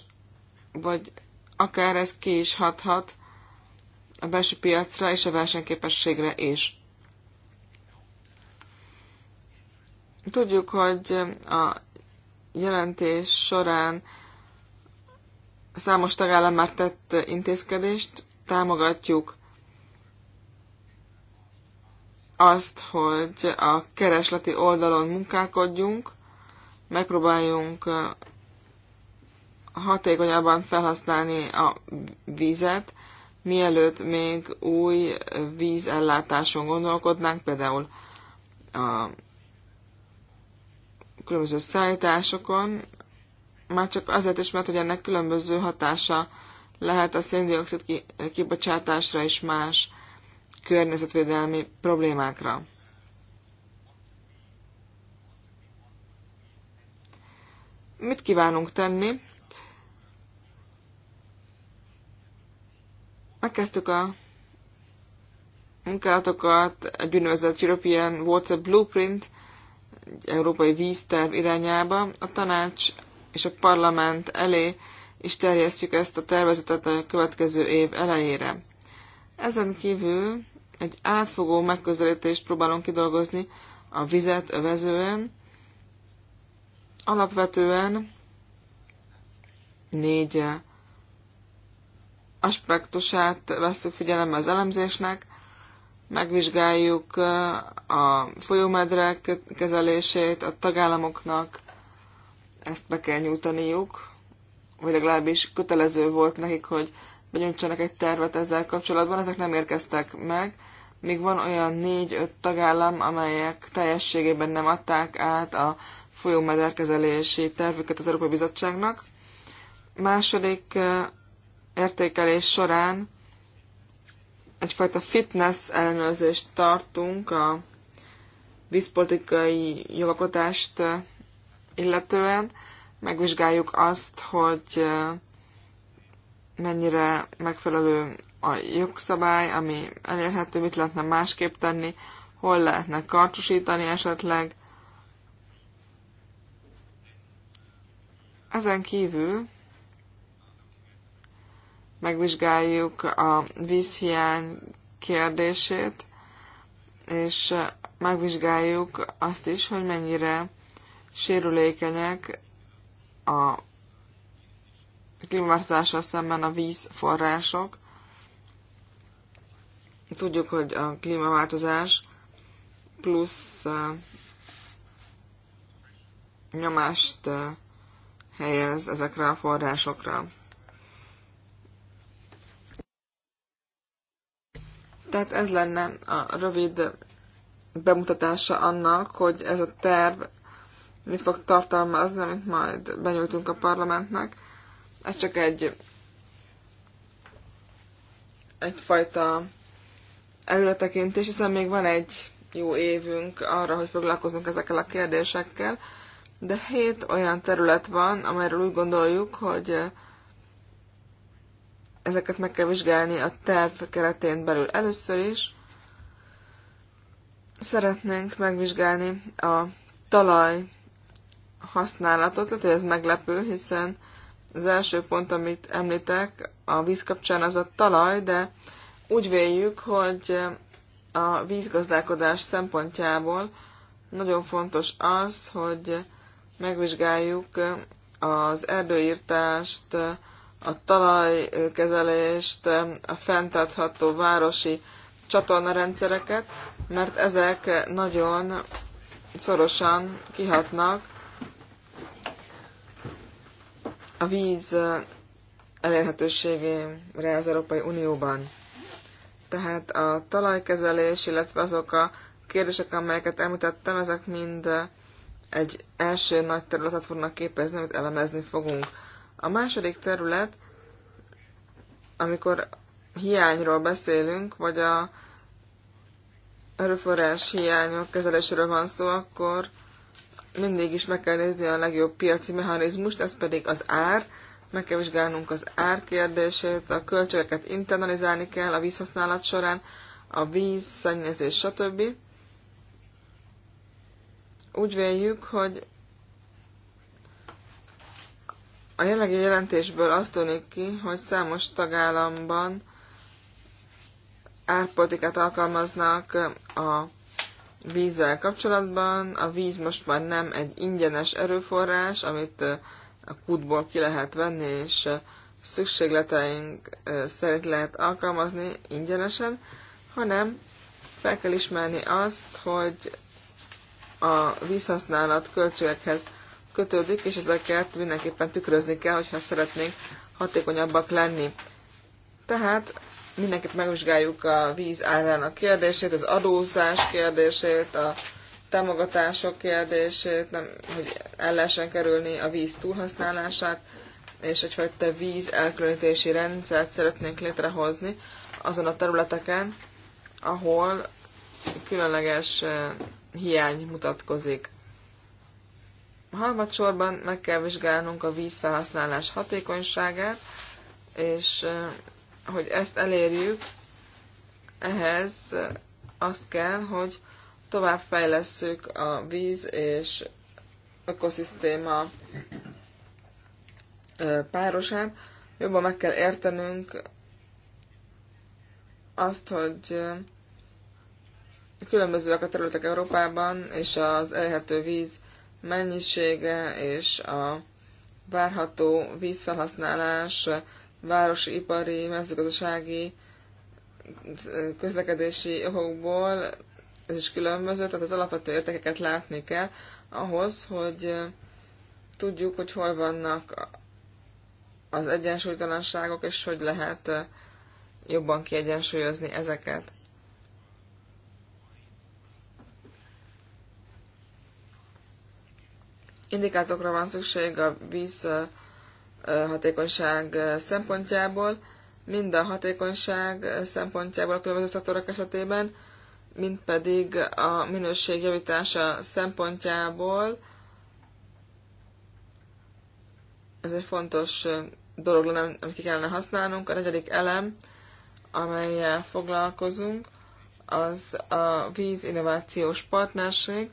vagy akár ez ki is hathat a belső piacra és a versenyképességre is. Tudjuk, hogy a jelentés során számos tagállam már tett intézkedést, támogatjuk azt, hogy a keresleti oldalon munkálkodjunk, megpróbáljunk hatékonyabban felhasználni a vízet, mielőtt még új vízellátáson gondolkodnánk, például a különböző szállításokon, már csak azért is, mert hogy ennek különböző hatása lehet a széndiokszid kibocsátásra és más környezetvédelmi problémákra. Mit kívánunk tenni? Megkezdtük a munkálatokat, egy úgynevezett European Water Blueprint európai vízterv irányába. A tanács és a parlament elé is terjesztjük ezt a tervezetet a következő év elejére. Ezen kívül egy átfogó megközelítést próbálunk kidolgozni a vizet övezően. Alapvetően négy aspektusát veszük figyelembe az elemzésnek megvizsgáljuk eh, a folyómedrek kezelését, a tagállamoknak ezt be kell nyújtaniuk, vagy legalábbis kötelező volt nekik, hogy benyújtsanak egy tervet ezzel kapcsolatban, ezek nem érkeztek meg, még van olyan négy-öt tagállam, amelyek teljességében nem adták át a folyómederkezelési tervüket az Európai Bizottságnak. Második eh, értékelés során egyfajta fitness ellenőrzést tartunk a vízpolitikai jogalkotást eh, illetően. Megvizsgáljuk azt, hogy eh, mennyire megfelelő a jogszabály, ami elérhető, mit lehetne másképp tenni, hol lehetne karcsúsítani esetleg. Ezen kívül megvizsgáljuk a vízhiány kérdését, és megvizsgáljuk azt is, hogy mennyire sérülékenyek a klímaváltozással szemben a vízforrások. Tudjuk, hogy a klímaváltozás plusz uh, nyomást uh, helyez ezekre a forrásokra. Tehát ez lenne a rövid bemutatása annak, hogy ez a terv mit fog tartalmazni, amit majd benyújtunk a parlamentnek. Ez csak egy egyfajta előretekintés, hiszen még van egy jó évünk arra, hogy foglalkozunk ezekkel a kérdésekkel, de hét olyan terület van, amelyről úgy gondoljuk, hogy ezeket meg kell vizsgálni a terv keretén belül először is. Szeretnénk megvizsgálni a talaj használatot, tehát hogy ez meglepő, hiszen az első pont, amit említek a víz kapcsán, az a talaj, de úgy véljük, hogy a vízgazdálkodás szempontjából nagyon fontos az, hogy megvizsgáljuk az erdőírtást, a talajkezelést, a fenntartható városi csatornarendszereket, mert ezek nagyon szorosan kihatnak a víz elérhetőségére az Európai Unióban. Tehát a talajkezelés, illetve azok a kérdések, amelyeket említettem, ezek mind egy első nagy területet fognak képezni, amit elemezni fogunk. A második terület, amikor hiányról beszélünk, vagy a erőforrás hiányok kezeléséről van szó, akkor mindig is meg kell nézni a legjobb piaci mechanizmust, ez pedig az ár. Meg kell vizsgálnunk az ár kérdését, a költségeket internalizálni kell a vízhasználat során, a víz, szennyezés, stb. Úgy véljük, hogy a jelenlegi jelentésből azt tűnik ki, hogy számos tagállamban árpolitikát alkalmaznak a vízzel kapcsolatban. A víz most már nem egy ingyenes erőforrás, amit a kútból ki lehet venni, és szükségleteink szerint lehet alkalmazni ingyenesen, hanem fel kell ismerni azt, hogy a vízhasználat költségekhez kötődik, és ezeket mindenképpen tükrözni kell, hogyha szeretnénk hatékonyabbak lenni. Tehát mindenképp megvizsgáljuk a víz árának kérdését, az adózás kérdését, a támogatások kérdését, nem, hogy el lehessen kerülni a víz túlhasználását, és egyfajta víz elkülönítési rendszert szeretnénk létrehozni azon a területeken, ahol különleges eh, hiány mutatkozik. Harmadsorban meg kell vizsgálnunk a vízfelhasználás hatékonyságát, és hogy ezt elérjük, ehhez azt kell, hogy tovább fejlesszük a víz és ökoszisztéma párosát. Jobban meg kell értenünk azt, hogy különbözőek a területek Európában, és az elérhető víz mennyisége és a várható vízfelhasználás városi, ipari, mezőgazdasági, közlekedési okokból ez is különböző, tehát az alapvető értékeket látni kell ahhoz, hogy tudjuk, hogy hol vannak az egyensúlytalanságok, és hogy lehet jobban kiegyensúlyozni ezeket. indikátorokra van szükség a víz hatékonyság szempontjából, mind a hatékonyság szempontjából a különböző szektorok esetében, mint pedig a minőség javítása szempontjából. Ez egy fontos dolog lenne, amit ki kellene használnunk. A negyedik elem, amelyel foglalkozunk, az a víz innovációs partnerség.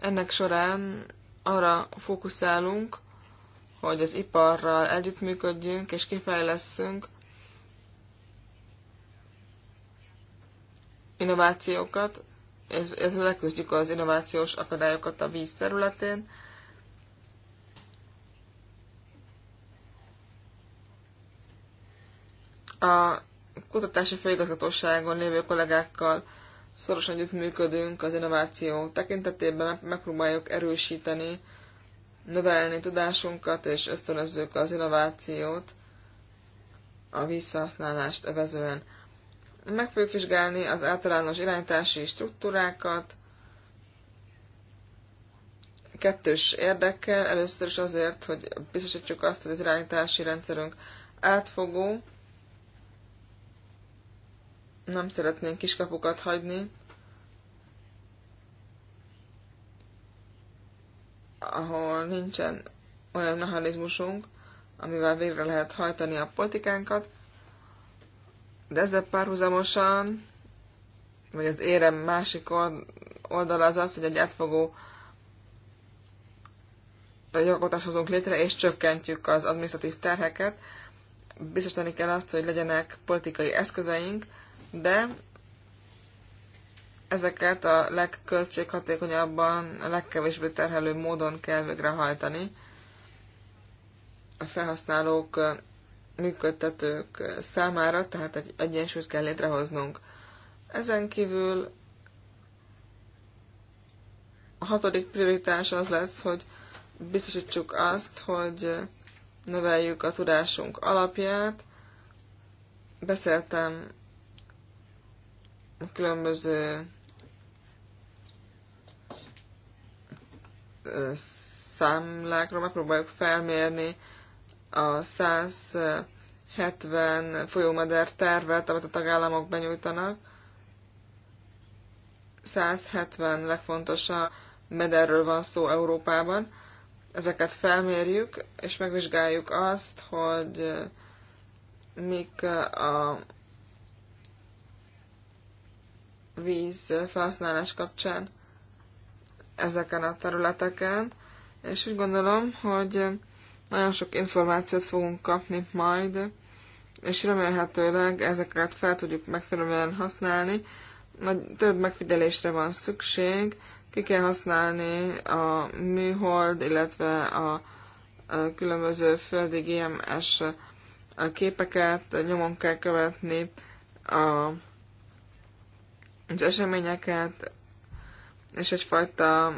Ennek során arra fókuszálunk, hogy az iparral együttműködjünk és kifejleszünk innovációkat, és leküzdjük az innovációs akadályokat a víz területén. A kutatási főigazgatóságon lévő kollégákkal szorosan együttműködünk az innováció tekintetében, megpróbáljuk erősíteni, növelni tudásunkat, és ösztönözzük az innovációt a vízfelhasználást övezően. Meg fogjuk vizsgálni az általános irányítási struktúrákat, kettős érdekkel, először is azért, hogy biztosítsuk azt, hogy az irányítási rendszerünk átfogó, nem szeretnénk kiskapukat hagyni, ahol nincsen olyan mechanizmusunk, amivel végre lehet hajtani a politikánkat, de ezzel párhuzamosan, vagy az érem másik oldala az az, hogy egy átfogó jogotást hozunk létre, és csökkentjük az administratív terheket. Biztosítani kell azt, hogy legyenek politikai eszközeink, de ezeket a legköltséghatékonyabban, a legkevésbé terhelő módon kell végrehajtani a felhasználók, működtetők számára, tehát egy egyensúlyt kell létrehoznunk. Ezen kívül a hatodik prioritás az lesz, hogy biztosítsuk azt, hogy növeljük a tudásunk alapját. Beszéltem különböző számlákra megpróbáljuk felmérni a 170 folyómeder tervet, amit a tagállamok benyújtanak. 170 legfontosabb mederről van szó Európában. Ezeket felmérjük, és megvizsgáljuk azt, hogy mik a víz felhasználás kapcsán ezeken a területeken, és úgy gondolom, hogy nagyon sok információt fogunk kapni majd, és remélhetőleg ezeket fel tudjuk megfelelően használni. Nagy, több megfigyelésre van szükség, ki kell használni a műhold, illetve a, a különböző földi GMS képeket, nyomon kell követni a az eseményeket, és egyfajta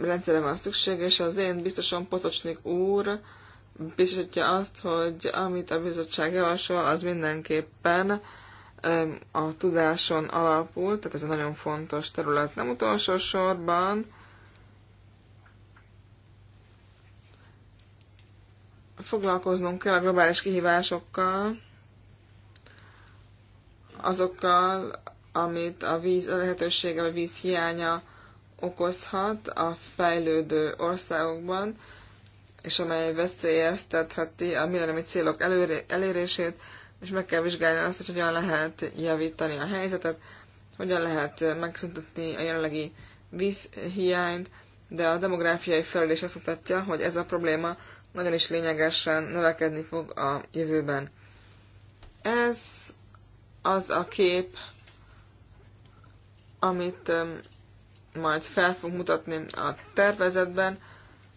rendszerre van szükség, és az én biztosan Potocsnik úr biztosítja azt, hogy amit a bizottság javasol, az mindenképpen a tudáson alapul, tehát ez egy nagyon fontos terület. Nem utolsó sorban foglalkoznunk kell a globális kihívásokkal, azokkal, amit a víz a lehetősége, vagy víz hiánya okozhat a fejlődő országokban, és amely veszélyeztetheti a millenniumi célok előré, elérését, és meg kell vizsgálni azt, hogy hogyan lehet javítani a helyzetet, hogyan lehet megszüntetni a jelenlegi vízhiányt, de a demográfiai felelés azt mutatja, hogy ez a probléma nagyon is lényegesen növekedni fog a jövőben. Ez az a kép, amit majd fel fog mutatni a tervezetben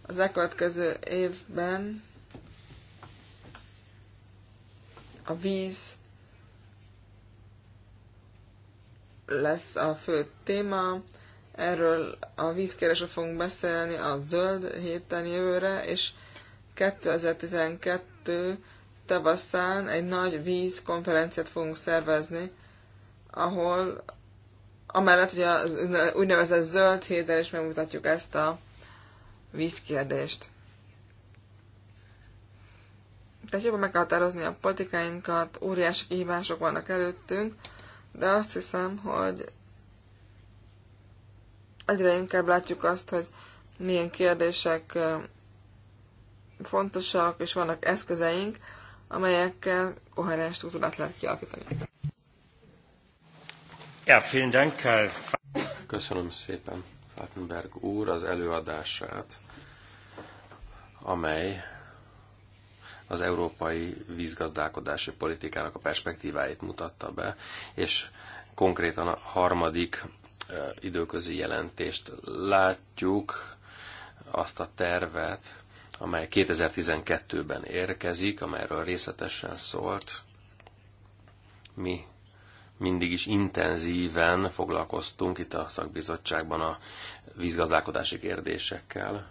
az elkövetkező évben a víz lesz a fő téma. Erről a vízkeresről fogunk beszélni a zöld héten jövőre, és 2012 tavaszán egy nagy vízkonferenciát fogunk szervezni, ahol amellett, hogy az úgynevezett zöld héten is megmutatjuk ezt a vízkérdést. Tehát jobban meg kell határozni a politikáinkat, óriási kihívások vannak előttünk, de azt hiszem, hogy egyre inkább látjuk azt, hogy milyen kérdések fontosak, és vannak eszközeink, amelyekkel koherens struktúrát lehet kialakítani. Ja, Dank, Köszönöm szépen Falkenberg úr az előadását, amely az európai vízgazdálkodási politikának a perspektíváit mutatta be, és konkrétan a harmadik időközi jelentést látjuk, azt a tervet, amely 2012-ben érkezik, amelyről részletesen szólt. Mi mindig is intenzíven foglalkoztunk itt a szakbizottságban a vízgazdálkodási kérdésekkel,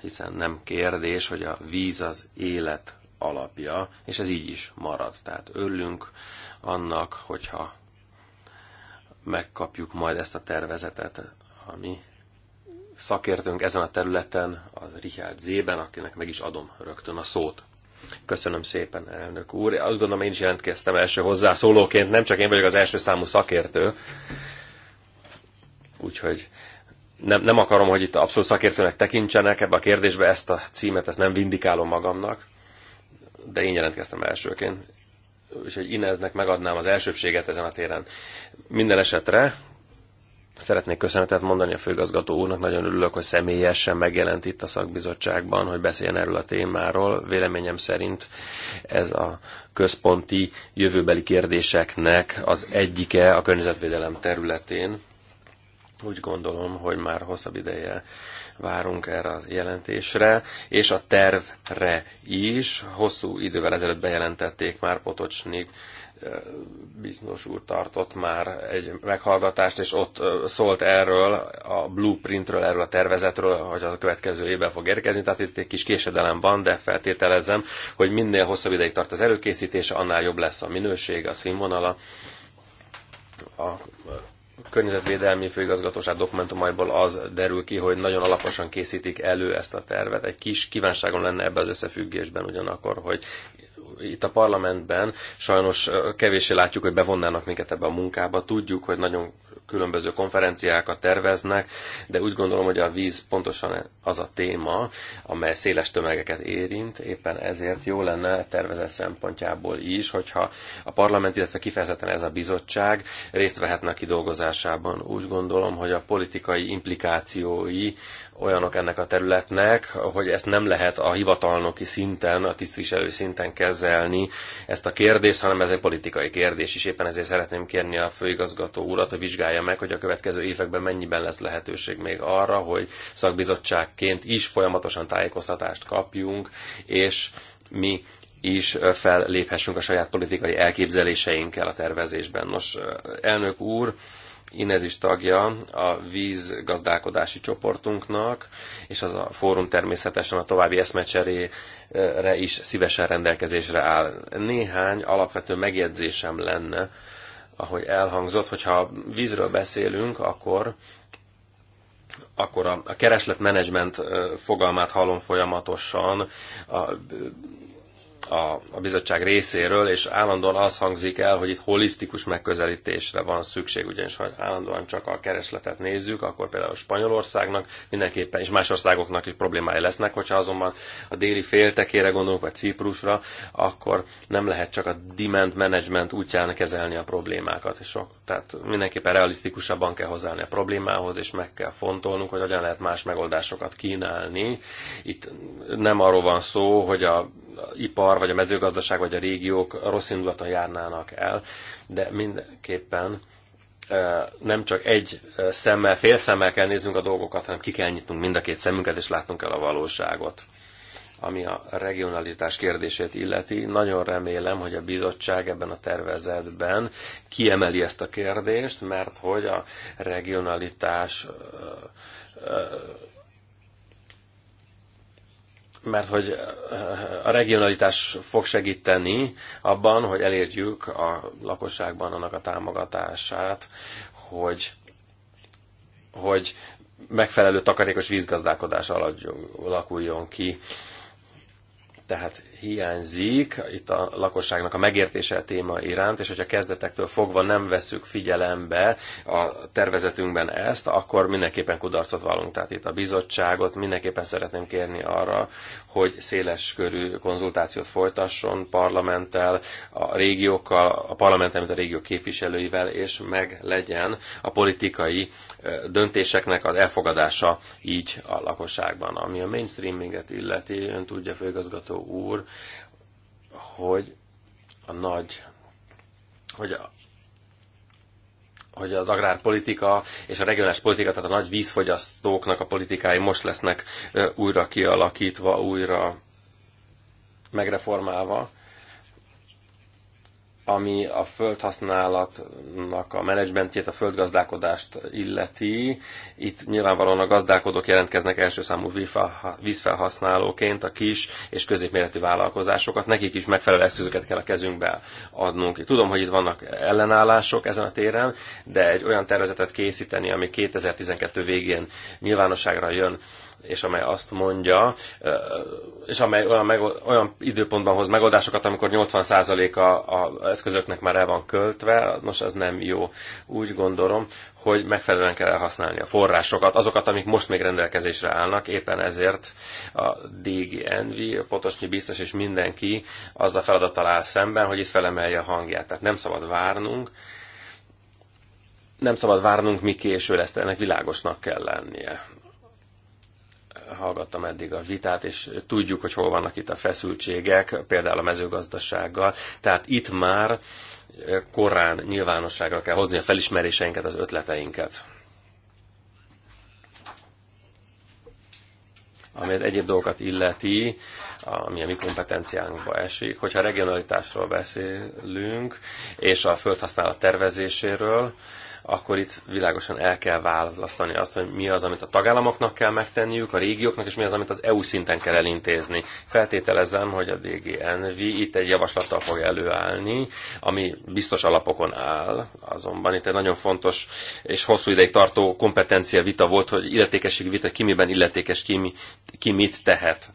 hiszen nem kérdés, hogy a víz az élet alapja, és ez így is marad. Tehát örülünk annak, hogyha megkapjuk majd ezt a tervezetet, ami szakértőnk ezen a területen, a Richard Zében, akinek meg is adom rögtön a szót. Köszönöm szépen, elnök úr. Azt gondolom, én is jelentkeztem első hozzászólóként, nem csak én vagyok az első számú szakértő, úgyhogy nem, nem akarom, hogy itt abszolút szakértőnek tekintsenek ebbe a kérdésbe, ezt a címet, ezt nem vindikálom magamnak, de én jelentkeztem elsőként. Úgyhogy Ineznek megadnám az elsőbséget ezen a téren. Minden esetre Szeretnék köszönetet mondani a főgazgató úrnak, nagyon örülök, hogy személyesen megjelent itt a szakbizottságban, hogy beszéljen erről a témáról. Véleményem szerint ez a központi jövőbeli kérdéseknek az egyike a környezetvédelem területén. Úgy gondolom, hogy már hosszabb ideje várunk erre a jelentésre, és a tervre is. Hosszú idővel ezelőtt bejelentették már Potocsnik biznos úr tartott már egy meghallgatást, és ott szólt erről a blueprintről, erről a tervezetről, hogy a következő évben fog érkezni. Tehát itt egy kis késedelem van, de feltételezem, hogy minél hosszabb ideig tart az előkészítése, annál jobb lesz a minőség, a színvonala. A környezetvédelmi főigazgatóság dokumentumaiból az derül ki, hogy nagyon alaposan készítik elő ezt a tervet. Egy kis kívánságom lenne ebbe az összefüggésben ugyanakkor, hogy itt a parlamentben sajnos kevéssé látjuk, hogy bevonnának minket ebbe a munkába. Tudjuk, hogy nagyon különböző konferenciákat terveznek, de úgy gondolom, hogy a víz pontosan az a téma, amely széles tömegeket érint, éppen ezért jó lenne tervezet szempontjából is, hogyha a parlament, illetve kifejezetten ez a bizottság részt vehetne a kidolgozásában. Úgy gondolom, hogy a politikai implikációi olyanok ennek a területnek, hogy ezt nem lehet a hivatalnoki szinten, a tisztviselő szinten kezelni ezt a kérdést, hanem ez egy politikai kérdés is. Éppen ezért szeretném kérni a főigazgató urat, hogy vizsgálja meg, hogy a következő években mennyiben lesz lehetőség még arra, hogy szakbizottságként is folyamatosan tájékoztatást kapjunk, és mi is felléphessünk a saját politikai elképzeléseinkkel a tervezésben. Nos, elnök úr, Inez is tagja a vízgazdálkodási csoportunknak, és az a fórum természetesen a további eszmecserére is szívesen rendelkezésre áll. Néhány alapvető megjegyzésem lenne, ahogy elhangzott, hogyha vízről beszélünk, akkor akkor a, a keresletmenedzsment fogalmát hallom folyamatosan, a a, a bizottság részéről, és állandóan az hangzik el, hogy itt holisztikus megközelítésre van szükség, ugyanis ha állandóan csak a keresletet nézzük, akkor például a Spanyolországnak mindenképpen, és más országoknak is problémái lesznek, hogyha azonban a déli féltekére gondolunk, vagy Ciprusra, akkor nem lehet csak a demand management útján kezelni a problémákat. És sok, tehát mindenképpen realisztikusabban kell hozzáállni a problémához, és meg kell fontolnunk, hogy hogyan lehet más megoldásokat kínálni. Itt nem arról van szó, hogy a ipar, vagy a mezőgazdaság, vagy a régiók rossz indulaton járnának el, de mindenképpen nem csak egy szemmel, fél szemmel kell néznünk a dolgokat, hanem ki kell nyitnunk mind a két szemünket, és látnunk el a valóságot. Ami a regionalitás kérdését illeti, nagyon remélem, hogy a bizottság ebben a tervezetben kiemeli ezt a kérdést, mert hogy a regionalitás mert hogy eh, a regionalitás fog segíteni abban, hogy elérjük a lakosságban annak a támogatását, hogy, hogy megfelelő takarékos vízgazdálkodás alatt alakuljon ki. Tehát hiányzik itt a lakosságnak a megértése a téma iránt, és hogyha kezdetektől fogva nem veszük figyelembe a tervezetünkben ezt, akkor mindenképpen kudarcot vallunk. Tehát itt a bizottságot mindenképpen szeretném kérni arra, hogy széles körű konzultációt folytasson parlamenttel, a régiókkal, a parlamenttel, mint a régió képviselőivel, és meg legyen a politikai döntéseknek az elfogadása így a lakosságban. Ami a mainstreaminget illeti, ön tudja, főigazgató úr, hogy a nagy, hogy a, hogy az agrárpolitika és a regionális politika, tehát a nagy vízfogyasztóknak a politikái most lesznek újra kialakítva, újra megreformálva ami a földhasználatnak a menedzsmentjét, a földgazdálkodást illeti. Itt nyilvánvalóan a gazdálkodók jelentkeznek első számú vízfelhasználóként a kis és középméretű vállalkozásokat. Nekik is megfelelő eszközöket kell a kezünkbe adnunk. Tudom, hogy itt vannak ellenállások ezen a téren, de egy olyan tervezetet készíteni, ami 2012 végén nyilvánosságra jön, és amely azt mondja, és amely olyan, meg, olyan időpontban hoz megoldásokat, amikor 80%-a az eszközöknek már el van költve, most ez nem jó. Úgy gondolom, hogy megfelelően kell elhasználni a forrásokat, azokat, amik most még rendelkezésre állnak, éppen ezért a DGNV, a Potosnyi biztos és mindenki az a feladattal áll szemben, hogy itt felemelje a hangját. Tehát nem szabad várnunk, nem szabad várnunk, mi késő lesz, ennek világosnak kell lennie hallgattam eddig a vitát, és tudjuk, hogy hol vannak itt a feszültségek, például a mezőgazdasággal. Tehát itt már eh, korán nyilvánosságra kell hozni a felismeréseinket, az ötleteinket. ami az egyéb dolgokat illeti, ami a mi kompetenciánkba esik. Hogyha regionalitásról beszélünk, és a földhasználat tervezéséről, akkor itt világosan el kell választani azt, hogy mi az, amit a tagállamoknak kell megtenniük, a régióknak, és mi az, amit az EU szinten kell elintézni. Feltételezem, hogy a DGNV itt egy javaslattal fog előállni, ami biztos alapokon áll, azonban itt egy nagyon fontos és hosszú ideig tartó kompetencia vita volt, hogy illetékességi vita ki miben illetékes, ki, mi, ki mit tehet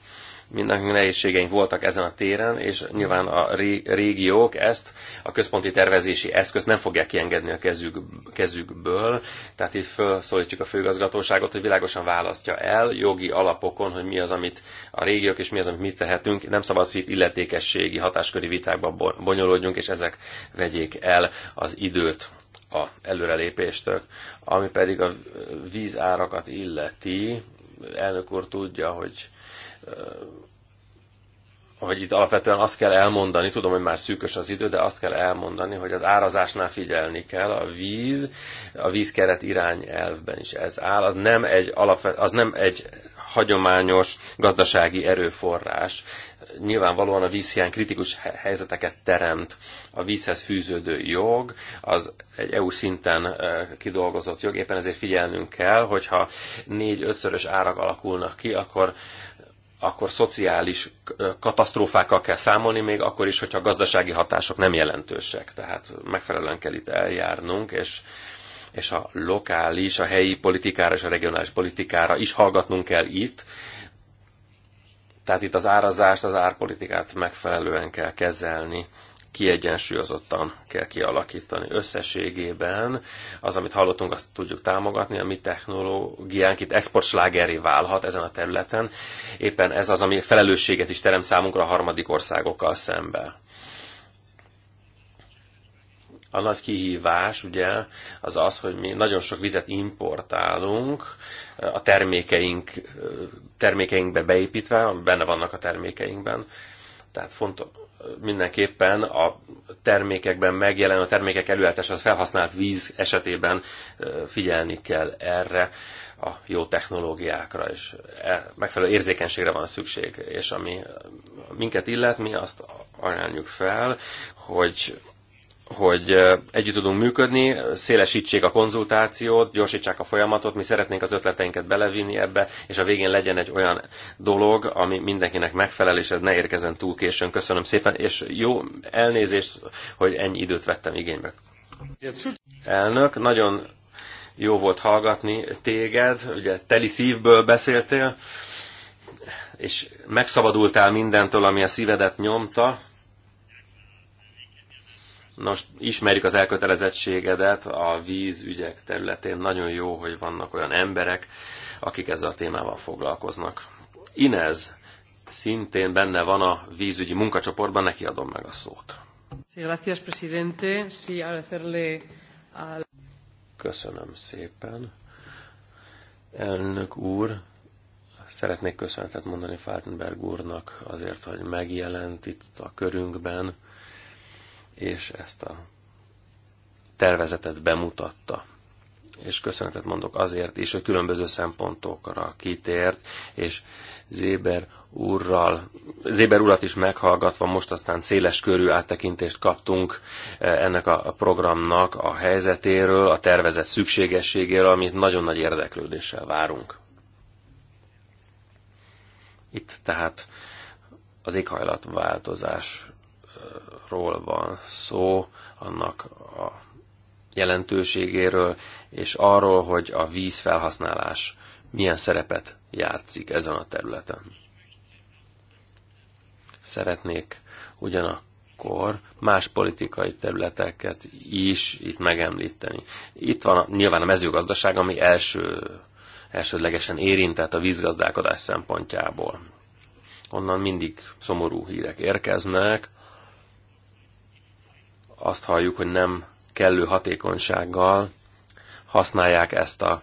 mindenkinek nehézségeink voltak ezen a téren, és nyilván a régiók ezt a központi tervezési eszközt nem fogják kiengedni a kezük, kezükből. Tehát itt felszólítjuk a főgazgatóságot, hogy világosan választja el jogi alapokon, hogy mi az, amit a régiók és mi az, amit mi tehetünk. Nem szabad, hogy itt illetékességi hatásköri vitákba bonyolódjunk, és ezek vegyék el az időt a előrelépéstől. Ami pedig a vízárakat illeti, elnök úr tudja, hogy hogy itt alapvetően azt kell elmondani, tudom, hogy már szűkös az idő, de azt kell elmondani, hogy az árazásnál figyelni kell, a víz, a vízkeret irányelvben is ez áll, az nem egy, alapvet, az nem egy hagyományos gazdasági erőforrás. Nyilvánvalóan a vízhiány kritikus helyzeteket teremt. A vízhez fűződő jog az egy EU szinten kidolgozott jog, éppen ezért figyelnünk kell, hogyha négy-ötszörös árak alakulnak ki, akkor akkor szociális katasztrófákkal kell számolni, még akkor is, hogyha a gazdasági hatások nem jelentősek. Tehát megfelelően kell itt eljárnunk, és, és a lokális, a helyi politikára és a regionális politikára is hallgatnunk kell itt. Tehát itt az árazást, az árpolitikát megfelelően kell kezelni kiegyensúlyozottan kell kialakítani. Összességében az, amit hallottunk, azt tudjuk támogatni, a mi technológiánk itt exportslágeri válhat ezen a területen. Éppen ez az, ami felelősséget is terem számunkra a harmadik országokkal szemben. A nagy kihívás ugye az az, hogy mi nagyon sok vizet importálunk a termékeink, termékeinkbe beépítve, benne vannak a termékeinkben. Tehát fontos, mindenképpen a termékekben megjelenő, a termékek előállítása felhasznált víz esetében figyelni kell erre a jó technológiákra, és e, megfelelő érzékenységre van szükség, és ami minket illet, mi azt ajánljuk fel, hogy hogy együtt tudunk működni, szélesítsék a konzultációt, gyorsítsák a folyamatot, mi szeretnénk az ötleteinket belevinni ebbe, és a végén legyen egy olyan dolog, ami mindenkinek megfelel, és ez ne érkezzen túl későn. Köszönöm szépen, és jó elnézést, hogy ennyi időt vettem igénybe. Elnök, nagyon jó volt hallgatni téged, ugye teli szívből beszéltél, és megszabadultál mindentől, ami a szívedet nyomta Nos, ismerjük az elkötelezettségedet a vízügyek területén. Nagyon jó, hogy vannak olyan emberek, akik ezzel a témával foglalkoznak. Inez szintén benne van a vízügyi munkacsoportban, neki adom meg a szót. Köszönöm szépen. Elnök úr, szeretnék köszönetet mondani Faltenberg úrnak azért, hogy megjelent itt a körünkben és ezt a tervezetet bemutatta. És köszönetet mondok azért is, hogy különböző szempontokra kitért, és Zéber úrral, Zéber urat is meghallgatva, most aztán széles körű áttekintést kaptunk e, ennek a programnak a helyzetéről, a tervezet szükségességéről, amit nagyon nagy érdeklődéssel várunk. Itt tehát az éghajlatváltozás folyamatról van szó, annak a jelentőségéről, és arról, hogy a vízfelhasználás milyen szerepet játszik ezen a területen. Szeretnék ugyanakkor más politikai területeket is itt megemlíteni. Itt van a, nyilván a mezőgazdaság, ami első, elsődlegesen érintett a vízgazdálkodás szempontjából. Onnan mindig szomorú hírek érkeznek, azt halljuk, hogy nem kellő hatékonysággal használják ezt a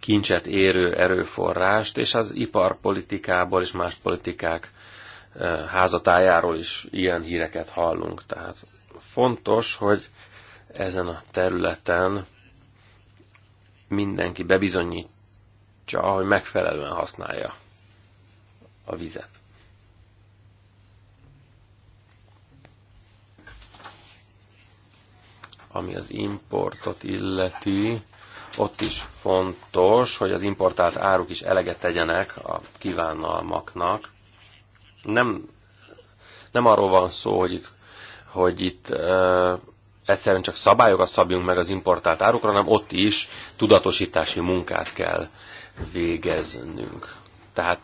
kincset érő erőforrást, és az iparpolitikából és más politikák házatájáról is ilyen híreket hallunk. Tehát fontos, hogy ezen a területen mindenki bebizonyítsa, hogy megfelelően használja a vizet. Ami az importot illeti, ott is fontos, hogy az importált áruk is eleget tegyenek a kívánalmaknak. Nem, nem arról van szó, hogy itt, hogy itt ö, egyszerűen csak szabályokat szabjunk meg az importált árukra, hanem ott is tudatosítási munkát kell végeznünk. Tehát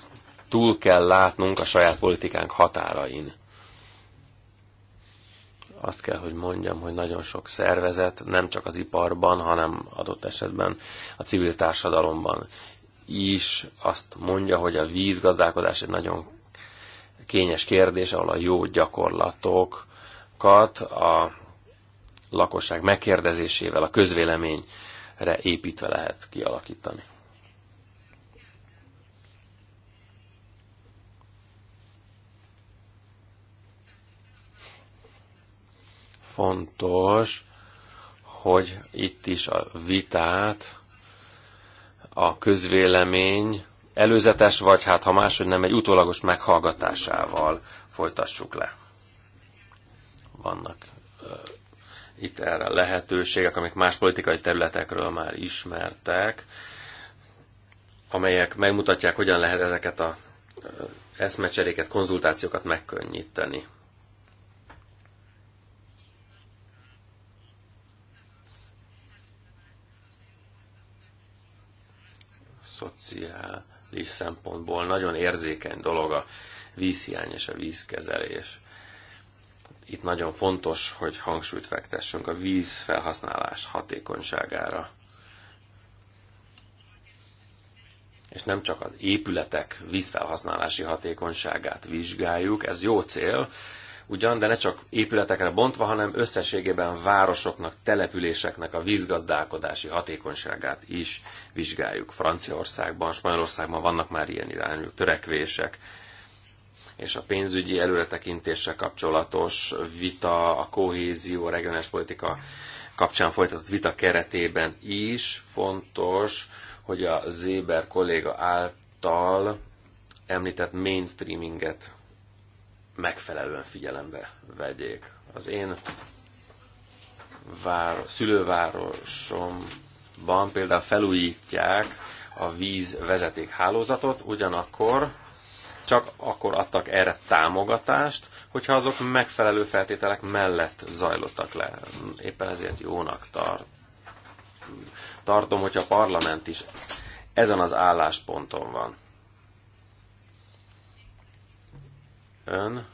túl kell látnunk a saját politikánk határain azt kell, hogy mondjam, hogy nagyon sok szervezet nem csak az iparban, hanem adott esetben a civil társadalomban is azt mondja, hogy a vízgazdálkodás egy nagyon kényes kérdés, ahol a jó gyakorlatokat a lakosság megkérdezésével, a közvéleményre építve lehet kialakítani. fontos, hogy itt is a vitát a közvélemény előzetes, vagy hát ha máshogy nem, egy utólagos meghallgatásával folytassuk le. Vannak itt erre lehetőségek, amik más politikai területekről már ismertek, amelyek megmutatják, hogyan lehet ezeket a eszmecseréket, konzultációkat megkönnyíteni. szociális szempontból nagyon érzékeny dolog a vízhiány és a vízkezelés. Itt nagyon fontos, hogy hangsúlyt fektessünk a víz felhasználás hatékonyságára. és nem csak az épületek vízfelhasználási hatékonyságát vizsgáljuk, ez jó cél, ugyan, de ne csak épületekre bontva, hanem összességében városoknak, településeknek a vízgazdálkodási hatékonyságát is vizsgáljuk. Franciaországban, Spanyolországban vannak már ilyen irányú törekvések, és a pénzügyi előretekintéssel kapcsolatos vita, a kohézió, a regionális politika kapcsán folytatott vita keretében is fontos, hogy a Zéber kolléga által említett mainstreaminget megfelelően figyelembe vegyék. Az én vár, szülővárosomban például felújítják a vízvezeték hálózatot, ugyanakkor csak akkor adtak erre támogatást, hogyha azok megfelelő feltételek mellett zajlottak le. Éppen ezért jónak tart. tartom, hogyha a parlament is ezen az állásponton van. Ön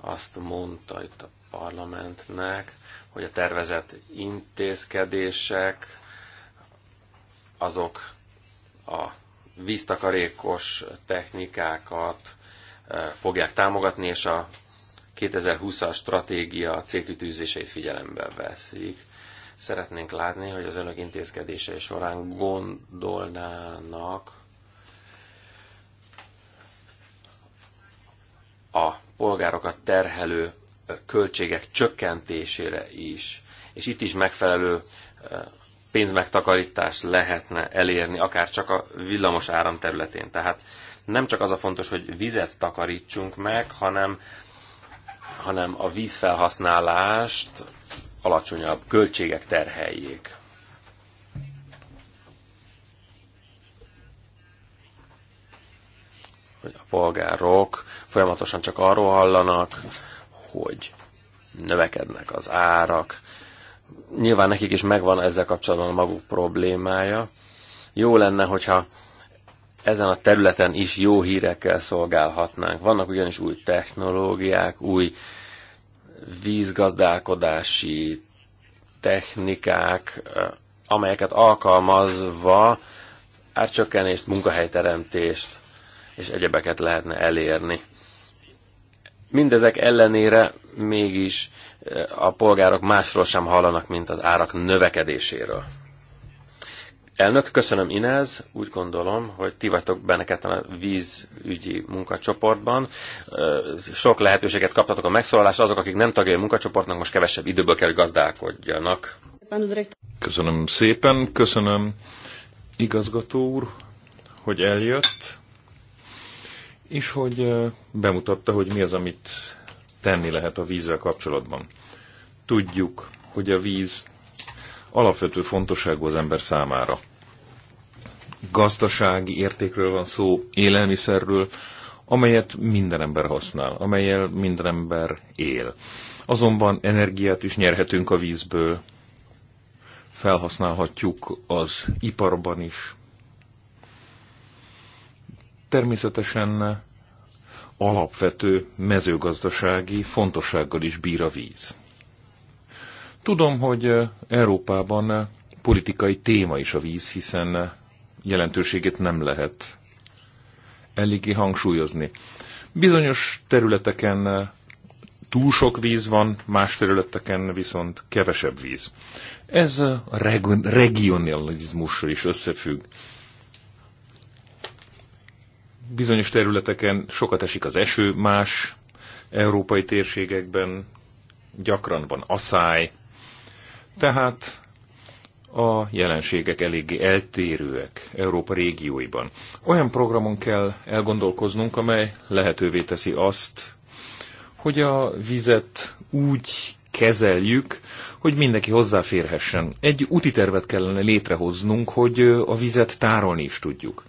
azt mondta itt a parlamentnek, hogy a tervezett intézkedések azok a víztakarékos technikákat e, fogják támogatni, és a 2020-as stratégia célkitűzéseit figyelembe veszik. Szeretnénk látni, hogy az önök intézkedései során gondolnának a polgárokat terhelő költségek csökkentésére is. És itt is megfelelő pénzmegtakarítást lehetne elérni, akár csak a villamos áram területén. Tehát nem csak az a fontos, hogy vizet takarítsunk meg, hanem, hanem a vízfelhasználást alacsonyabb költségek terheljék. hogy a polgárok folyamatosan csak arról hallanak, hogy növekednek az árak. Nyilván nekik is megvan ezzel kapcsolatban a maguk problémája. Jó lenne, hogyha ezen a területen is jó hírekkel szolgálhatnánk. Vannak ugyanis új technológiák, új vízgazdálkodási technikák, amelyeket alkalmazva árcsökkenést, munkahelyteremtést és egyebeket lehetne elérni. Mindezek ellenére mégis eh, a polgárok másról sem hallanak, mint az árak növekedéséről. Elnök, köszönöm Inez, úgy gondolom, hogy ti vagytok benneket a vízügyi munkacsoportban. Eh, sok lehetőséget kaptatok a megszólalásra, azok, akik nem tagjai a munkacsoportnak, most kevesebb időből kell, hogy gazdálkodjanak. Köszönöm szépen, köszönöm igazgató úr, hogy eljött és hogy bemutatta, hogy mi az, amit tenni lehet a vízzel kapcsolatban. Tudjuk, hogy a víz alapvető fontosságú az ember számára. Gazdasági értékről van szó, élelmiszerről, amelyet minden ember használ, amelyel minden ember él. Azonban energiát is nyerhetünk a vízből, felhasználhatjuk az iparban is, természetesen alapvető mezőgazdasági fontossággal is bír a víz. Tudom, hogy eh, Európában eh, politikai téma is a víz, hiszen eh, jelentőségét nem lehet eléggé hangsúlyozni. Bizonyos területeken túl sok víz van, más területeken viszont kevesebb víz. Ez a regionalizmussal is összefügg bizonyos területeken sokat esik az eső, más európai térségekben gyakran van asszály. Tehát a jelenségek eléggé eltérőek Európa régióiban. Olyan programon kell elgondolkoznunk, amely lehetővé teszi azt, hogy a vizet úgy kezeljük, hogy mindenki hozzáférhessen. Egy úti tervet kellene létrehoznunk, hogy a vizet tárolni is tudjuk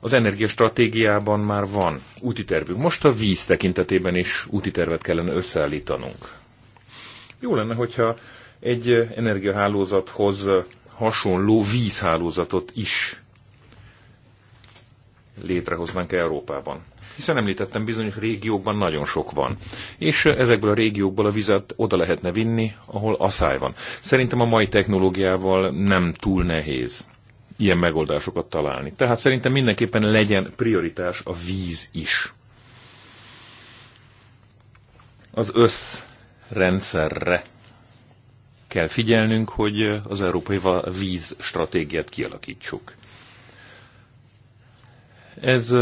az energiastratégiában már van úti tervünk. Most a víz tekintetében is úti tervet kellene összeállítanunk. Jó lenne, hogyha egy energiahálózathoz hasonló vízhálózatot is létrehoznánk Európában. Hiszen említettem, bizonyos régiókban nagyon sok van. És ezekből a régiókból a vizet oda lehetne vinni, ahol asszály van. Szerintem a mai technológiával nem túl nehéz ilyen megoldásokat találni. Tehát szerintem mindenképpen legyen prioritás a víz is. Az összrendszerre kell figyelnünk, hogy az európai víz stratégiát kialakítsuk. Ez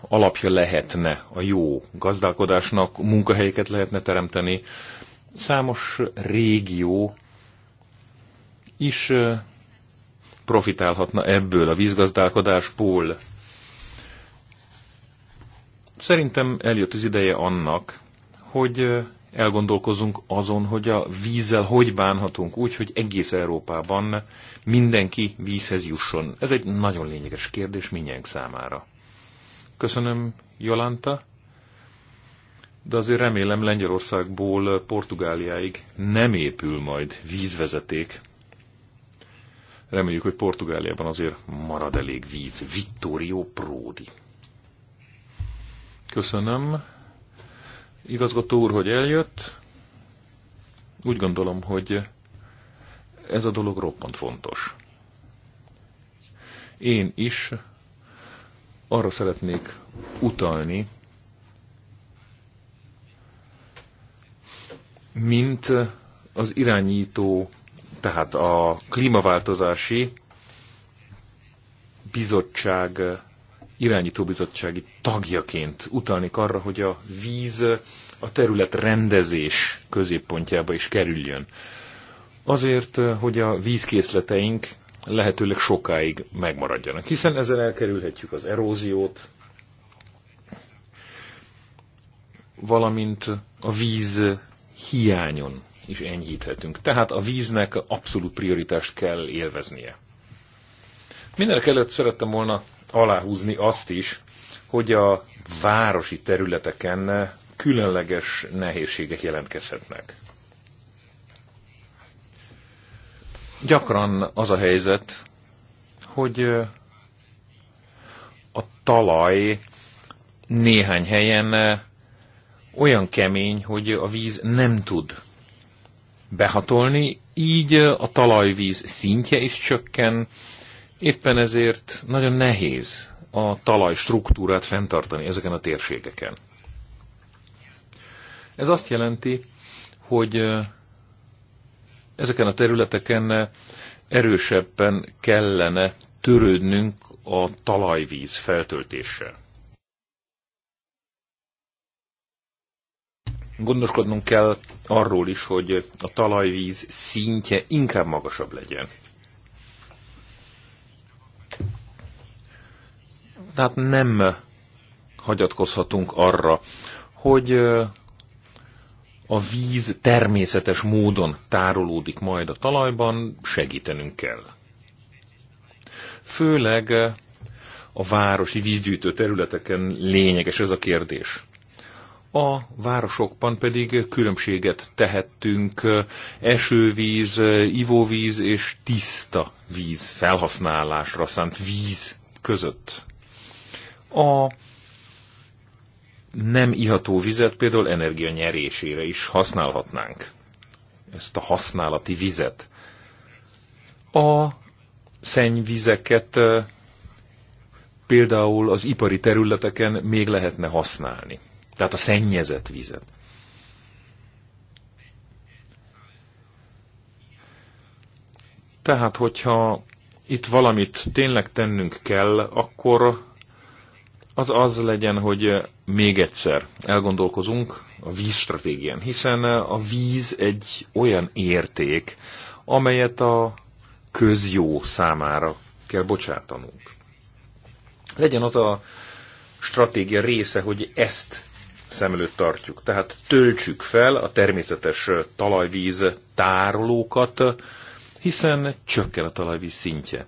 alapja lehetne a jó gazdálkodásnak, munkahelyeket lehetne teremteni. Számos régió is profitálhatna ebből a vízgazdálkodásból. Szerintem eljött az ideje annak, hogy elgondolkozunk azon, hogy a vízzel hogy bánhatunk úgy, hogy egész Európában mindenki vízhez jusson. Ez egy nagyon lényeges kérdés minnyánk számára. Köszönöm, Jolanta. De azért remélem Lengyelországból Portugáliáig nem épül majd vízvezeték. Reméljük, hogy Portugáliában azért marad elég víz. Vittorio Pródi. Köszönöm. Igazgató úr, hogy eljött. Úgy gondolom, hogy ez a dolog roppant fontos. Én is arra szeretnék utalni, mint az irányító tehát a klímaváltozási bizottság irányítóbizottsági tagjaként utalnék arra, hogy a víz a terület rendezés középpontjába is kerüljön. Azért, hogy a vízkészleteink lehetőleg sokáig megmaradjanak, hiszen ezzel elkerülhetjük az eróziót, valamint a víz hiányon is enyhíthetünk. Tehát a víznek abszolút prioritást kell élveznie. Mindenek előtt szerettem volna aláhúzni azt is, hogy a városi területeken különleges nehézségek jelentkezhetnek. Gyakran az a helyzet, hogy a talaj néhány helyen olyan kemény, hogy a víz nem tud behatolni, így a talajvíz szintje is csökken, éppen ezért nagyon nehéz a talaj struktúrát fenntartani ezeken a térségeken. Ez azt jelenti, hogy ezeken a területeken erősebben kellene törődnünk a talajvíz feltöltéssel. gondoskodnunk kell arról is, hogy a talajvíz szintje inkább magasabb legyen. Tehát nem hagyatkozhatunk arra, hogy a víz természetes módon tárolódik majd a talajban, segítenünk kell. Főleg a városi vízgyűjtő területeken lényeges ez a kérdés. A városokban pedig különbséget tehettünk esővíz, ivóvíz és tiszta víz felhasználásra szánt víz között. A nem iható vizet például energia nyerésére is használhatnánk. Ezt a használati vizet. A szennyvizeket eh, például az ipari területeken még lehetne használni tehát a szennyezett vizet. Tehát, hogyha itt valamit tényleg tennünk kell, akkor az az legyen, hogy még egyszer elgondolkozunk a vízstratégián, hiszen a víz egy olyan érték, amelyet a közjó számára kell bocsátanunk. Legyen az a stratégia része, hogy ezt szem előtt tartjuk. Tehát töltsük fel a természetes talajvíz tárolókat, hiszen csökken a talajvíz szintje.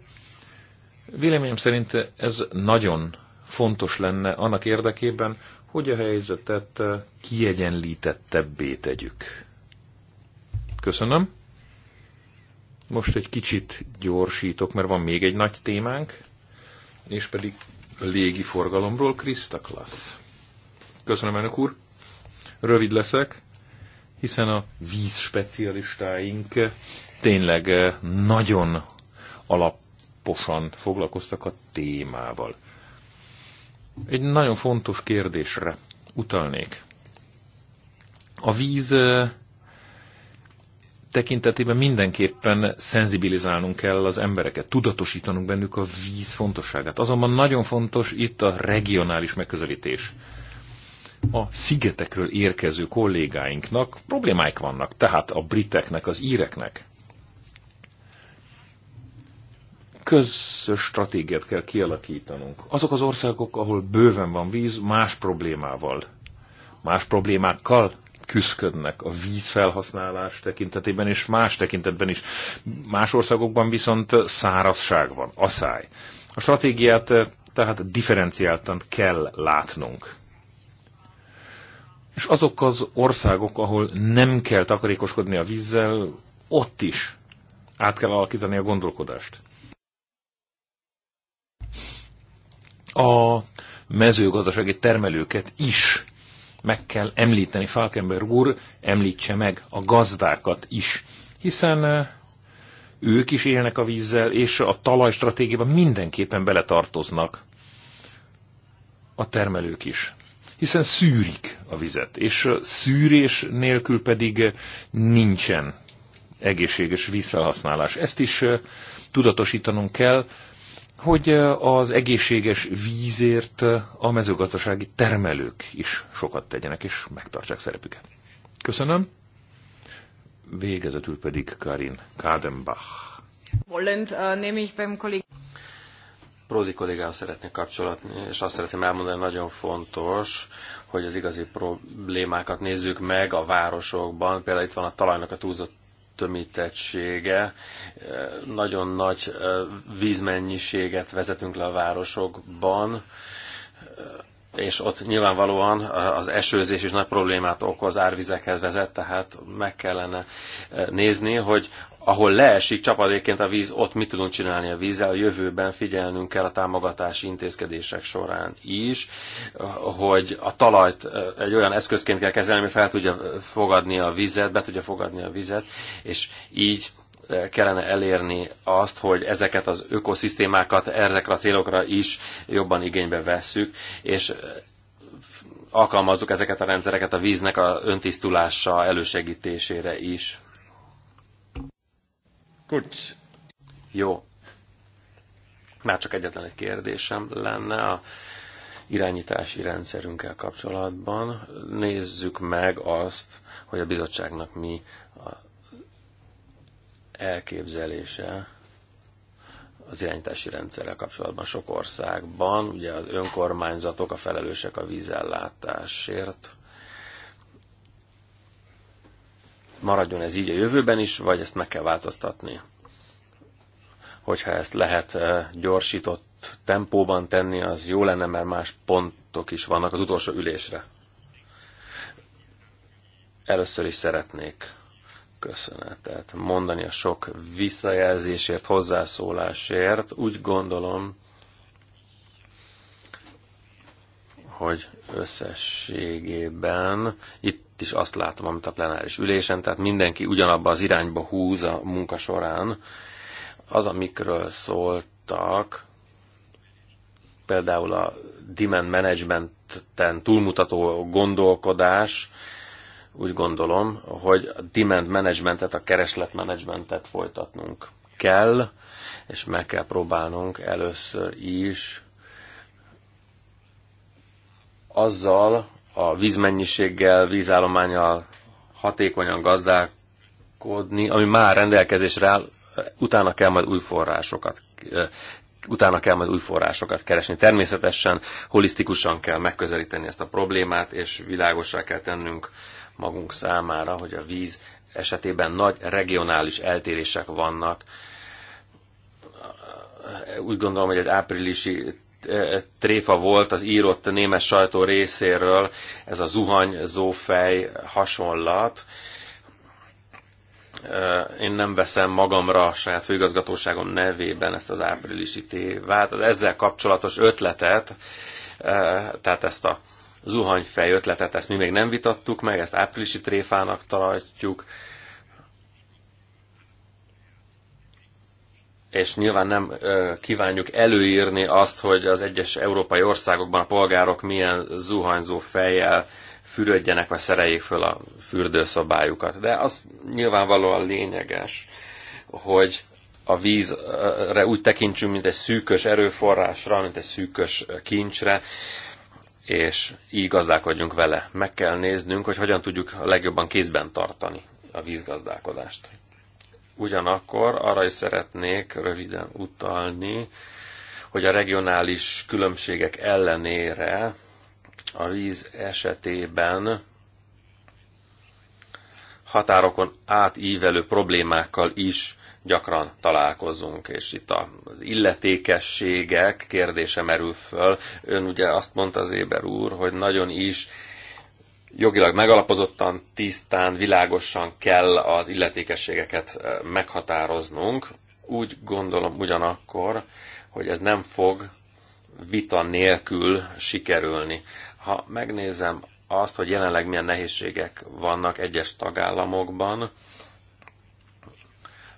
Véleményem szerint ez nagyon fontos lenne annak érdekében, hogy a helyzetet kiegyenlítettebbé tegyük. Köszönöm. Most egy kicsit gyorsítok, mert van még egy nagy témánk, és pedig a légi forgalomról Krista Klassz. Köszönöm, elnök úr. Rövid leszek, hiszen a víz specialistáink tényleg eh, nagyon alaposan foglalkoztak a témával. Egy nagyon fontos kérdésre utalnék. A víz eh, tekintetében mindenképpen szenzibilizálnunk kell az embereket, tudatosítanunk bennük a víz fontosságát. Azonban nagyon fontos itt a regionális megközelítés a szigetekről érkező kollégáinknak problémáik vannak, tehát a briteknek, az íreknek. Közös stratégiát kell kialakítanunk. Azok az országok, ahol bőven van víz, más problémával, más problémákkal küzdködnek a vízfelhasználás tekintetében és más tekintetben is. Más országokban viszont szárazság van, asszály. A stratégiát eh, tehát differenciáltan kell látnunk és azok az országok, ahol nem kell takarékoskodni a vízzel, ott is át kell alakítani a gondolkodást. A mezőgazdasági termelőket is meg kell említeni. Falkenberg úr említse meg a gazdákat is, hiszen eh, ők is élnek a vízzel, és a talajstratégiában mindenképpen beletartoznak a termelők is hiszen szűrik a vizet, és szűrés nélkül pedig nincsen egészséges vízfelhasználás. Ezt is tudatosítanunk kell, hogy az egészséges vízért a mezőgazdasági termelők is sokat tegyenek, és megtartsák szerepüket. Köszönöm. Végezetül pedig Karin Kadenbach. Holland, uh, äh, nehme ich beim Kollegen. Pródi kollégához szeretnék kapcsolatni, és azt szeretném elmondani, nagyon fontos, hogy az igazi problémákat nézzük meg a városokban. Például itt van a talajnak a túlzott tömítettsége, nagyon nagy vízmennyiséget vezetünk le a városokban, és ott nyilvánvalóan az esőzés is nagy problémát okoz, árvizekhez vezet, tehát meg kellene nézni, hogy ahol leesik csapadéként a víz, ott mit tudunk csinálni a vízzel, a jövőben figyelnünk kell a támogatási intézkedések során is, hogy a talajt egy olyan eszközként kell kezelni, ami fel tudja fogadni a vizet, be tudja fogadni a vizet, és így kellene elérni azt, hogy ezeket az ökoszisztémákat ezekre a célokra is jobban igénybe vesszük, és alkalmazzuk ezeket a rendszereket a víznek a öntisztulása elősegítésére is. Kurz. Jó. Már csak egyetlen egy kérdésem lenne a irányítási rendszerünkkel kapcsolatban. Nézzük meg azt, hogy a bizottságnak mi a elképzelése az irányítási rendszerrel kapcsolatban sok országban. Ugye az önkormányzatok a felelősek a vízellátásért, maradjon ez így a jövőben is, vagy ezt meg kell változtatni. Hogyha ezt lehet gyorsított tempóban tenni, az jó lenne, mert más pontok is vannak az utolsó ülésre. Először is szeretnék köszönetet mondani a sok visszajelzésért, hozzászólásért. Úgy gondolom, hogy összességében itt is azt látom, amit a plenáris ülésen, tehát mindenki ugyanabba az irányba húz a munka során. Az, amikről szóltak, például a demand managementen túlmutató gondolkodás, úgy gondolom, hogy a demand managementet, a kereslet managementet folytatnunk kell, és meg kell próbálnunk először is azzal a vízmennyiséggel, vízállományal hatékonyan gazdálkodni, ami már rendelkezésre áll, utána kell majd új forrásokat utána kell majd új forrásokat keresni. Természetesen holisztikusan kell megközelíteni ezt a problémát, és világosra kell tennünk magunk számára, hogy a víz esetében nagy regionális eltérések vannak. Úgy gondolom, hogy egy áprilisi tréfa volt az írott német sajtó részéről ez a zófej hasonlat. Én nem veszem magamra a saját főigazgatóságom nevében ezt az áprilisi tévát, az ezzel kapcsolatos ötletet, tehát ezt a zuhanyfej ötletet, ezt mi még nem vitattuk meg, ezt áprilisi tréfának tartjuk, és nyilván nem kívánjuk előírni azt, hogy az egyes európai országokban a polgárok milyen zuhanyzó fejjel fürödjenek, vagy szereljék föl a fürdőszobájukat. De az nyilvánvalóan lényeges, hogy a vízre úgy tekintsünk, mint egy szűkös erőforrásra, mint egy szűkös kincsre, és így gazdálkodjunk vele. Meg kell néznünk, hogy hogyan tudjuk a legjobban kézben tartani a vízgazdálkodást. Ugyanakkor arra is szeretnék röviden utalni, hogy a regionális különbségek ellenére a víz esetében határokon átívelő problémákkal is gyakran találkozunk, és itt az illetékességek kérdése merül föl. Ön ugye azt mondta az Éber úr, hogy nagyon is jogilag megalapozottan, tisztán, világosan kell az illetékességeket meghatároznunk. Úgy gondolom ugyanakkor, hogy ez nem fog vita nélkül sikerülni. Ha megnézem azt, hogy jelenleg milyen nehézségek vannak egyes tagállamokban,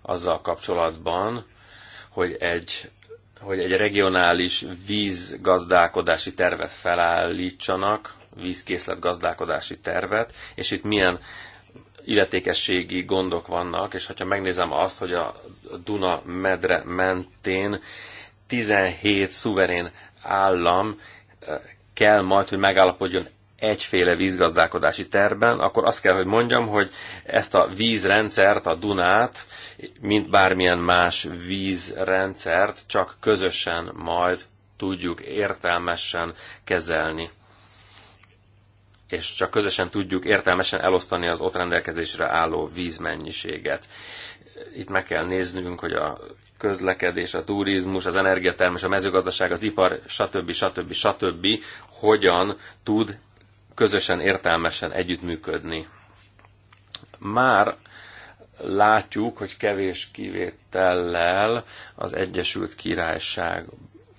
azzal kapcsolatban, hogy egy, hogy egy regionális vízgazdálkodási tervet felállítsanak, vízkészlet gazdálkodási tervet, és itt milyen illetékességi gondok vannak, és ha megnézem azt, hogy a Duna medre mentén 17 szuverén állam eh, kell majd, hogy megállapodjon egyféle vízgazdálkodási terben, akkor azt kell, hogy mondjam, hogy ezt a vízrendszert, a Dunát, mint bármilyen más vízrendszert, csak közösen majd tudjuk értelmesen kezelni és csak közösen tudjuk értelmesen elosztani az ott rendelkezésre álló vízmennyiséget. Itt meg kell néznünk, hogy a közlekedés, a turizmus, az energiatermés, a mezőgazdaság, az ipar, stb. stb. stb. hogyan tud közösen értelmesen együttműködni. Már látjuk, hogy kevés kivétellel az Egyesült Királyság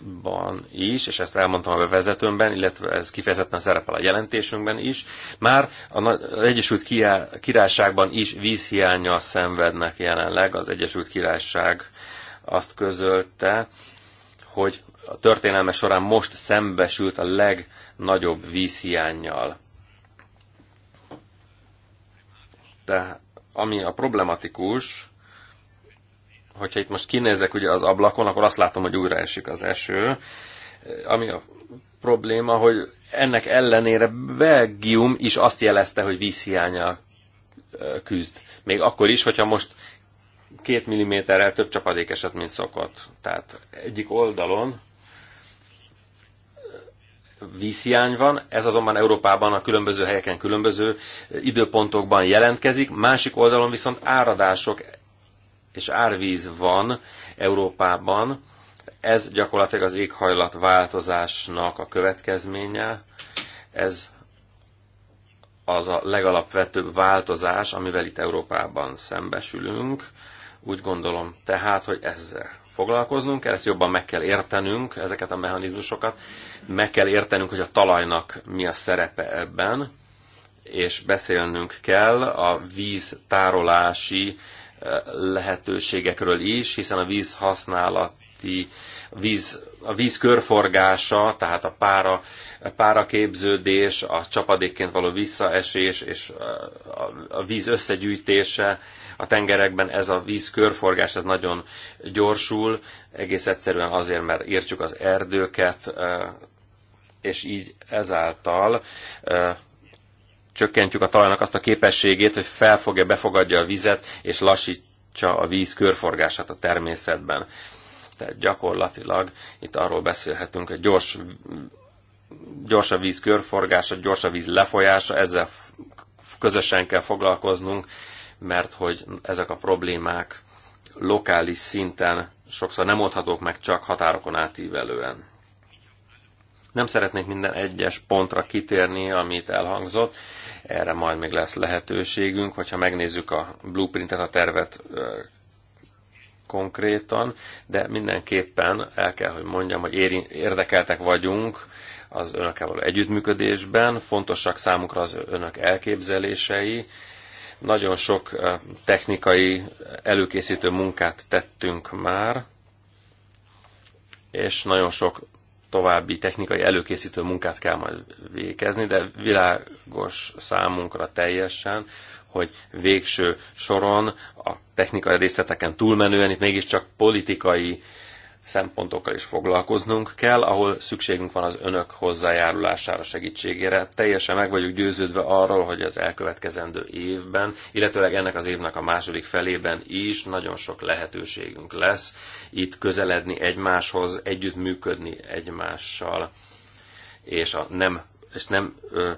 Ban is, és ezt elmondtam a bevezetőmben, illetve ez kifejezetten szerepel a jelentésünkben is, már az Egyesült Királyságban is vízhiányjal szenvednek jelenleg. Az Egyesült Királyság azt közölte, hogy a történelme során most szembesült a legnagyobb vízhiányjal. Tehát ami a problematikus, hogyha itt most kinézek ugye az ablakon, akkor azt látom, hogy újra esik az eső. Ami a probléma, hogy ennek ellenére Belgium is azt jelezte, hogy vízhiánya küzd. Még akkor is, hogyha most két milliméterrel több csapadék esett, mint szokott. Tehát egyik oldalon vízhiány van, ez azonban Európában a különböző helyeken, különböző időpontokban jelentkezik, másik oldalon viszont áradások és árvíz van Európában, ez gyakorlatilag az éghajlat változásnak a következménye, ez az a legalapvetőbb változás, amivel itt Európában szembesülünk. Úgy gondolom tehát, hogy ezzel foglalkoznunk kell, ezt jobban meg kell értenünk, ezeket a mechanizmusokat, meg kell értenünk, hogy a talajnak mi a szerepe ebben, és beszélnünk kell a víztárolási lehetőségekről is, hiszen a víz használati, víz, a víz körforgása, tehát a pára, a képződés, a csapadékként való visszaesés és a víz összegyűjtése a tengerekben, ez a víz körforgás, ez nagyon gyorsul, egész egyszerűen azért, mert írtjuk az erdőket, és így ezáltal csökkentjük a talajnak azt a képességét, hogy felfogja, befogadja a vizet, és lassítsa a víz körforgását a természetben. Tehát gyakorlatilag itt arról beszélhetünk, hogy gyors, gyors a víz körforgása, gyors a víz lefolyása, ezzel közösen kell foglalkoznunk, mert hogy ezek a problémák lokális szinten sokszor nem oldhatók meg csak határokon átívelően. Nem szeretnék minden egyes pontra kitérni, amit elhangzott. Erre majd még lesz lehetőségünk, hogyha megnézzük a blueprintet, a tervet konkrétan, de mindenképpen el kell, hogy mondjam, hogy érdekeltek vagyunk az önökkel való együttműködésben, fontosak számukra az önök elképzelései, nagyon sok technikai előkészítő munkát tettünk már, és nagyon sok további technikai előkészítő munkát kell majd végezni, de világos számunkra teljesen, hogy végső soron a technikai részleteken túlmenően itt mégiscsak politikai szempontokkal is foglalkoznunk kell, ahol szükségünk van az önök hozzájárulására, segítségére. Teljesen meg vagyok győződve arról, hogy az elkövetkezendő évben, illetőleg ennek az évnek a második felében is nagyon sok lehetőségünk lesz itt közeledni egymáshoz, együttműködni egymással, és a nem, és nem ö,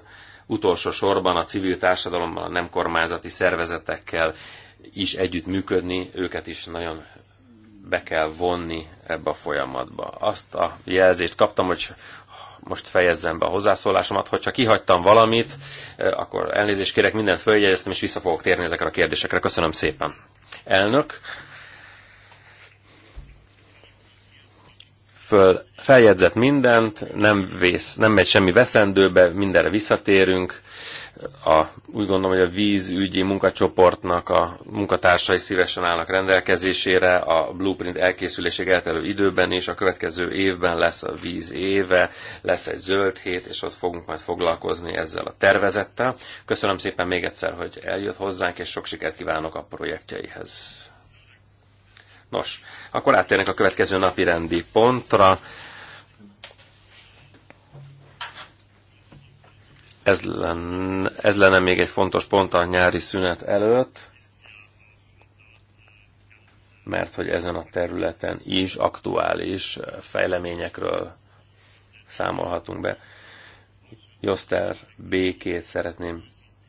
utolsó sorban a civil társadalommal, a nem kormányzati szervezetekkel is együttműködni, őket is nagyon be kell vonni ebbe a folyamatba. Azt a jelzést kaptam, hogy most fejezzem be a hozzászólásomat, hogyha kihagytam valamit, akkor elnézést kérek, mindent följegyeztem, és vissza fogok térni ezekre a kérdésekre. Köszönöm szépen. Elnök, föl, feljegyzett mindent, nem, vész, nem megy semmi veszendőbe, mindenre visszatérünk, a, úgy gondolom, hogy a vízügyi munkacsoportnak a munkatársai szívesen állnak rendelkezésére, a blueprint elkészülésig eltelő időben is, a következő évben lesz a víz éve, lesz egy zöld hét, és ott fogunk majd foglalkozni ezzel a tervezettel. Köszönöm szépen még egyszer, hogy eljött hozzánk, és sok sikert kívánok a projektjeihez. Nos, akkor áttérnek a következő napi rendi pontra. Ez lenne, ez lenne még egy fontos pont a nyári szünet előtt, mert hogy ezen a területen is aktuális fejleményekről számolhatunk be. Joster Békét szeretném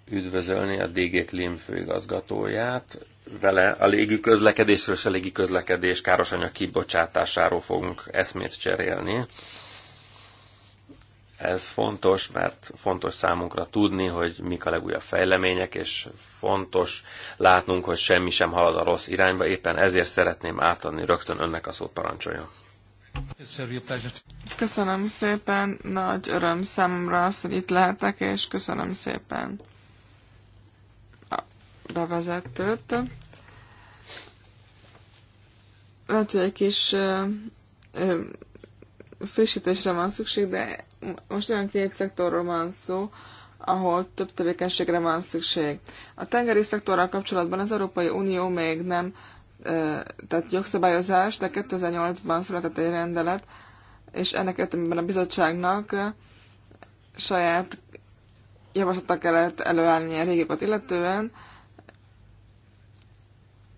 üdvözölni, a DG Klim főigazgatóját. Vele a légi közlekedésről és a légi közlekedés károsanyag kibocsátásáról fogunk eszmét cserélni. Ez fontos, mert fontos számunkra tudni, hogy mik a legújabb fejlemények, és fontos látnunk, hogy semmi sem halad a rossz irányba. Éppen ezért szeretném átadni rögtön önnek a szót parancsoljon. Köszönöm szépen, nagy öröm számomra az, hogy itt lehetek, és köszönöm szépen a bevezetőt. Lehet, hogy egy kis ö, ö, frissítésre van szükség, de most olyan két szektorról van szó, ahol több tevékenységre van szükség. A tengeri szektorral kapcsolatban az Európai Unió még nem tehát jogszabályozás, de 2008-ban született egy rendelet, és ennek értelmében a bizottságnak saját javaslata kellett előállni a régiokat illetően,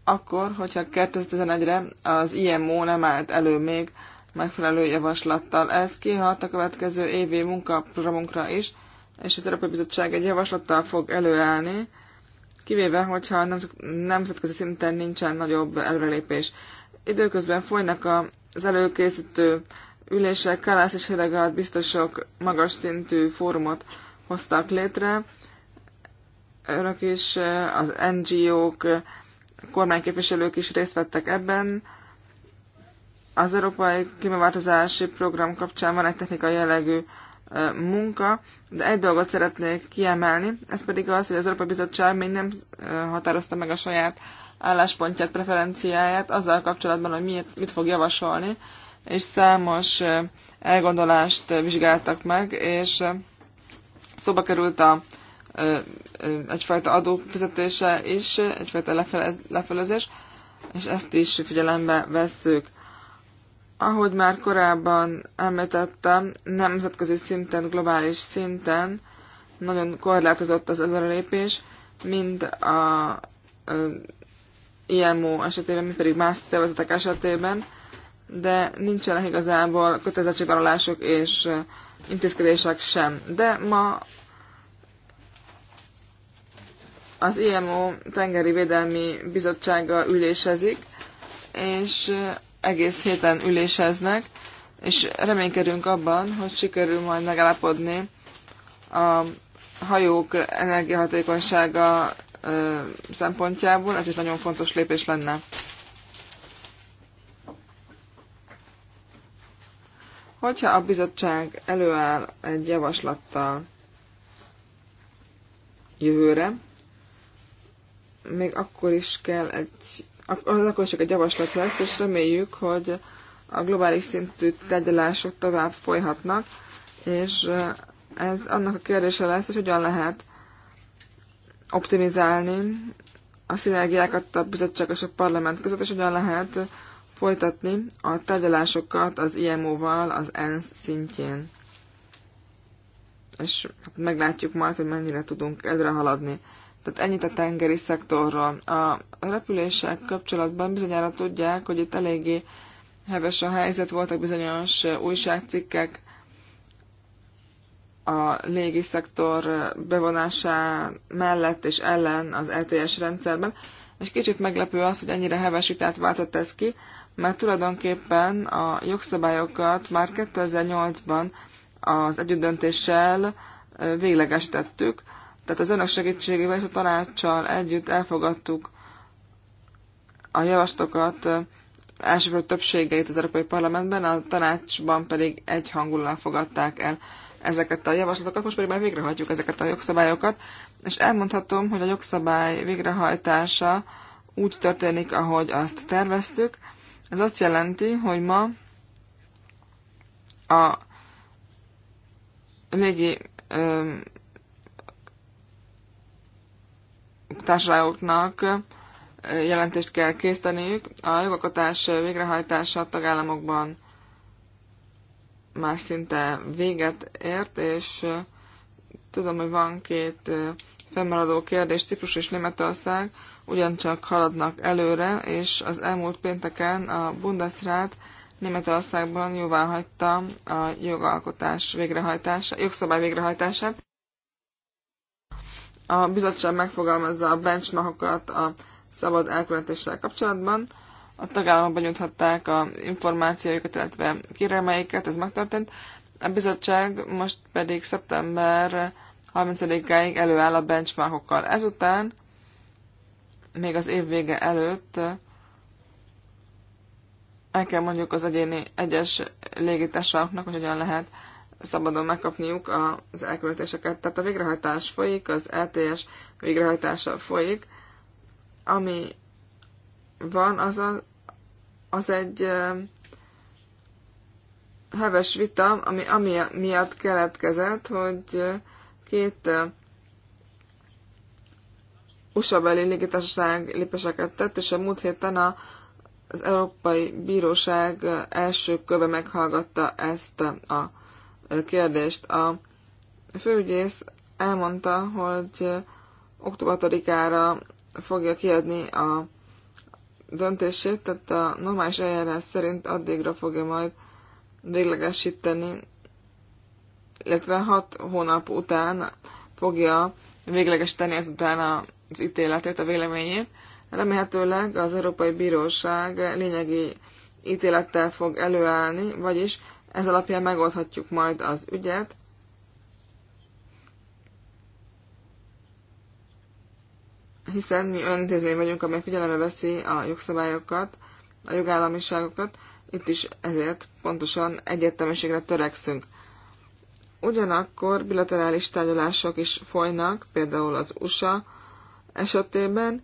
akkor, hogyha 2011-re az IMO nem állt elő még megfelelő javaslattal. Ez kihat a következő évi munkaprogramunkra is, és az Európai Bizottság egy javaslattal fog előállni, kivéve, hogyha nemzetközi szinten nincsen nagyobb előrelépés. Időközben folynak az előkészítő ülések, Kalász és Hidegard biztosok magas szintű fórumot hoztak létre. Önök is, az NGO-k, kormányképviselők is részt vettek ebben. Az Európai Klímaváltozási Program kapcsán van egy technikai jellegű munka, de egy dolgot szeretnék kiemelni, ez pedig az, hogy az Európai Bizottság még nem határozta meg a saját álláspontját, preferenciáját azzal kapcsolatban, hogy mit, mit fog javasolni, és számos elgondolást vizsgáltak meg, és szóba került a, egyfajta adófizetése is, egyfajta lefelezés, és ezt is figyelembe vesszük. Ahogy már korábban említettem, nemzetközi szinten, globális szinten nagyon korlátozott az előrelépés, mind a, a IMO esetében, mi pedig más szervezetek esetében, de nincsenek igazából kötelezettségvállalások és intézkedések sem. De ma az IMO Tengeri Védelmi Bizottsága ülésezik, és egész héten üléseznek, és reménykedünk abban, hogy sikerül majd megállapodni a hajók energiahatékonysága szempontjából, ez is nagyon fontos lépés lenne. Hogyha a bizottság előáll egy javaslattal jövőre, még akkor is kell egy az akkor csak egy javaslat lesz, és reméljük, hogy a globális szintű tegyelások tovább folyhatnak, és ez annak a kérdése lesz, hogy hogyan lehet optimizálni a szinergiákat a bizottság és a parlament között, és hogyan lehet folytatni a tárgyalásokat az IMO-val az ENSZ szintjén. És hát meglátjuk majd, hogy mennyire tudunk előre haladni. Tehát ennyit a tengeri szektorról. A repülések kapcsolatban bizonyára tudják, hogy itt eléggé heves a helyzet, voltak bizonyos újságcikkek a légi szektor bevonásá mellett és ellen az LTS rendszerben, és kicsit meglepő az, hogy ennyire heves vitát váltott ez ki, mert tulajdonképpen a jogszabályokat már 2008-ban az együttdöntéssel véglegesítettük, tehát az önök segítségével és a tanácssal együtt elfogadtuk a javaslatokat elsőprő többségeit az Európai Parlamentben, a tanácsban pedig egyhangulan fogadták el ezeket a javaslatokat, most pedig már végrehajtjuk ezeket a jogszabályokat, és elmondhatom, hogy a jogszabály végrehajtása úgy történik, ahogy azt terveztük. Ez azt jelenti, hogy ma a légi társaságoknak jelentést kell készíteniük. A jogalkotás végrehajtása a tagállamokban már szinte véget ért, és tudom, hogy van két fennmaradó kérdés, Ciprus és Németország ugyancsak haladnak előre, és az elmúlt pénteken a Bundesrat Németországban jóvá hagyta a jogalkotás végrehajtása, jogszabály végrehajtását. A bizottság megfogalmazza a benchmarkokat a szabad elkülönítéssel kapcsolatban. A tagállamok benyújthatták a információikat, illetve kérelmeiket, ez megtörtént. A bizottság most pedig szeptember 30-áig előáll a benchmarkokkal. Ezután, még az év vége előtt el kell mondjuk az egyéni egyes légitársaknak, hogy hogyan lehet szabadon megkapniuk az elköltéseket. Tehát a végrehajtás folyik, az LTS végrehajtása folyik. Ami van, az, a, az egy heves vita, ami, ami miatt keletkezett, hogy két USA-beli légitársaság lépéseket tett, és a múlt héten a, az Európai Bíróság első köve meghallgatta ezt a kérdést. A főügyész elmondta, hogy október 6-ára fogja kiadni a döntését, tehát a normális eljárás szerint addigra fogja majd véglegesíteni, illetve 6 hónap után fogja véglegesíteni ezután az ítéletét, a véleményét. Remélhetőleg az Európai Bíróság lényegi ítélettel fog előállni, vagyis ez alapján megoldhatjuk majd az ügyet. Hiszen mi önintézmény vagyunk, amely figyelembe veszi a jogszabályokat, a jogállamiságokat, itt is ezért pontosan egyértelműségre törekszünk. Ugyanakkor bilaterális tárgyalások is folynak, például az USA esetében,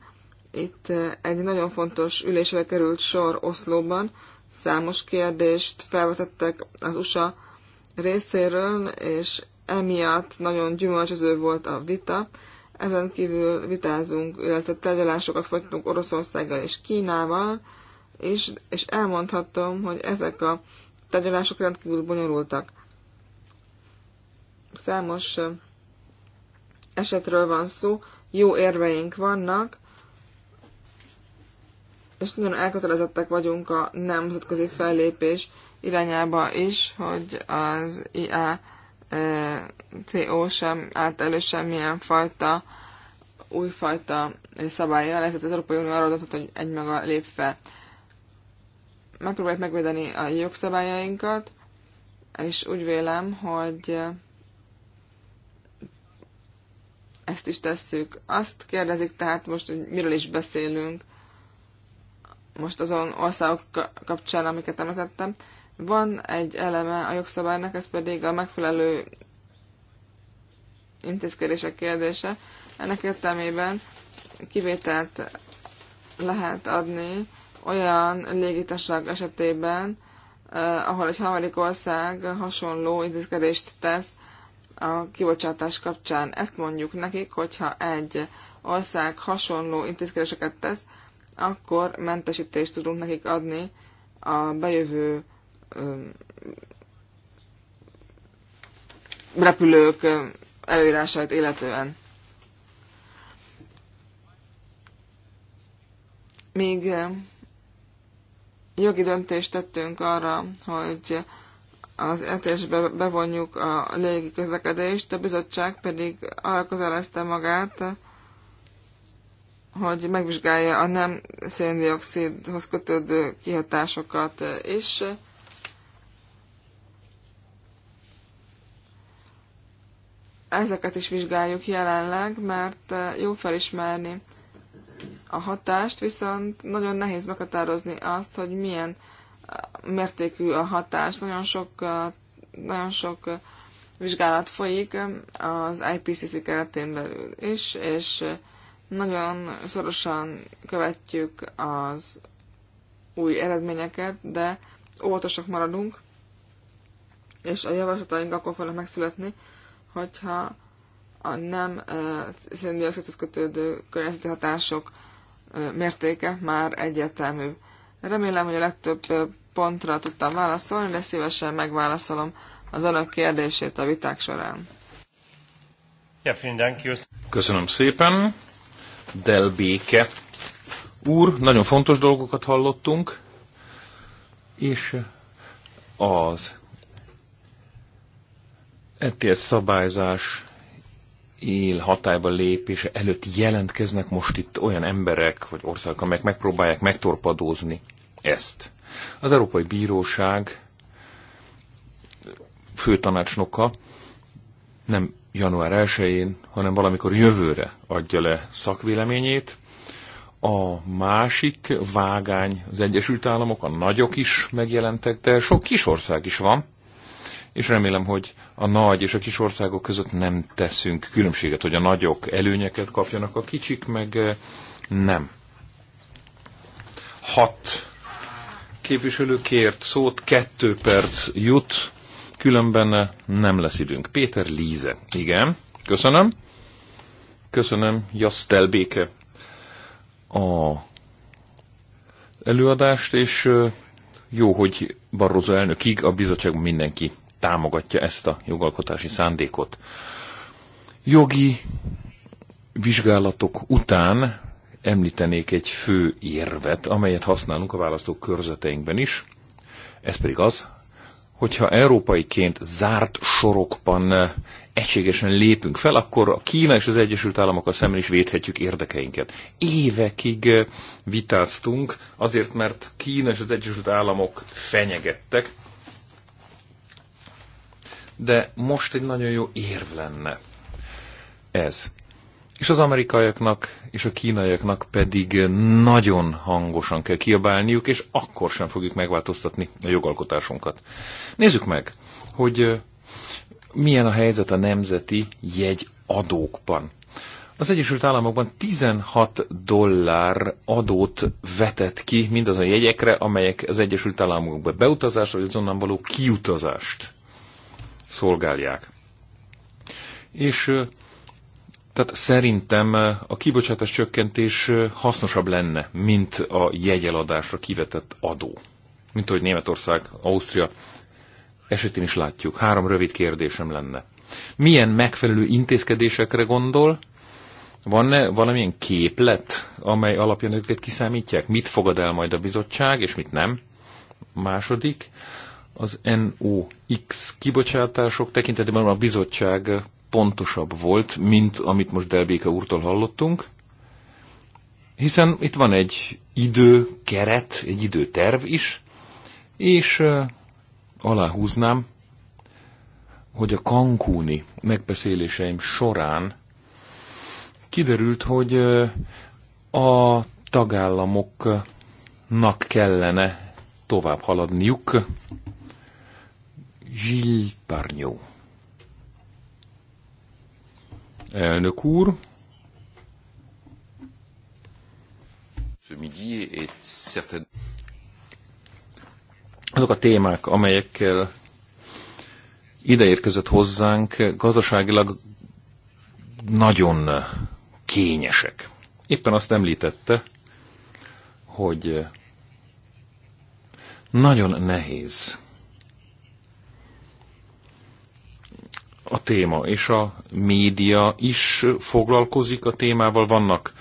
itt eh, egy nagyon fontos ülésre került sor Oszlóban. Számos kérdést felvetettek az USA részéről, és emiatt nagyon gyümölcsöző volt a vita. Ezen kívül vitázunk, illetve tárgyalásokat folytatunk Oroszországgal és Kínával, és, és elmondhatom, hogy ezek a tárgyalások rendkívül bonyolultak. Számos eh, esetről van szó, jó érveink vannak, és nagyon elkötelezettek vagyunk a nemzetközi fellépés irányába is, hogy az IA eh, CO sem állt elő semmilyen fajta újfajta szabályra. ezért az Európai Unió arra adott, hogy egy maga lép fel. Megpróbáljuk megvédeni a jogszabályainkat, és úgy vélem, hogy ezt is tesszük. Azt kérdezik tehát most, hogy miről is beszélünk most azon országok kapcsán, amiket említettem, van egy eleme a jogszabálynak, ez pedig a megfelelő intézkedések kérdése. Ennek értelmében kivételt lehet adni olyan légitársaság esetében, eh, ahol egy harmadik ország hasonló intézkedést tesz a kibocsátás kapcsán. Ezt mondjuk nekik, hogyha egy ország hasonló intézkedéseket tesz, akkor mentesítést tudunk nekik adni a bejövő repülők előírásait illetően. Még jogi döntést tettünk arra, hogy az etésbe bevonjuk a légi közlekedést, a bizottság pedig arra magát, hogy megvizsgálja a nem széndiokszidhoz kötődő kihatásokat és Ezeket is vizsgáljuk jelenleg, mert jó felismerni a hatást, viszont nagyon nehéz meghatározni azt, hogy milyen mértékű a hatás. Nagyon sok, nagyon sok vizsgálat folyik az IPCC keretén belül is, és, és nagyon szorosan követjük az új eredményeket, de óvatosak maradunk, és a javaslataink akkor fognak megszületni, hogyha a nem széndiokszidhoz kötődő környezeti hatások mértéke már egyértelmű. Remélem, hogy a legtöbb pontra tudtam válaszolni, de szívesen megválaszolom az önök kérdését a viták során. Köszönöm szépen. Del Béke úr, nagyon fontos dolgokat hallottunk, és az ETS szabályzás él hatályba lépése előtt jelentkeznek most itt olyan emberek vagy országok, amelyek megpróbálják megtorpadózni ezt. Az Európai Bíróság főtanácsnoka nem január 1-én, hanem valamikor jövőre adja le szakvéleményét. A másik vágány, az Egyesült Államok, a nagyok is megjelentek, de sok kis ország is van, és remélem, hogy a nagy és a kis országok között nem teszünk különbséget, hogy a nagyok előnyeket kapjanak, a kicsik meg eh, nem. Hat képviselő kért szót, kettő perc jut különben nem lesz időnk. Péter Líze. Igen, köszönöm. Köszönöm Jasztel Béke a előadást, és jó, hogy Barroso elnökig a bizottságban mindenki támogatja ezt a jogalkotási szándékot. Jogi vizsgálatok után említenék egy fő érvet, amelyet használunk a választók körzeteinkben is, ez pedig az, hogyha európaiként zárt sorokban eh, egységesen lépünk fel, akkor a Kína és az Egyesült Államokkal szemben is védhetjük érdekeinket. Évekig eh, vitáztunk, azért mert Kína és az Egyesült Államok fenyegettek, de most egy nagyon jó érv lenne ez. És az amerikaiaknak és a kínaiaknak pedig nagyon hangosan kell kiabálniuk, és akkor sem fogjuk megváltoztatni a jogalkotásunkat. Nézzük meg, hogy milyen a helyzet a nemzeti jegyadókban. Az Egyesült Államokban 16 dollár adót vetett ki mindazon jegyekre, amelyek az Egyesült Államokba beutazást, vagy azonnan való kiutazást szolgálják. És tehát szerintem a kibocsátás csökkentés hasznosabb lenne, mint a jegyeladásra kivetett adó. Mint ahogy Németország, Ausztria esetén is látjuk. Három rövid kérdésem lenne. Milyen megfelelő intézkedésekre gondol? Van-e valamilyen képlet, amely alapján őket kiszámítják? Mit fogad el majd a bizottság, és mit nem? Második, az NOx kibocsátások tekintetében a bizottság pontosabb volt, mint amit most Delbéka úrtól hallottunk, hiszen itt van egy időkeret, egy időterv is, és aláhúznám, hogy a kankúni megbeszéléseim során kiderült, hogy a tagállamoknak kellene tovább haladniuk. Gilles Parnyot. Elnök úr. Azok a témák, amelyekkel ideérkezett hozzánk, gazdaságilag nagyon kényesek. Éppen azt említette, hogy nagyon nehéz a téma, és a média is foglalkozik a témával. Vannak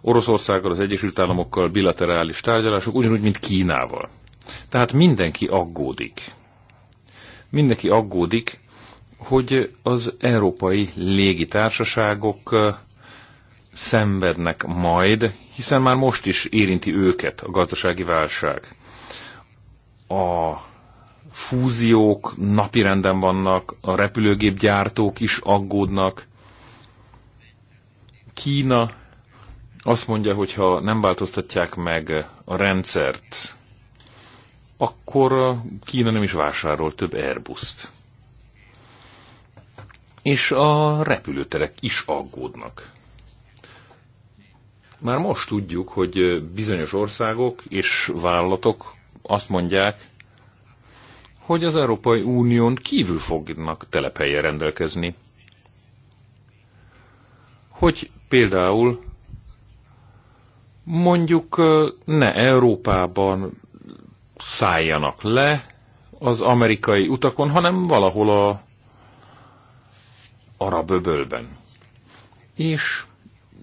Oroszországgal, az Egyesült Államokkal bilaterális tárgyalások, ugyanúgy, mint Kínával. Tehát mindenki aggódik. Mindenki aggódik, hogy az európai légitársaságok eh, szenvednek majd, hiszen már most is érinti őket a gazdasági válság. A fúziók napirenden vannak, a repülőgépgyártók is aggódnak. Kína azt mondja, hogy ha nem változtatják meg a rendszert, akkor Kína nem is vásárol több Airbus-t. És a repülőterek is aggódnak. Már most tudjuk, hogy bizonyos országok és vállalatok azt mondják, hogy az Európai Unión kívül fognak telephelye rendelkezni. Hogy például mondjuk ne Európában szálljanak le az amerikai utakon, hanem valahol a arab öbölben. És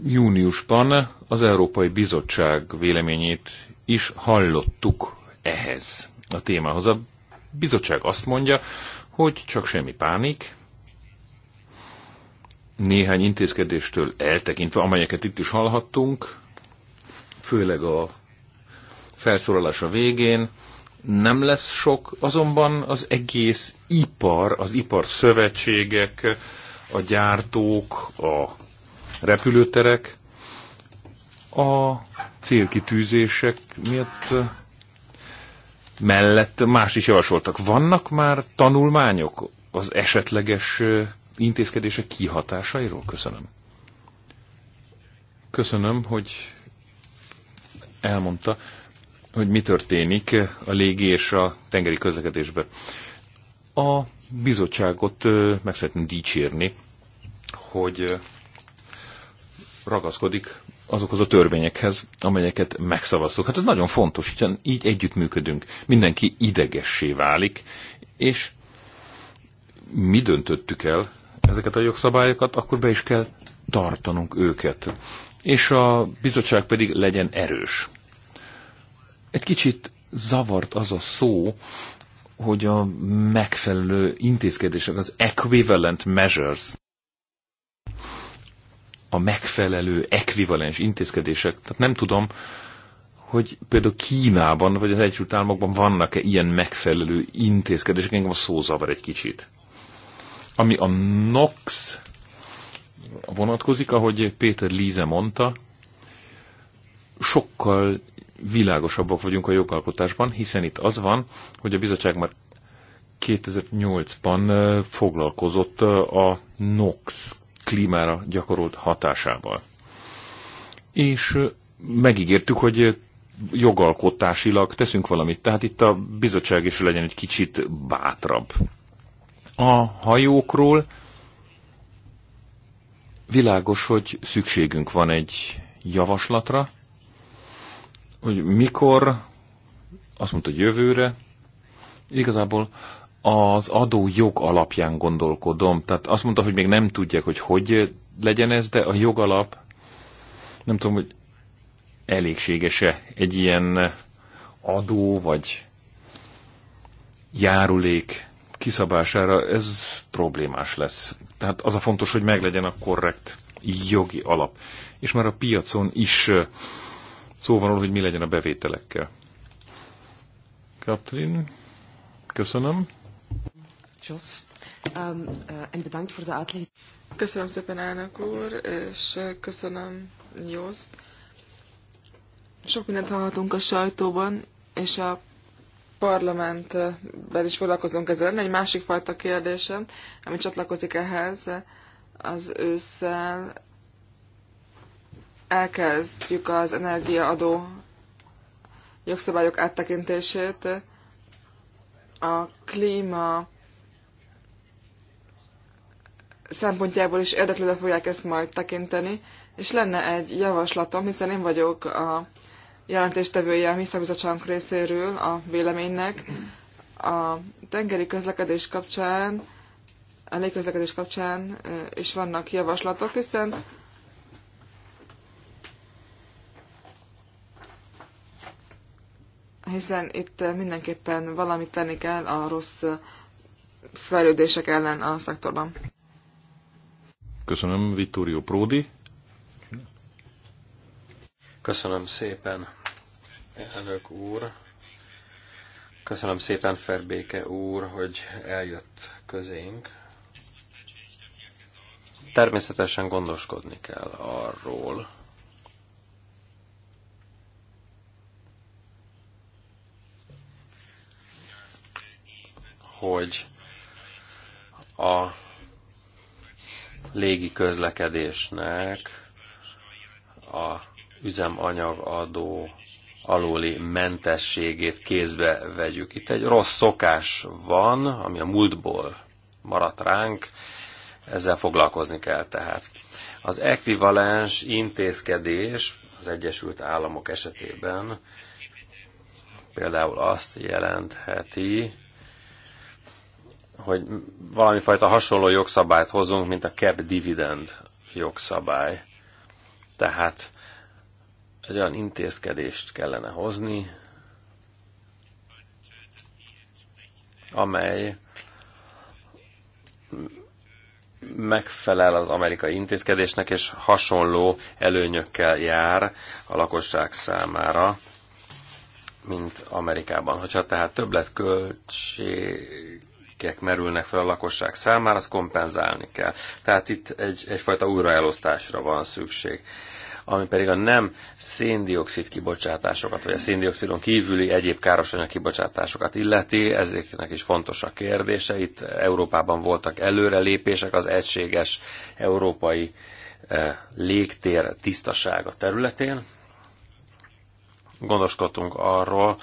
júniusban az Európai Bizottság véleményét is hallottuk ehhez a témához. A bizottság azt mondja, hogy csak semmi pánik, néhány intézkedéstől eltekintve, amelyeket itt is hallhattunk, főleg a a végén, nem lesz sok, azonban az egész ipar, az ipar szövetségek, a gyártók, a repülőterek a célkitűzések miatt mellett más is javasoltak. Vannak már tanulmányok az esetleges intézkedések kihatásairól? Köszönöm. Köszönöm, hogy elmondta, hogy mi történik a légi és a tengeri közlekedésben. A bizottságot meg szeretném dicsérni, hogy ragaszkodik azokhoz a törvényekhez, amelyeket megszavaztuk. Hát ez nagyon fontos, hiszen így együttműködünk. Mindenki idegessé válik, és mi döntöttük el ezeket a jogszabályokat, akkor be is kell tartanunk őket. És a bizottság pedig legyen erős. Egy kicsit zavart az a szó, hogy a megfelelő intézkedések, az equivalent measures a megfelelő, ekvivalens intézkedések. Tehát nem tudom, hogy például Kínában vagy az Egyesült Államokban vannak-e ilyen megfelelő intézkedések, engem a szó zavar egy kicsit. Ami a NOx vonatkozik, ahogy Péter Líze mondta, sokkal világosabbak vagyunk a jogalkotásban, hiszen itt az van, hogy a bizottság már 2008-ban foglalkozott a NOx klímára gyakorolt hatásával. És megígértük, hogy jogalkotásilag teszünk valamit, tehát itt a bizottság is legyen egy kicsit bátrabb. A hajókról világos, hogy szükségünk van egy javaslatra, hogy mikor, azt mondta, hogy jövőre, igazából az adó jog alapján gondolkodom. Tehát azt mondta, hogy még nem tudják, hogy hogy legyen ez, de a jogalap, nem tudom, hogy elégséges-e egy ilyen adó vagy járulék kiszabására, ez problémás lesz. Tehát az a fontos, hogy meglegyen a korrekt jogi alap. És már a piacon is szó van hogy mi legyen a bevételekkel. Katrin, köszönöm. Jos. Um, uh, en bedankt voor de uitleg. Köszönöm szépen, elnök úr, és köszönöm, Jos. Sok mindent hallhatunk a sajtóban, és a parlamentben is foglalkozunk ezzel. Egy másik fajta kérdésem, ami csatlakozik ehhez, az ősszel elkezdjük az energiaadó jogszabályok áttekintését. A klíma szempontjából is érdeklődve fogják ezt majd tekinteni, és lenne egy javaslatom, hiszen én vagyok a jelentéstevője a Miszakbizottságunk részéről a véleménynek. A tengeri közlekedés kapcsán, a légközlekedés kapcsán eh, is vannak javaslatok, hiszen hiszen itt mindenképpen valamit tenni kell a rossz eh, fejlődések ellen a szektorban. Köszönöm, Vittorio Pródi. Köszönöm szépen, elnök úr. Köszönöm szépen, Ferbéke úr, hogy eljött közénk. Természetesen gondoskodni kell arról, hogy a légi közlekedésnek a üzemanyagadó alóli mentességét kézbe vegyük. Itt egy rossz szokás van, ami a múltból maradt ránk, ezzel foglalkozni kell tehát. Az ekvivalens intézkedés az Egyesült Államok esetében például azt jelentheti, hogy valami fajta hasonló jogszabályt hozunk, mint a cap dividend jogszabály. Tehát egy olyan intézkedést kellene hozni, amely megfelel az amerikai intézkedésnek, és hasonló előnyökkel jár a lakosság számára, mint Amerikában. Hogyha tehát többletköltség költségek merülnek fel a lakosság számára, azt kompenzálni kell. Tehát itt egy, egyfajta újraelosztásra van szükség ami pedig a nem széndiokszid kibocsátásokat, vagy a széndiokszidon kívüli egyéb károsanyag kibocsátásokat illeti, ezeknek is fontos a kérdése. Itt Európában voltak előrelépések az egységes európai eh, légtér tisztasága területén. Gondoskodtunk arról,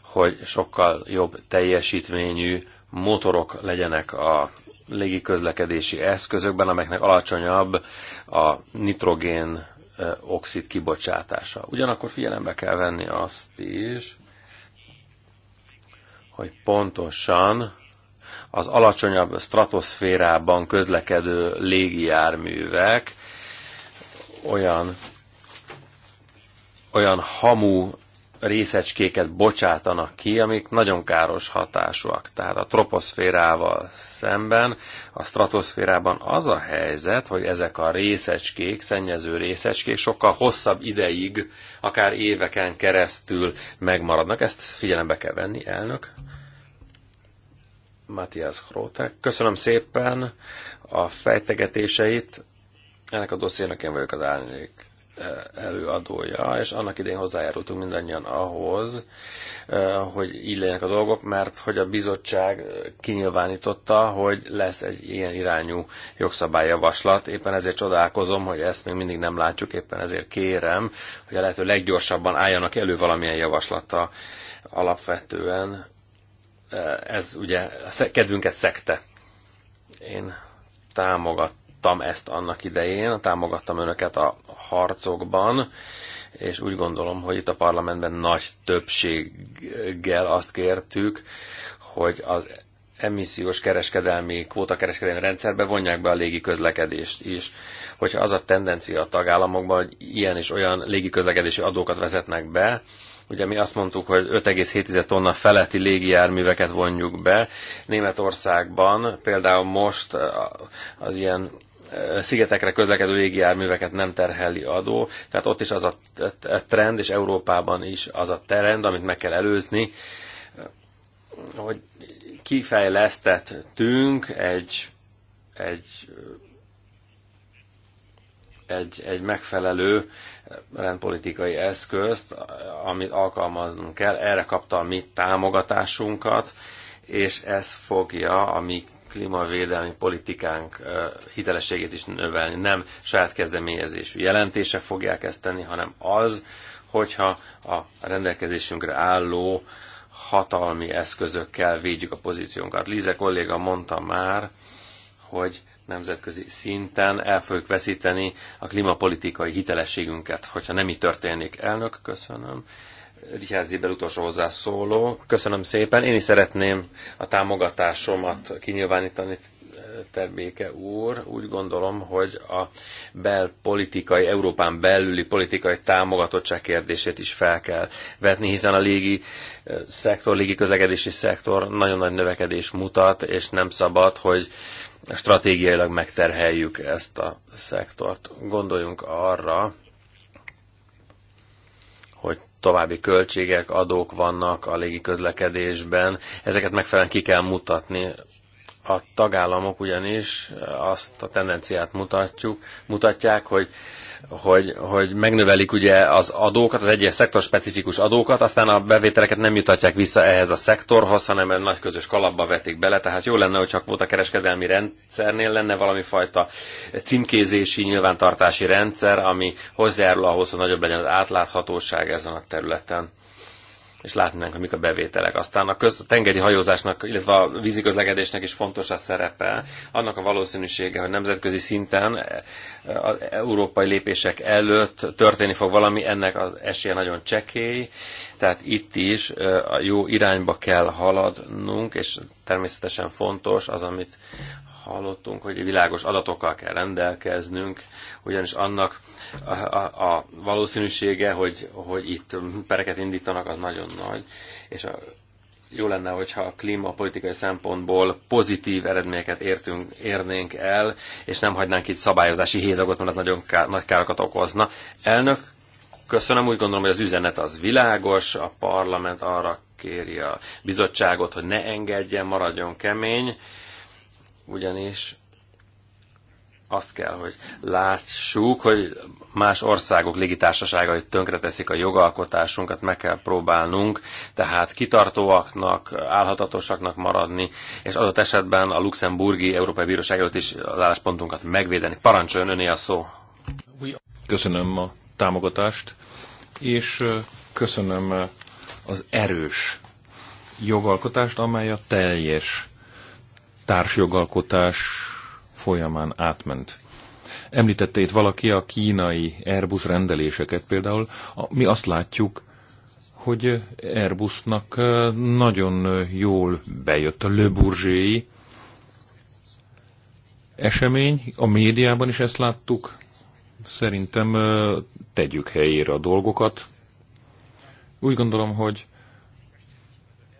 hogy sokkal jobb teljesítményű motorok legyenek a légiközlekedési eszközökben, amelyeknek alacsonyabb a nitrogén oxid kibocsátása. Ugyanakkor figyelembe kell venni azt is, hogy pontosan az alacsonyabb stratoszférában közlekedő légijárművek olyan, olyan hamu részecskéket bocsátanak ki, amik nagyon káros hatásúak. Tehát a troposzférával szemben a stratoszférában az a helyzet, hogy ezek a részecskék, szennyező részecskék sokkal hosszabb ideig, akár éveken keresztül megmaradnak. Ezt figyelembe kell venni, elnök. Matthias Hróte. Köszönöm szépen a fejtegetéseit. Ennek a dossziénak én vagyok az állnék előadója, és annak idén hozzájárultunk mindannyian ahhoz, eh, hogy így legyenek a dolgok, mert hogy a bizottság kinyilvánította, hogy lesz egy ilyen irányú jogszabályjavaslat. Éppen ezért csodálkozom, hogy ezt még mindig nem látjuk, éppen ezért kérem, hogy a lehető leggyorsabban álljanak elő valamilyen javaslata alapvetően. Eh, ez ugye a kedvünket szekte. Én támogat támogattam ezt annak idején, támogattam önöket a harcokban, és úgy gondolom, hogy itt a parlamentben nagy többséggel azt kértük, hogy az emissziós kereskedelmi, kvótakereskedelmi rendszerbe vonják be a légi közlekedést is. Hogyha az a tendencia a tagállamokban, hogy ilyen és olyan légi közlekedési adókat vezetnek be, Ugye mi azt mondtuk, hogy 5,7 tonna feletti járműveket vonjuk be. Németországban például most az ilyen szigetekre közlekedő légijárműveket nem terheli adó, tehát ott is az a trend, és Európában is az a trend, amit meg kell előzni, hogy kifejlesztettünk egy, egy, egy, egy megfelelő rendpolitikai eszközt, amit alkalmaznunk kell. Erre kapta a mi támogatásunkat, és ez fogja a mi klímavédelmi politikánk hitelességét is növelni. Nem saját kezdeményezésű jelentések fogják ezt tenni, hanem az, hogyha a rendelkezésünkre álló hatalmi eszközökkel védjük a pozíciónkat. Líze kolléga mondta már, hogy nemzetközi szinten el fogjuk veszíteni a klímapolitikai hitelességünket, hogyha nem így történik. Elnök, köszönöm. Richard Zibel utolsó hozzászóló. Köszönöm szépen. Én is szeretném a támogatásomat kinyilvánítani Terbéke úr. Úgy gondolom, hogy a belpolitikai, Európán belüli politikai támogatottság kérdését is fel kell vetni, hiszen a légi szektor, légi közlekedési szektor nagyon nagy növekedés mutat, és nem szabad, hogy stratégiailag megterheljük ezt a szektort. Gondoljunk arra, további költségek, adók vannak a légiközlekedésben, ezeket megfelelően ki kell mutatni a tagállamok ugyanis azt a tendenciát mutatjuk, mutatják, hogy, hogy, hogy megnövelik ugye az adókat, az egyes szektor specifikus adókat, aztán a bevételeket nem jutatják vissza ehhez a szektorhoz, hanem egy nagy közös kalapba vetik bele. Tehát jó lenne, hogyha volt a kereskedelmi rendszernél lenne valami fajta címkézési, nyilvántartási rendszer, ami hozzájárul ahhoz, hogy nagyobb legyen az átláthatóság ezen a területen és látnánk, hogy mik a bevételek. Aztán a, köz, a tengeri hajózásnak, illetve a víziközlekedésnek is fontos a szerepe. Annak a valószínűsége, hogy nemzetközi szinten e, az európai lépések előtt történni fog valami, ennek az esélye nagyon csekély, tehát itt is e, a jó irányba kell haladnunk, és természetesen fontos az, amit hallottunk, hogy világos adatokkal kell rendelkeznünk, ugyanis annak a, a, a valószínűsége, hogy, hogy itt pereket indítanak, az nagyon nagy, és a, jó lenne, hogyha a klímapolitikai szempontból pozitív eredményeket értünk, érnénk el, és nem hagynánk itt szabályozási hézagot, mert nagyon ká, nagy károkat okozna. Elnök, köszönöm, úgy gondolom, hogy az üzenet az világos, a parlament arra kéri a bizottságot, hogy ne engedjen, maradjon kemény ugyanis azt kell, hogy lássuk, hogy más országok légitársaságai tönkreteszik a jogalkotásunkat, meg kell próbálnunk, tehát kitartóaknak, állhatatosaknak maradni, és adott esetben a Luxemburgi Európai Bíróság előtt is az álláspontunkat megvédeni. Parancsoljon öné a szó. Köszönöm a támogatást, és köszönöm az erős jogalkotást, amely a teljes társjogalkotás folyamán átment. Említette itt valaki a kínai Airbus rendeléseket például. Mi azt látjuk, hogy Airbusnak nagyon jól bejött a Le Bourget-i esemény, a médiában is ezt láttuk. Szerintem tegyük helyére a dolgokat. Úgy gondolom, hogy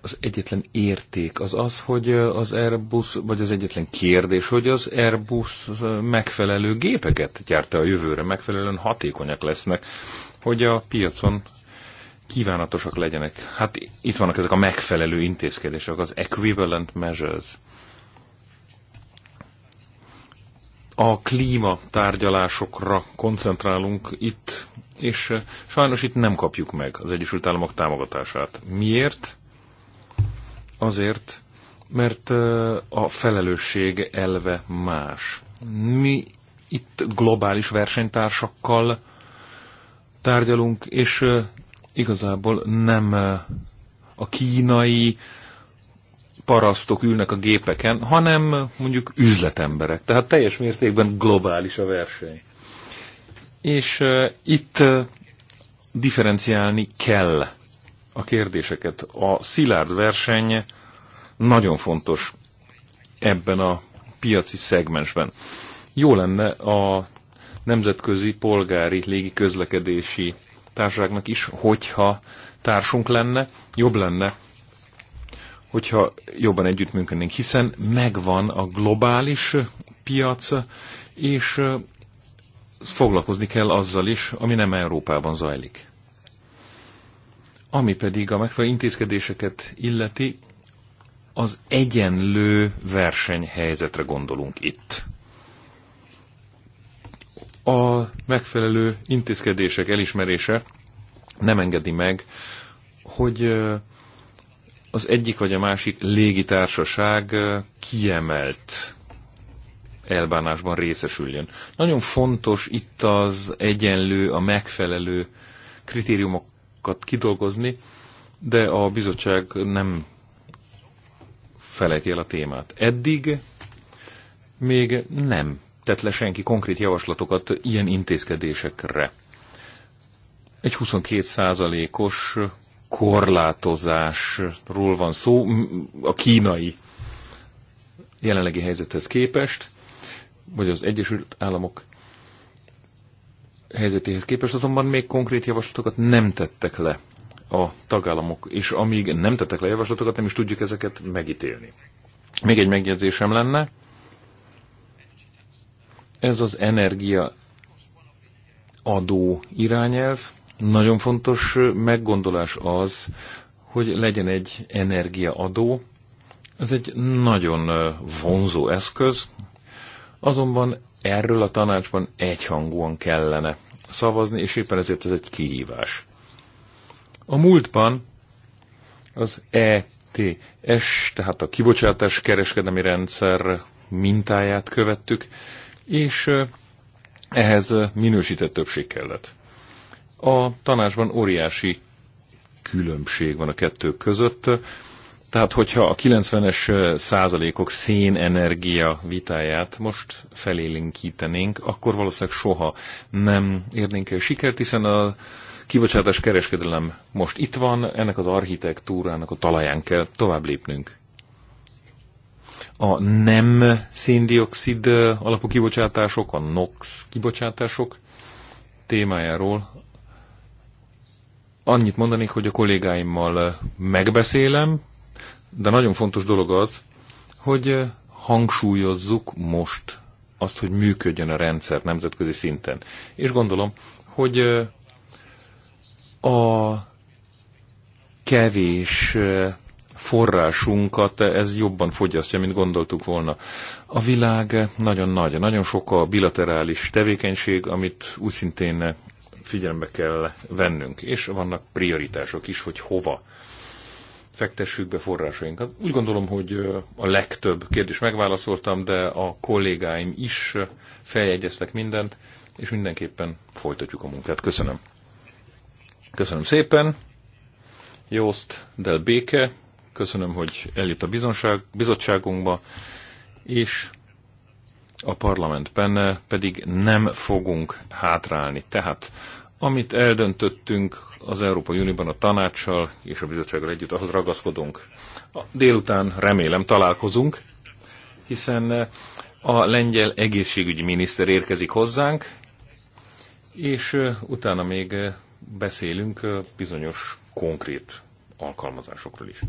az egyetlen érték az az, hogy az Airbus, vagy az egyetlen kérdés, hogy az Airbus megfelelő gépeket gyárta a jövőre, megfelelően hatékonyak lesznek, hogy a piacon kívánatosak legyenek. Hát itt vannak ezek a megfelelő intézkedések, az equivalent measures. A klíma tárgyalásokra koncentrálunk itt, és sajnos itt nem kapjuk meg az Egyesült Államok támogatását. Miért? Azért, mert a felelősség elve más. Mi itt globális versenytársakkal tárgyalunk, és igazából nem a kínai parasztok ülnek a gépeken, hanem mondjuk üzletemberek. Tehát teljes mértékben globális a verseny. És itt differenciálni kell a kérdéseket. A szilárd verseny nagyon fontos ebben a piaci szegmensben. Jó lenne a nemzetközi polgári légiközlekedési társaságnak is, hogyha társunk lenne, jobb lenne, hogyha jobban együttműködnénk, hiszen megvan a globális piac, és foglalkozni kell azzal is, ami nem Európában zajlik. Ami pedig a megfelelő intézkedéseket illeti, az egyenlő versenyhelyzetre gondolunk itt. A megfelelő intézkedések elismerése nem engedi meg, hogy az egyik vagy a másik légitársaság kiemelt elbánásban részesüljön. Nagyon fontos itt az egyenlő, a megfelelő kritériumok javaslatokat kidolgozni, de a bizottság nem felejti el a témát. Eddig még nem tett le senki konkrét javaslatokat ilyen intézkedésekre. Egy 22 százalékos korlátozásról van szó a kínai jelenlegi helyzethez képest, vagy az Egyesült Államok helyzetéhez képest azonban még konkrét javaslatokat nem tettek le a tagállamok, és amíg nem tettek le javaslatokat, nem is tudjuk ezeket megítélni. Még egy megjegyzésem lenne, ez az energia adó irányelv. Nagyon fontos meggondolás az, hogy legyen egy energiaadó. Ez egy nagyon vonzó eszköz, azonban erről a tanácsban egyhangúan kellene szavazni, és éppen ezért ez egy kihívás. A múltban az ETS, tehát a kibocsátás kereskedelmi rendszer mintáját követtük, és ehhez minősített többség kellett. A tanácsban óriási különbség van a kettő között. Tehát, hogyha a 90-es százalékok szénenergia vitáját most felélénkítenénk, akkor valószínűleg soha nem érnénk el sikert, hiszen a kibocsátás kereskedelem most itt van, ennek az architektúrának a talaján kell tovább lépnünk. A nem széndiokszid alapú kibocsátások, a NOx kibocsátások témájáról annyit mondanék, hogy a kollégáimmal megbeszélem, de nagyon fontos dolog az, hogy hangsúlyozzuk most azt, hogy működjön a rendszer nemzetközi szinten. És gondolom, hogy a kevés forrásunkat ez jobban fogyasztja, mint gondoltuk volna. A világ nagyon nagy, nagyon sok a bilaterális tevékenység, amit úgy szintén figyelembe kell vennünk, és vannak prioritások is, hogy hova fektessük be forrásainkat. Úgy gondolom, hogy a legtöbb kérdést megválaszoltam, de a kollégáim is feljegyeztek mindent, és mindenképpen folytatjuk a munkát. Köszönöm. Köszönöm szépen. Jóst Del Béke, köszönöm, hogy eljött a bizonság, bizottságunkba, és a parlamentben pedig nem fogunk hátrálni. Tehát, amit eldöntöttünk, az Európai Unióban a tanácssal és a bizottsággal együtt ahhoz ragaszkodunk. A délután remélem találkozunk, hiszen eh, a lengyel egészségügyi miniszter érkezik hozzánk, és eh, utána még eh, beszélünk bizonyos konkrét alkalmazásokról is.